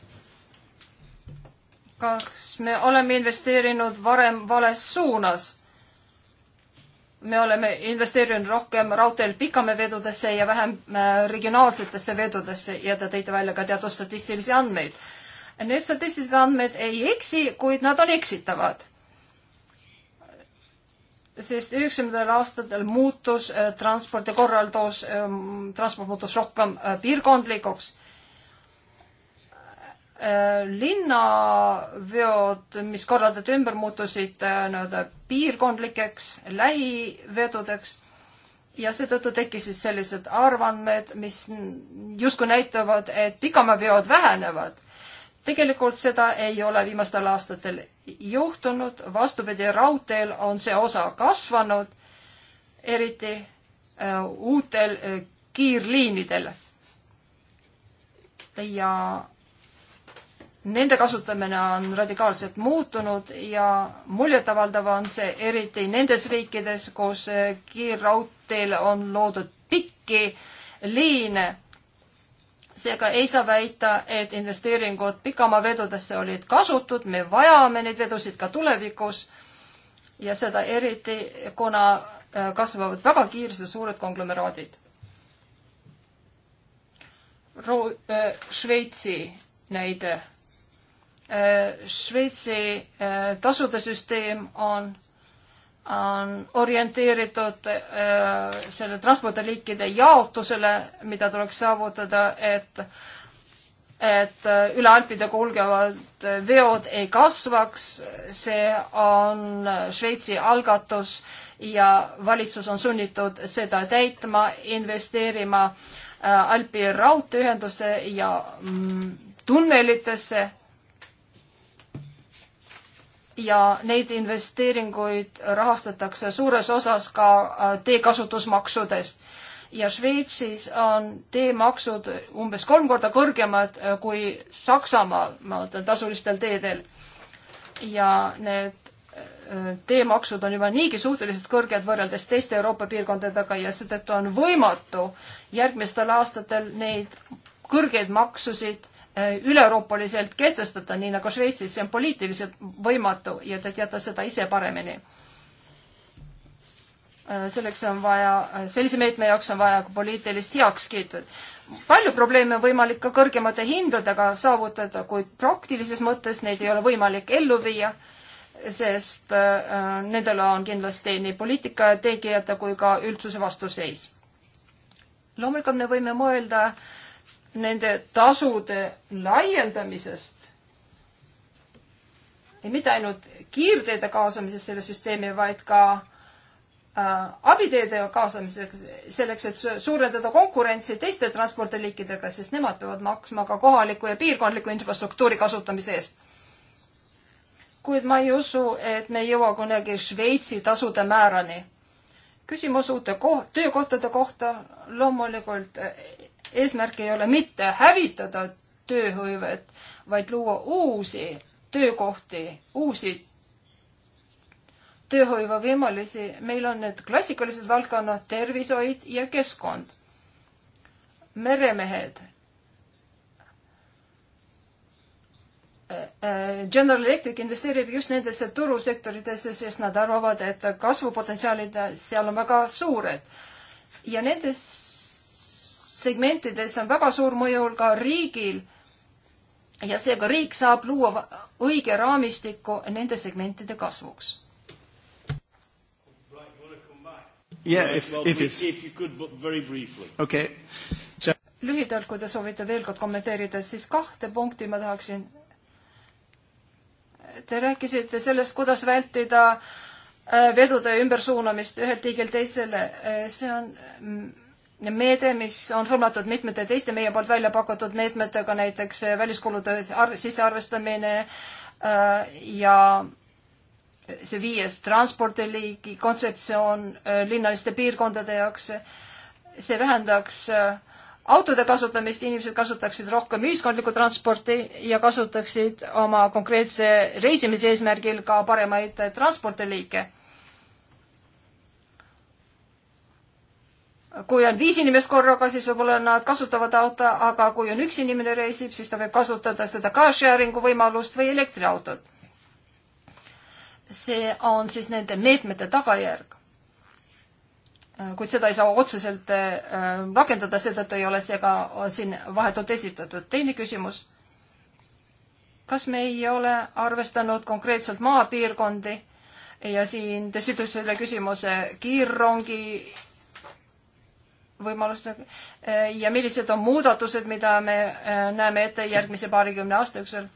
kas me oleme investeerinud varem vales suunas? me oleme investeerinud rohkem raudteel pikameevedudesse ja vähem äh, regionaalsetesse vedudesse ja te tõite välja ka teatud statistilisi andmeid. Need statistilised andmed ei eksi, kuid nad on eksitavad sest üheksakümnendatel aastatel muutus äh, transpordikorraldus, ähm, transport muutus rohkem äh, piirkondlikuks äh, linnaveod, mis korraldati ümber, muutusid nii-öelda piirkondlikeks lähivedudeks ja seetõttu tekkisid sellised arvandmed, mis justkui näitavad, et pikamaaveod vähenevad tegelikult seda ei ole viimastel aastatel juhtunud, vastupidi, raudteel on see osa kasvanud, eriti äh, uutel äh, kiirliinidel. ja nende kasutamine on radikaalselt muutunud ja muljetavaldav on see eriti nendes riikides, kus äh, kiirraudteel on loodud pikki liine seega ei saa väita, et investeeringud pikamaavedudesse olid kasutud, me vajame neid vedusid ka tulevikus ja seda eriti, kuna äh, kasvavad väga kiiresti suured konglomeraadid. Ro-, äh, Šveitsi näide äh,. Šveitsi äh, tasude süsteem on äh, on orienteeritud äh, selle transpordiliikide jaotusele, mida tuleks saavutada, et et äh, üle Alpide kulgevad veod ei kasvaks, see on Šveitsi algatus ja valitsus on sunnitud seda täitma, investeerima äh, Alpi raudteeühendusse ja mm, tunnelitesse ja neid investeeringuid rahastatakse suures osas ka äh, teekasutusmaksudest. ja Šveitsis on teemaksud umbes kolm korda kõrgemad äh, kui Saksamaal, ma mõtlen tasulistel teedel. ja need äh, teemaksud on juba niigi suhteliselt kõrged võrreldes teiste Euroopa piirkondadega ja seetõttu on võimatu järgmistel aastatel neid kõrgeid maksusid Äh, üleeuroopaliselt kehtestada, nii nagu Šveitsis, see on poliitiliselt võimatu ja te teate seda ise paremini. Äh, selleks on vaja, äh, sellise meetme jaoks on vaja ka poliitilist heakskiitu. palju probleeme on võimalik ka kõrgemate hindadega saavutada, kuid praktilises mõttes neid ei ole võimalik ellu viia, sest nendel on kindlasti nii poliitika tegijate kui ka üldsuse vastuseis. loomulikult me võime mõelda äh, nende tasude laiendamisest. ja mitte ainult kiirteede kaasamisest selle süsteemi, vaid ka äh, abiteede kaasamiseks, selleks, et suurendada konkurentsi teiste transpordiliikidega, sest nemad peavad maksma ka kohaliku ja piirkondliku infrastruktuuri kasutamise eest. kuid ma ei usu, et me ei jõua kunagi Šveitsi tasude määrani. küsimus uute koht-, töökohtade kohta loomulikult eesmärk ei ole mitte hävitada tööhõivet, vaid luua uusi töökohti, uusi tööhõivevõimalusi. meil on need klassikalised valdkonnad tervishoid ja keskkond. meremehed. Äh, äh, General Electric investeerib just nendesse turusektoritesse, sest nad arvavad, et kasvupotentsiaalid seal on väga suured. ja nendes segmentides on väga suur mõju ka riigil ja seega riik saab luua õige raamistiku nende segmentide kasvuks. Yeah, if, if it's... if you could, but very briefly. Okay. lühidalt, kui te soovite veel kord kommenteerida, siis kahte punkti ma tahaksin. Te rääkisite sellest, kuidas vältida äh, vedude ümbersuunamist ühelt liigilt teisele. Äh, see on mm, meede, mis on hõlmatud mitmete teiste meie poolt välja pakutud meetmetega, näiteks eh, väliskulude sissearvestamine äh, ja see viies transpordiliigi kontseptsioon äh, linnaliste piirkondade jaoks, see vähendaks äh, autode kasutamist, inimesed kasutaksid rohkem ühiskondlikku transporti ja kasutaksid oma konkreetse reisimise eesmärgil ka paremaid transpordiliike kui on viis inimest korraga, siis võib-olla nad kasutavad auto, aga kui on üks inimene reisib, siis ta võib kasutada seda car sharing'u võimalust või elektriautot. see on siis nende meetmete tagajärg. Äh, kuid seda ei saa otseselt äh, rakendada, seetõttu ei ole see ka siin vahetult esitatud. teine küsimus. kas me ei ole arvestanud konkreetselt maapiirkondi ja siin te sidusite küsimuse kiirrongi võimaluste eh, ja millised on muudatused, mida me eh, näeme ette järgmise paarikümne aasta jooksul.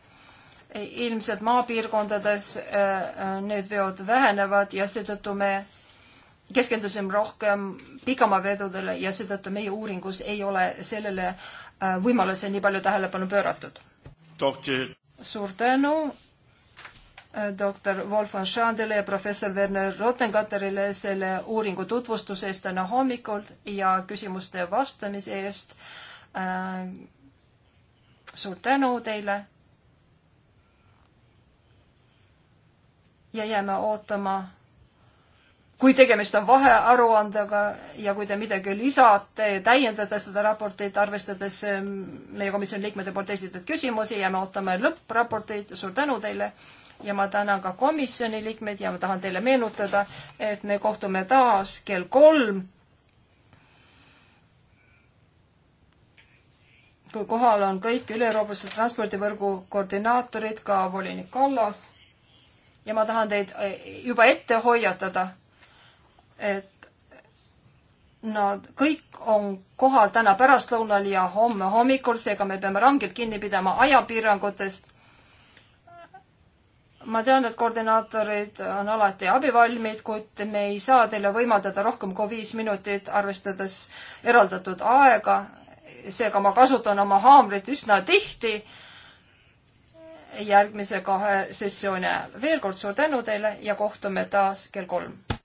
ilmselt maapiirkondades eh, need veod vähenevad ja seetõttu me keskendusime rohkem pikamaavedudele ja seetõttu meie uuringus ei ole sellele võimalusele nii palju tähelepanu pööratud. suur tänu doktor Wolfgang Schandele ja professor Werner Rottengatterile selle uuringu tutvustuse eest täna hommikul ja küsimuste vastamise eest. Äh, suur tänu teile. ja jääme ootama, kui tegemist on vahearuandega ja kui te midagi lisate, täiendate seda raportit, arvestades äh, meie komisjoni liikmete poolt esitatud küsimusi, jääme ootama lõppraporteid. suur tänu teile ja ma tänan ka komisjoni liikmeid ja ma tahan teile meenutada, et me kohtume taas kell kolm. kui kohal on kõik üle-Euroopalise transpordivõrgu koordinaatorid, ka volinik Kallas. ja ma tahan teid eh, juba ette hoiatada, et nad no, kõik on kohal täna pärastlõunal ja homme hommikul, seega me peame rangelt kinni pidama ajapiirangutest ma tean, et koordinaatorid on alati abivalmid, kuid me ei saa teile võimaldada rohkem kui viis minutit, arvestades eraldatud aega. seega ma kasutan oma haamrit üsna tihti järgmise kahe sessiooni ajal. veel kord suur tänu teile ja kohtume taas kell kolm.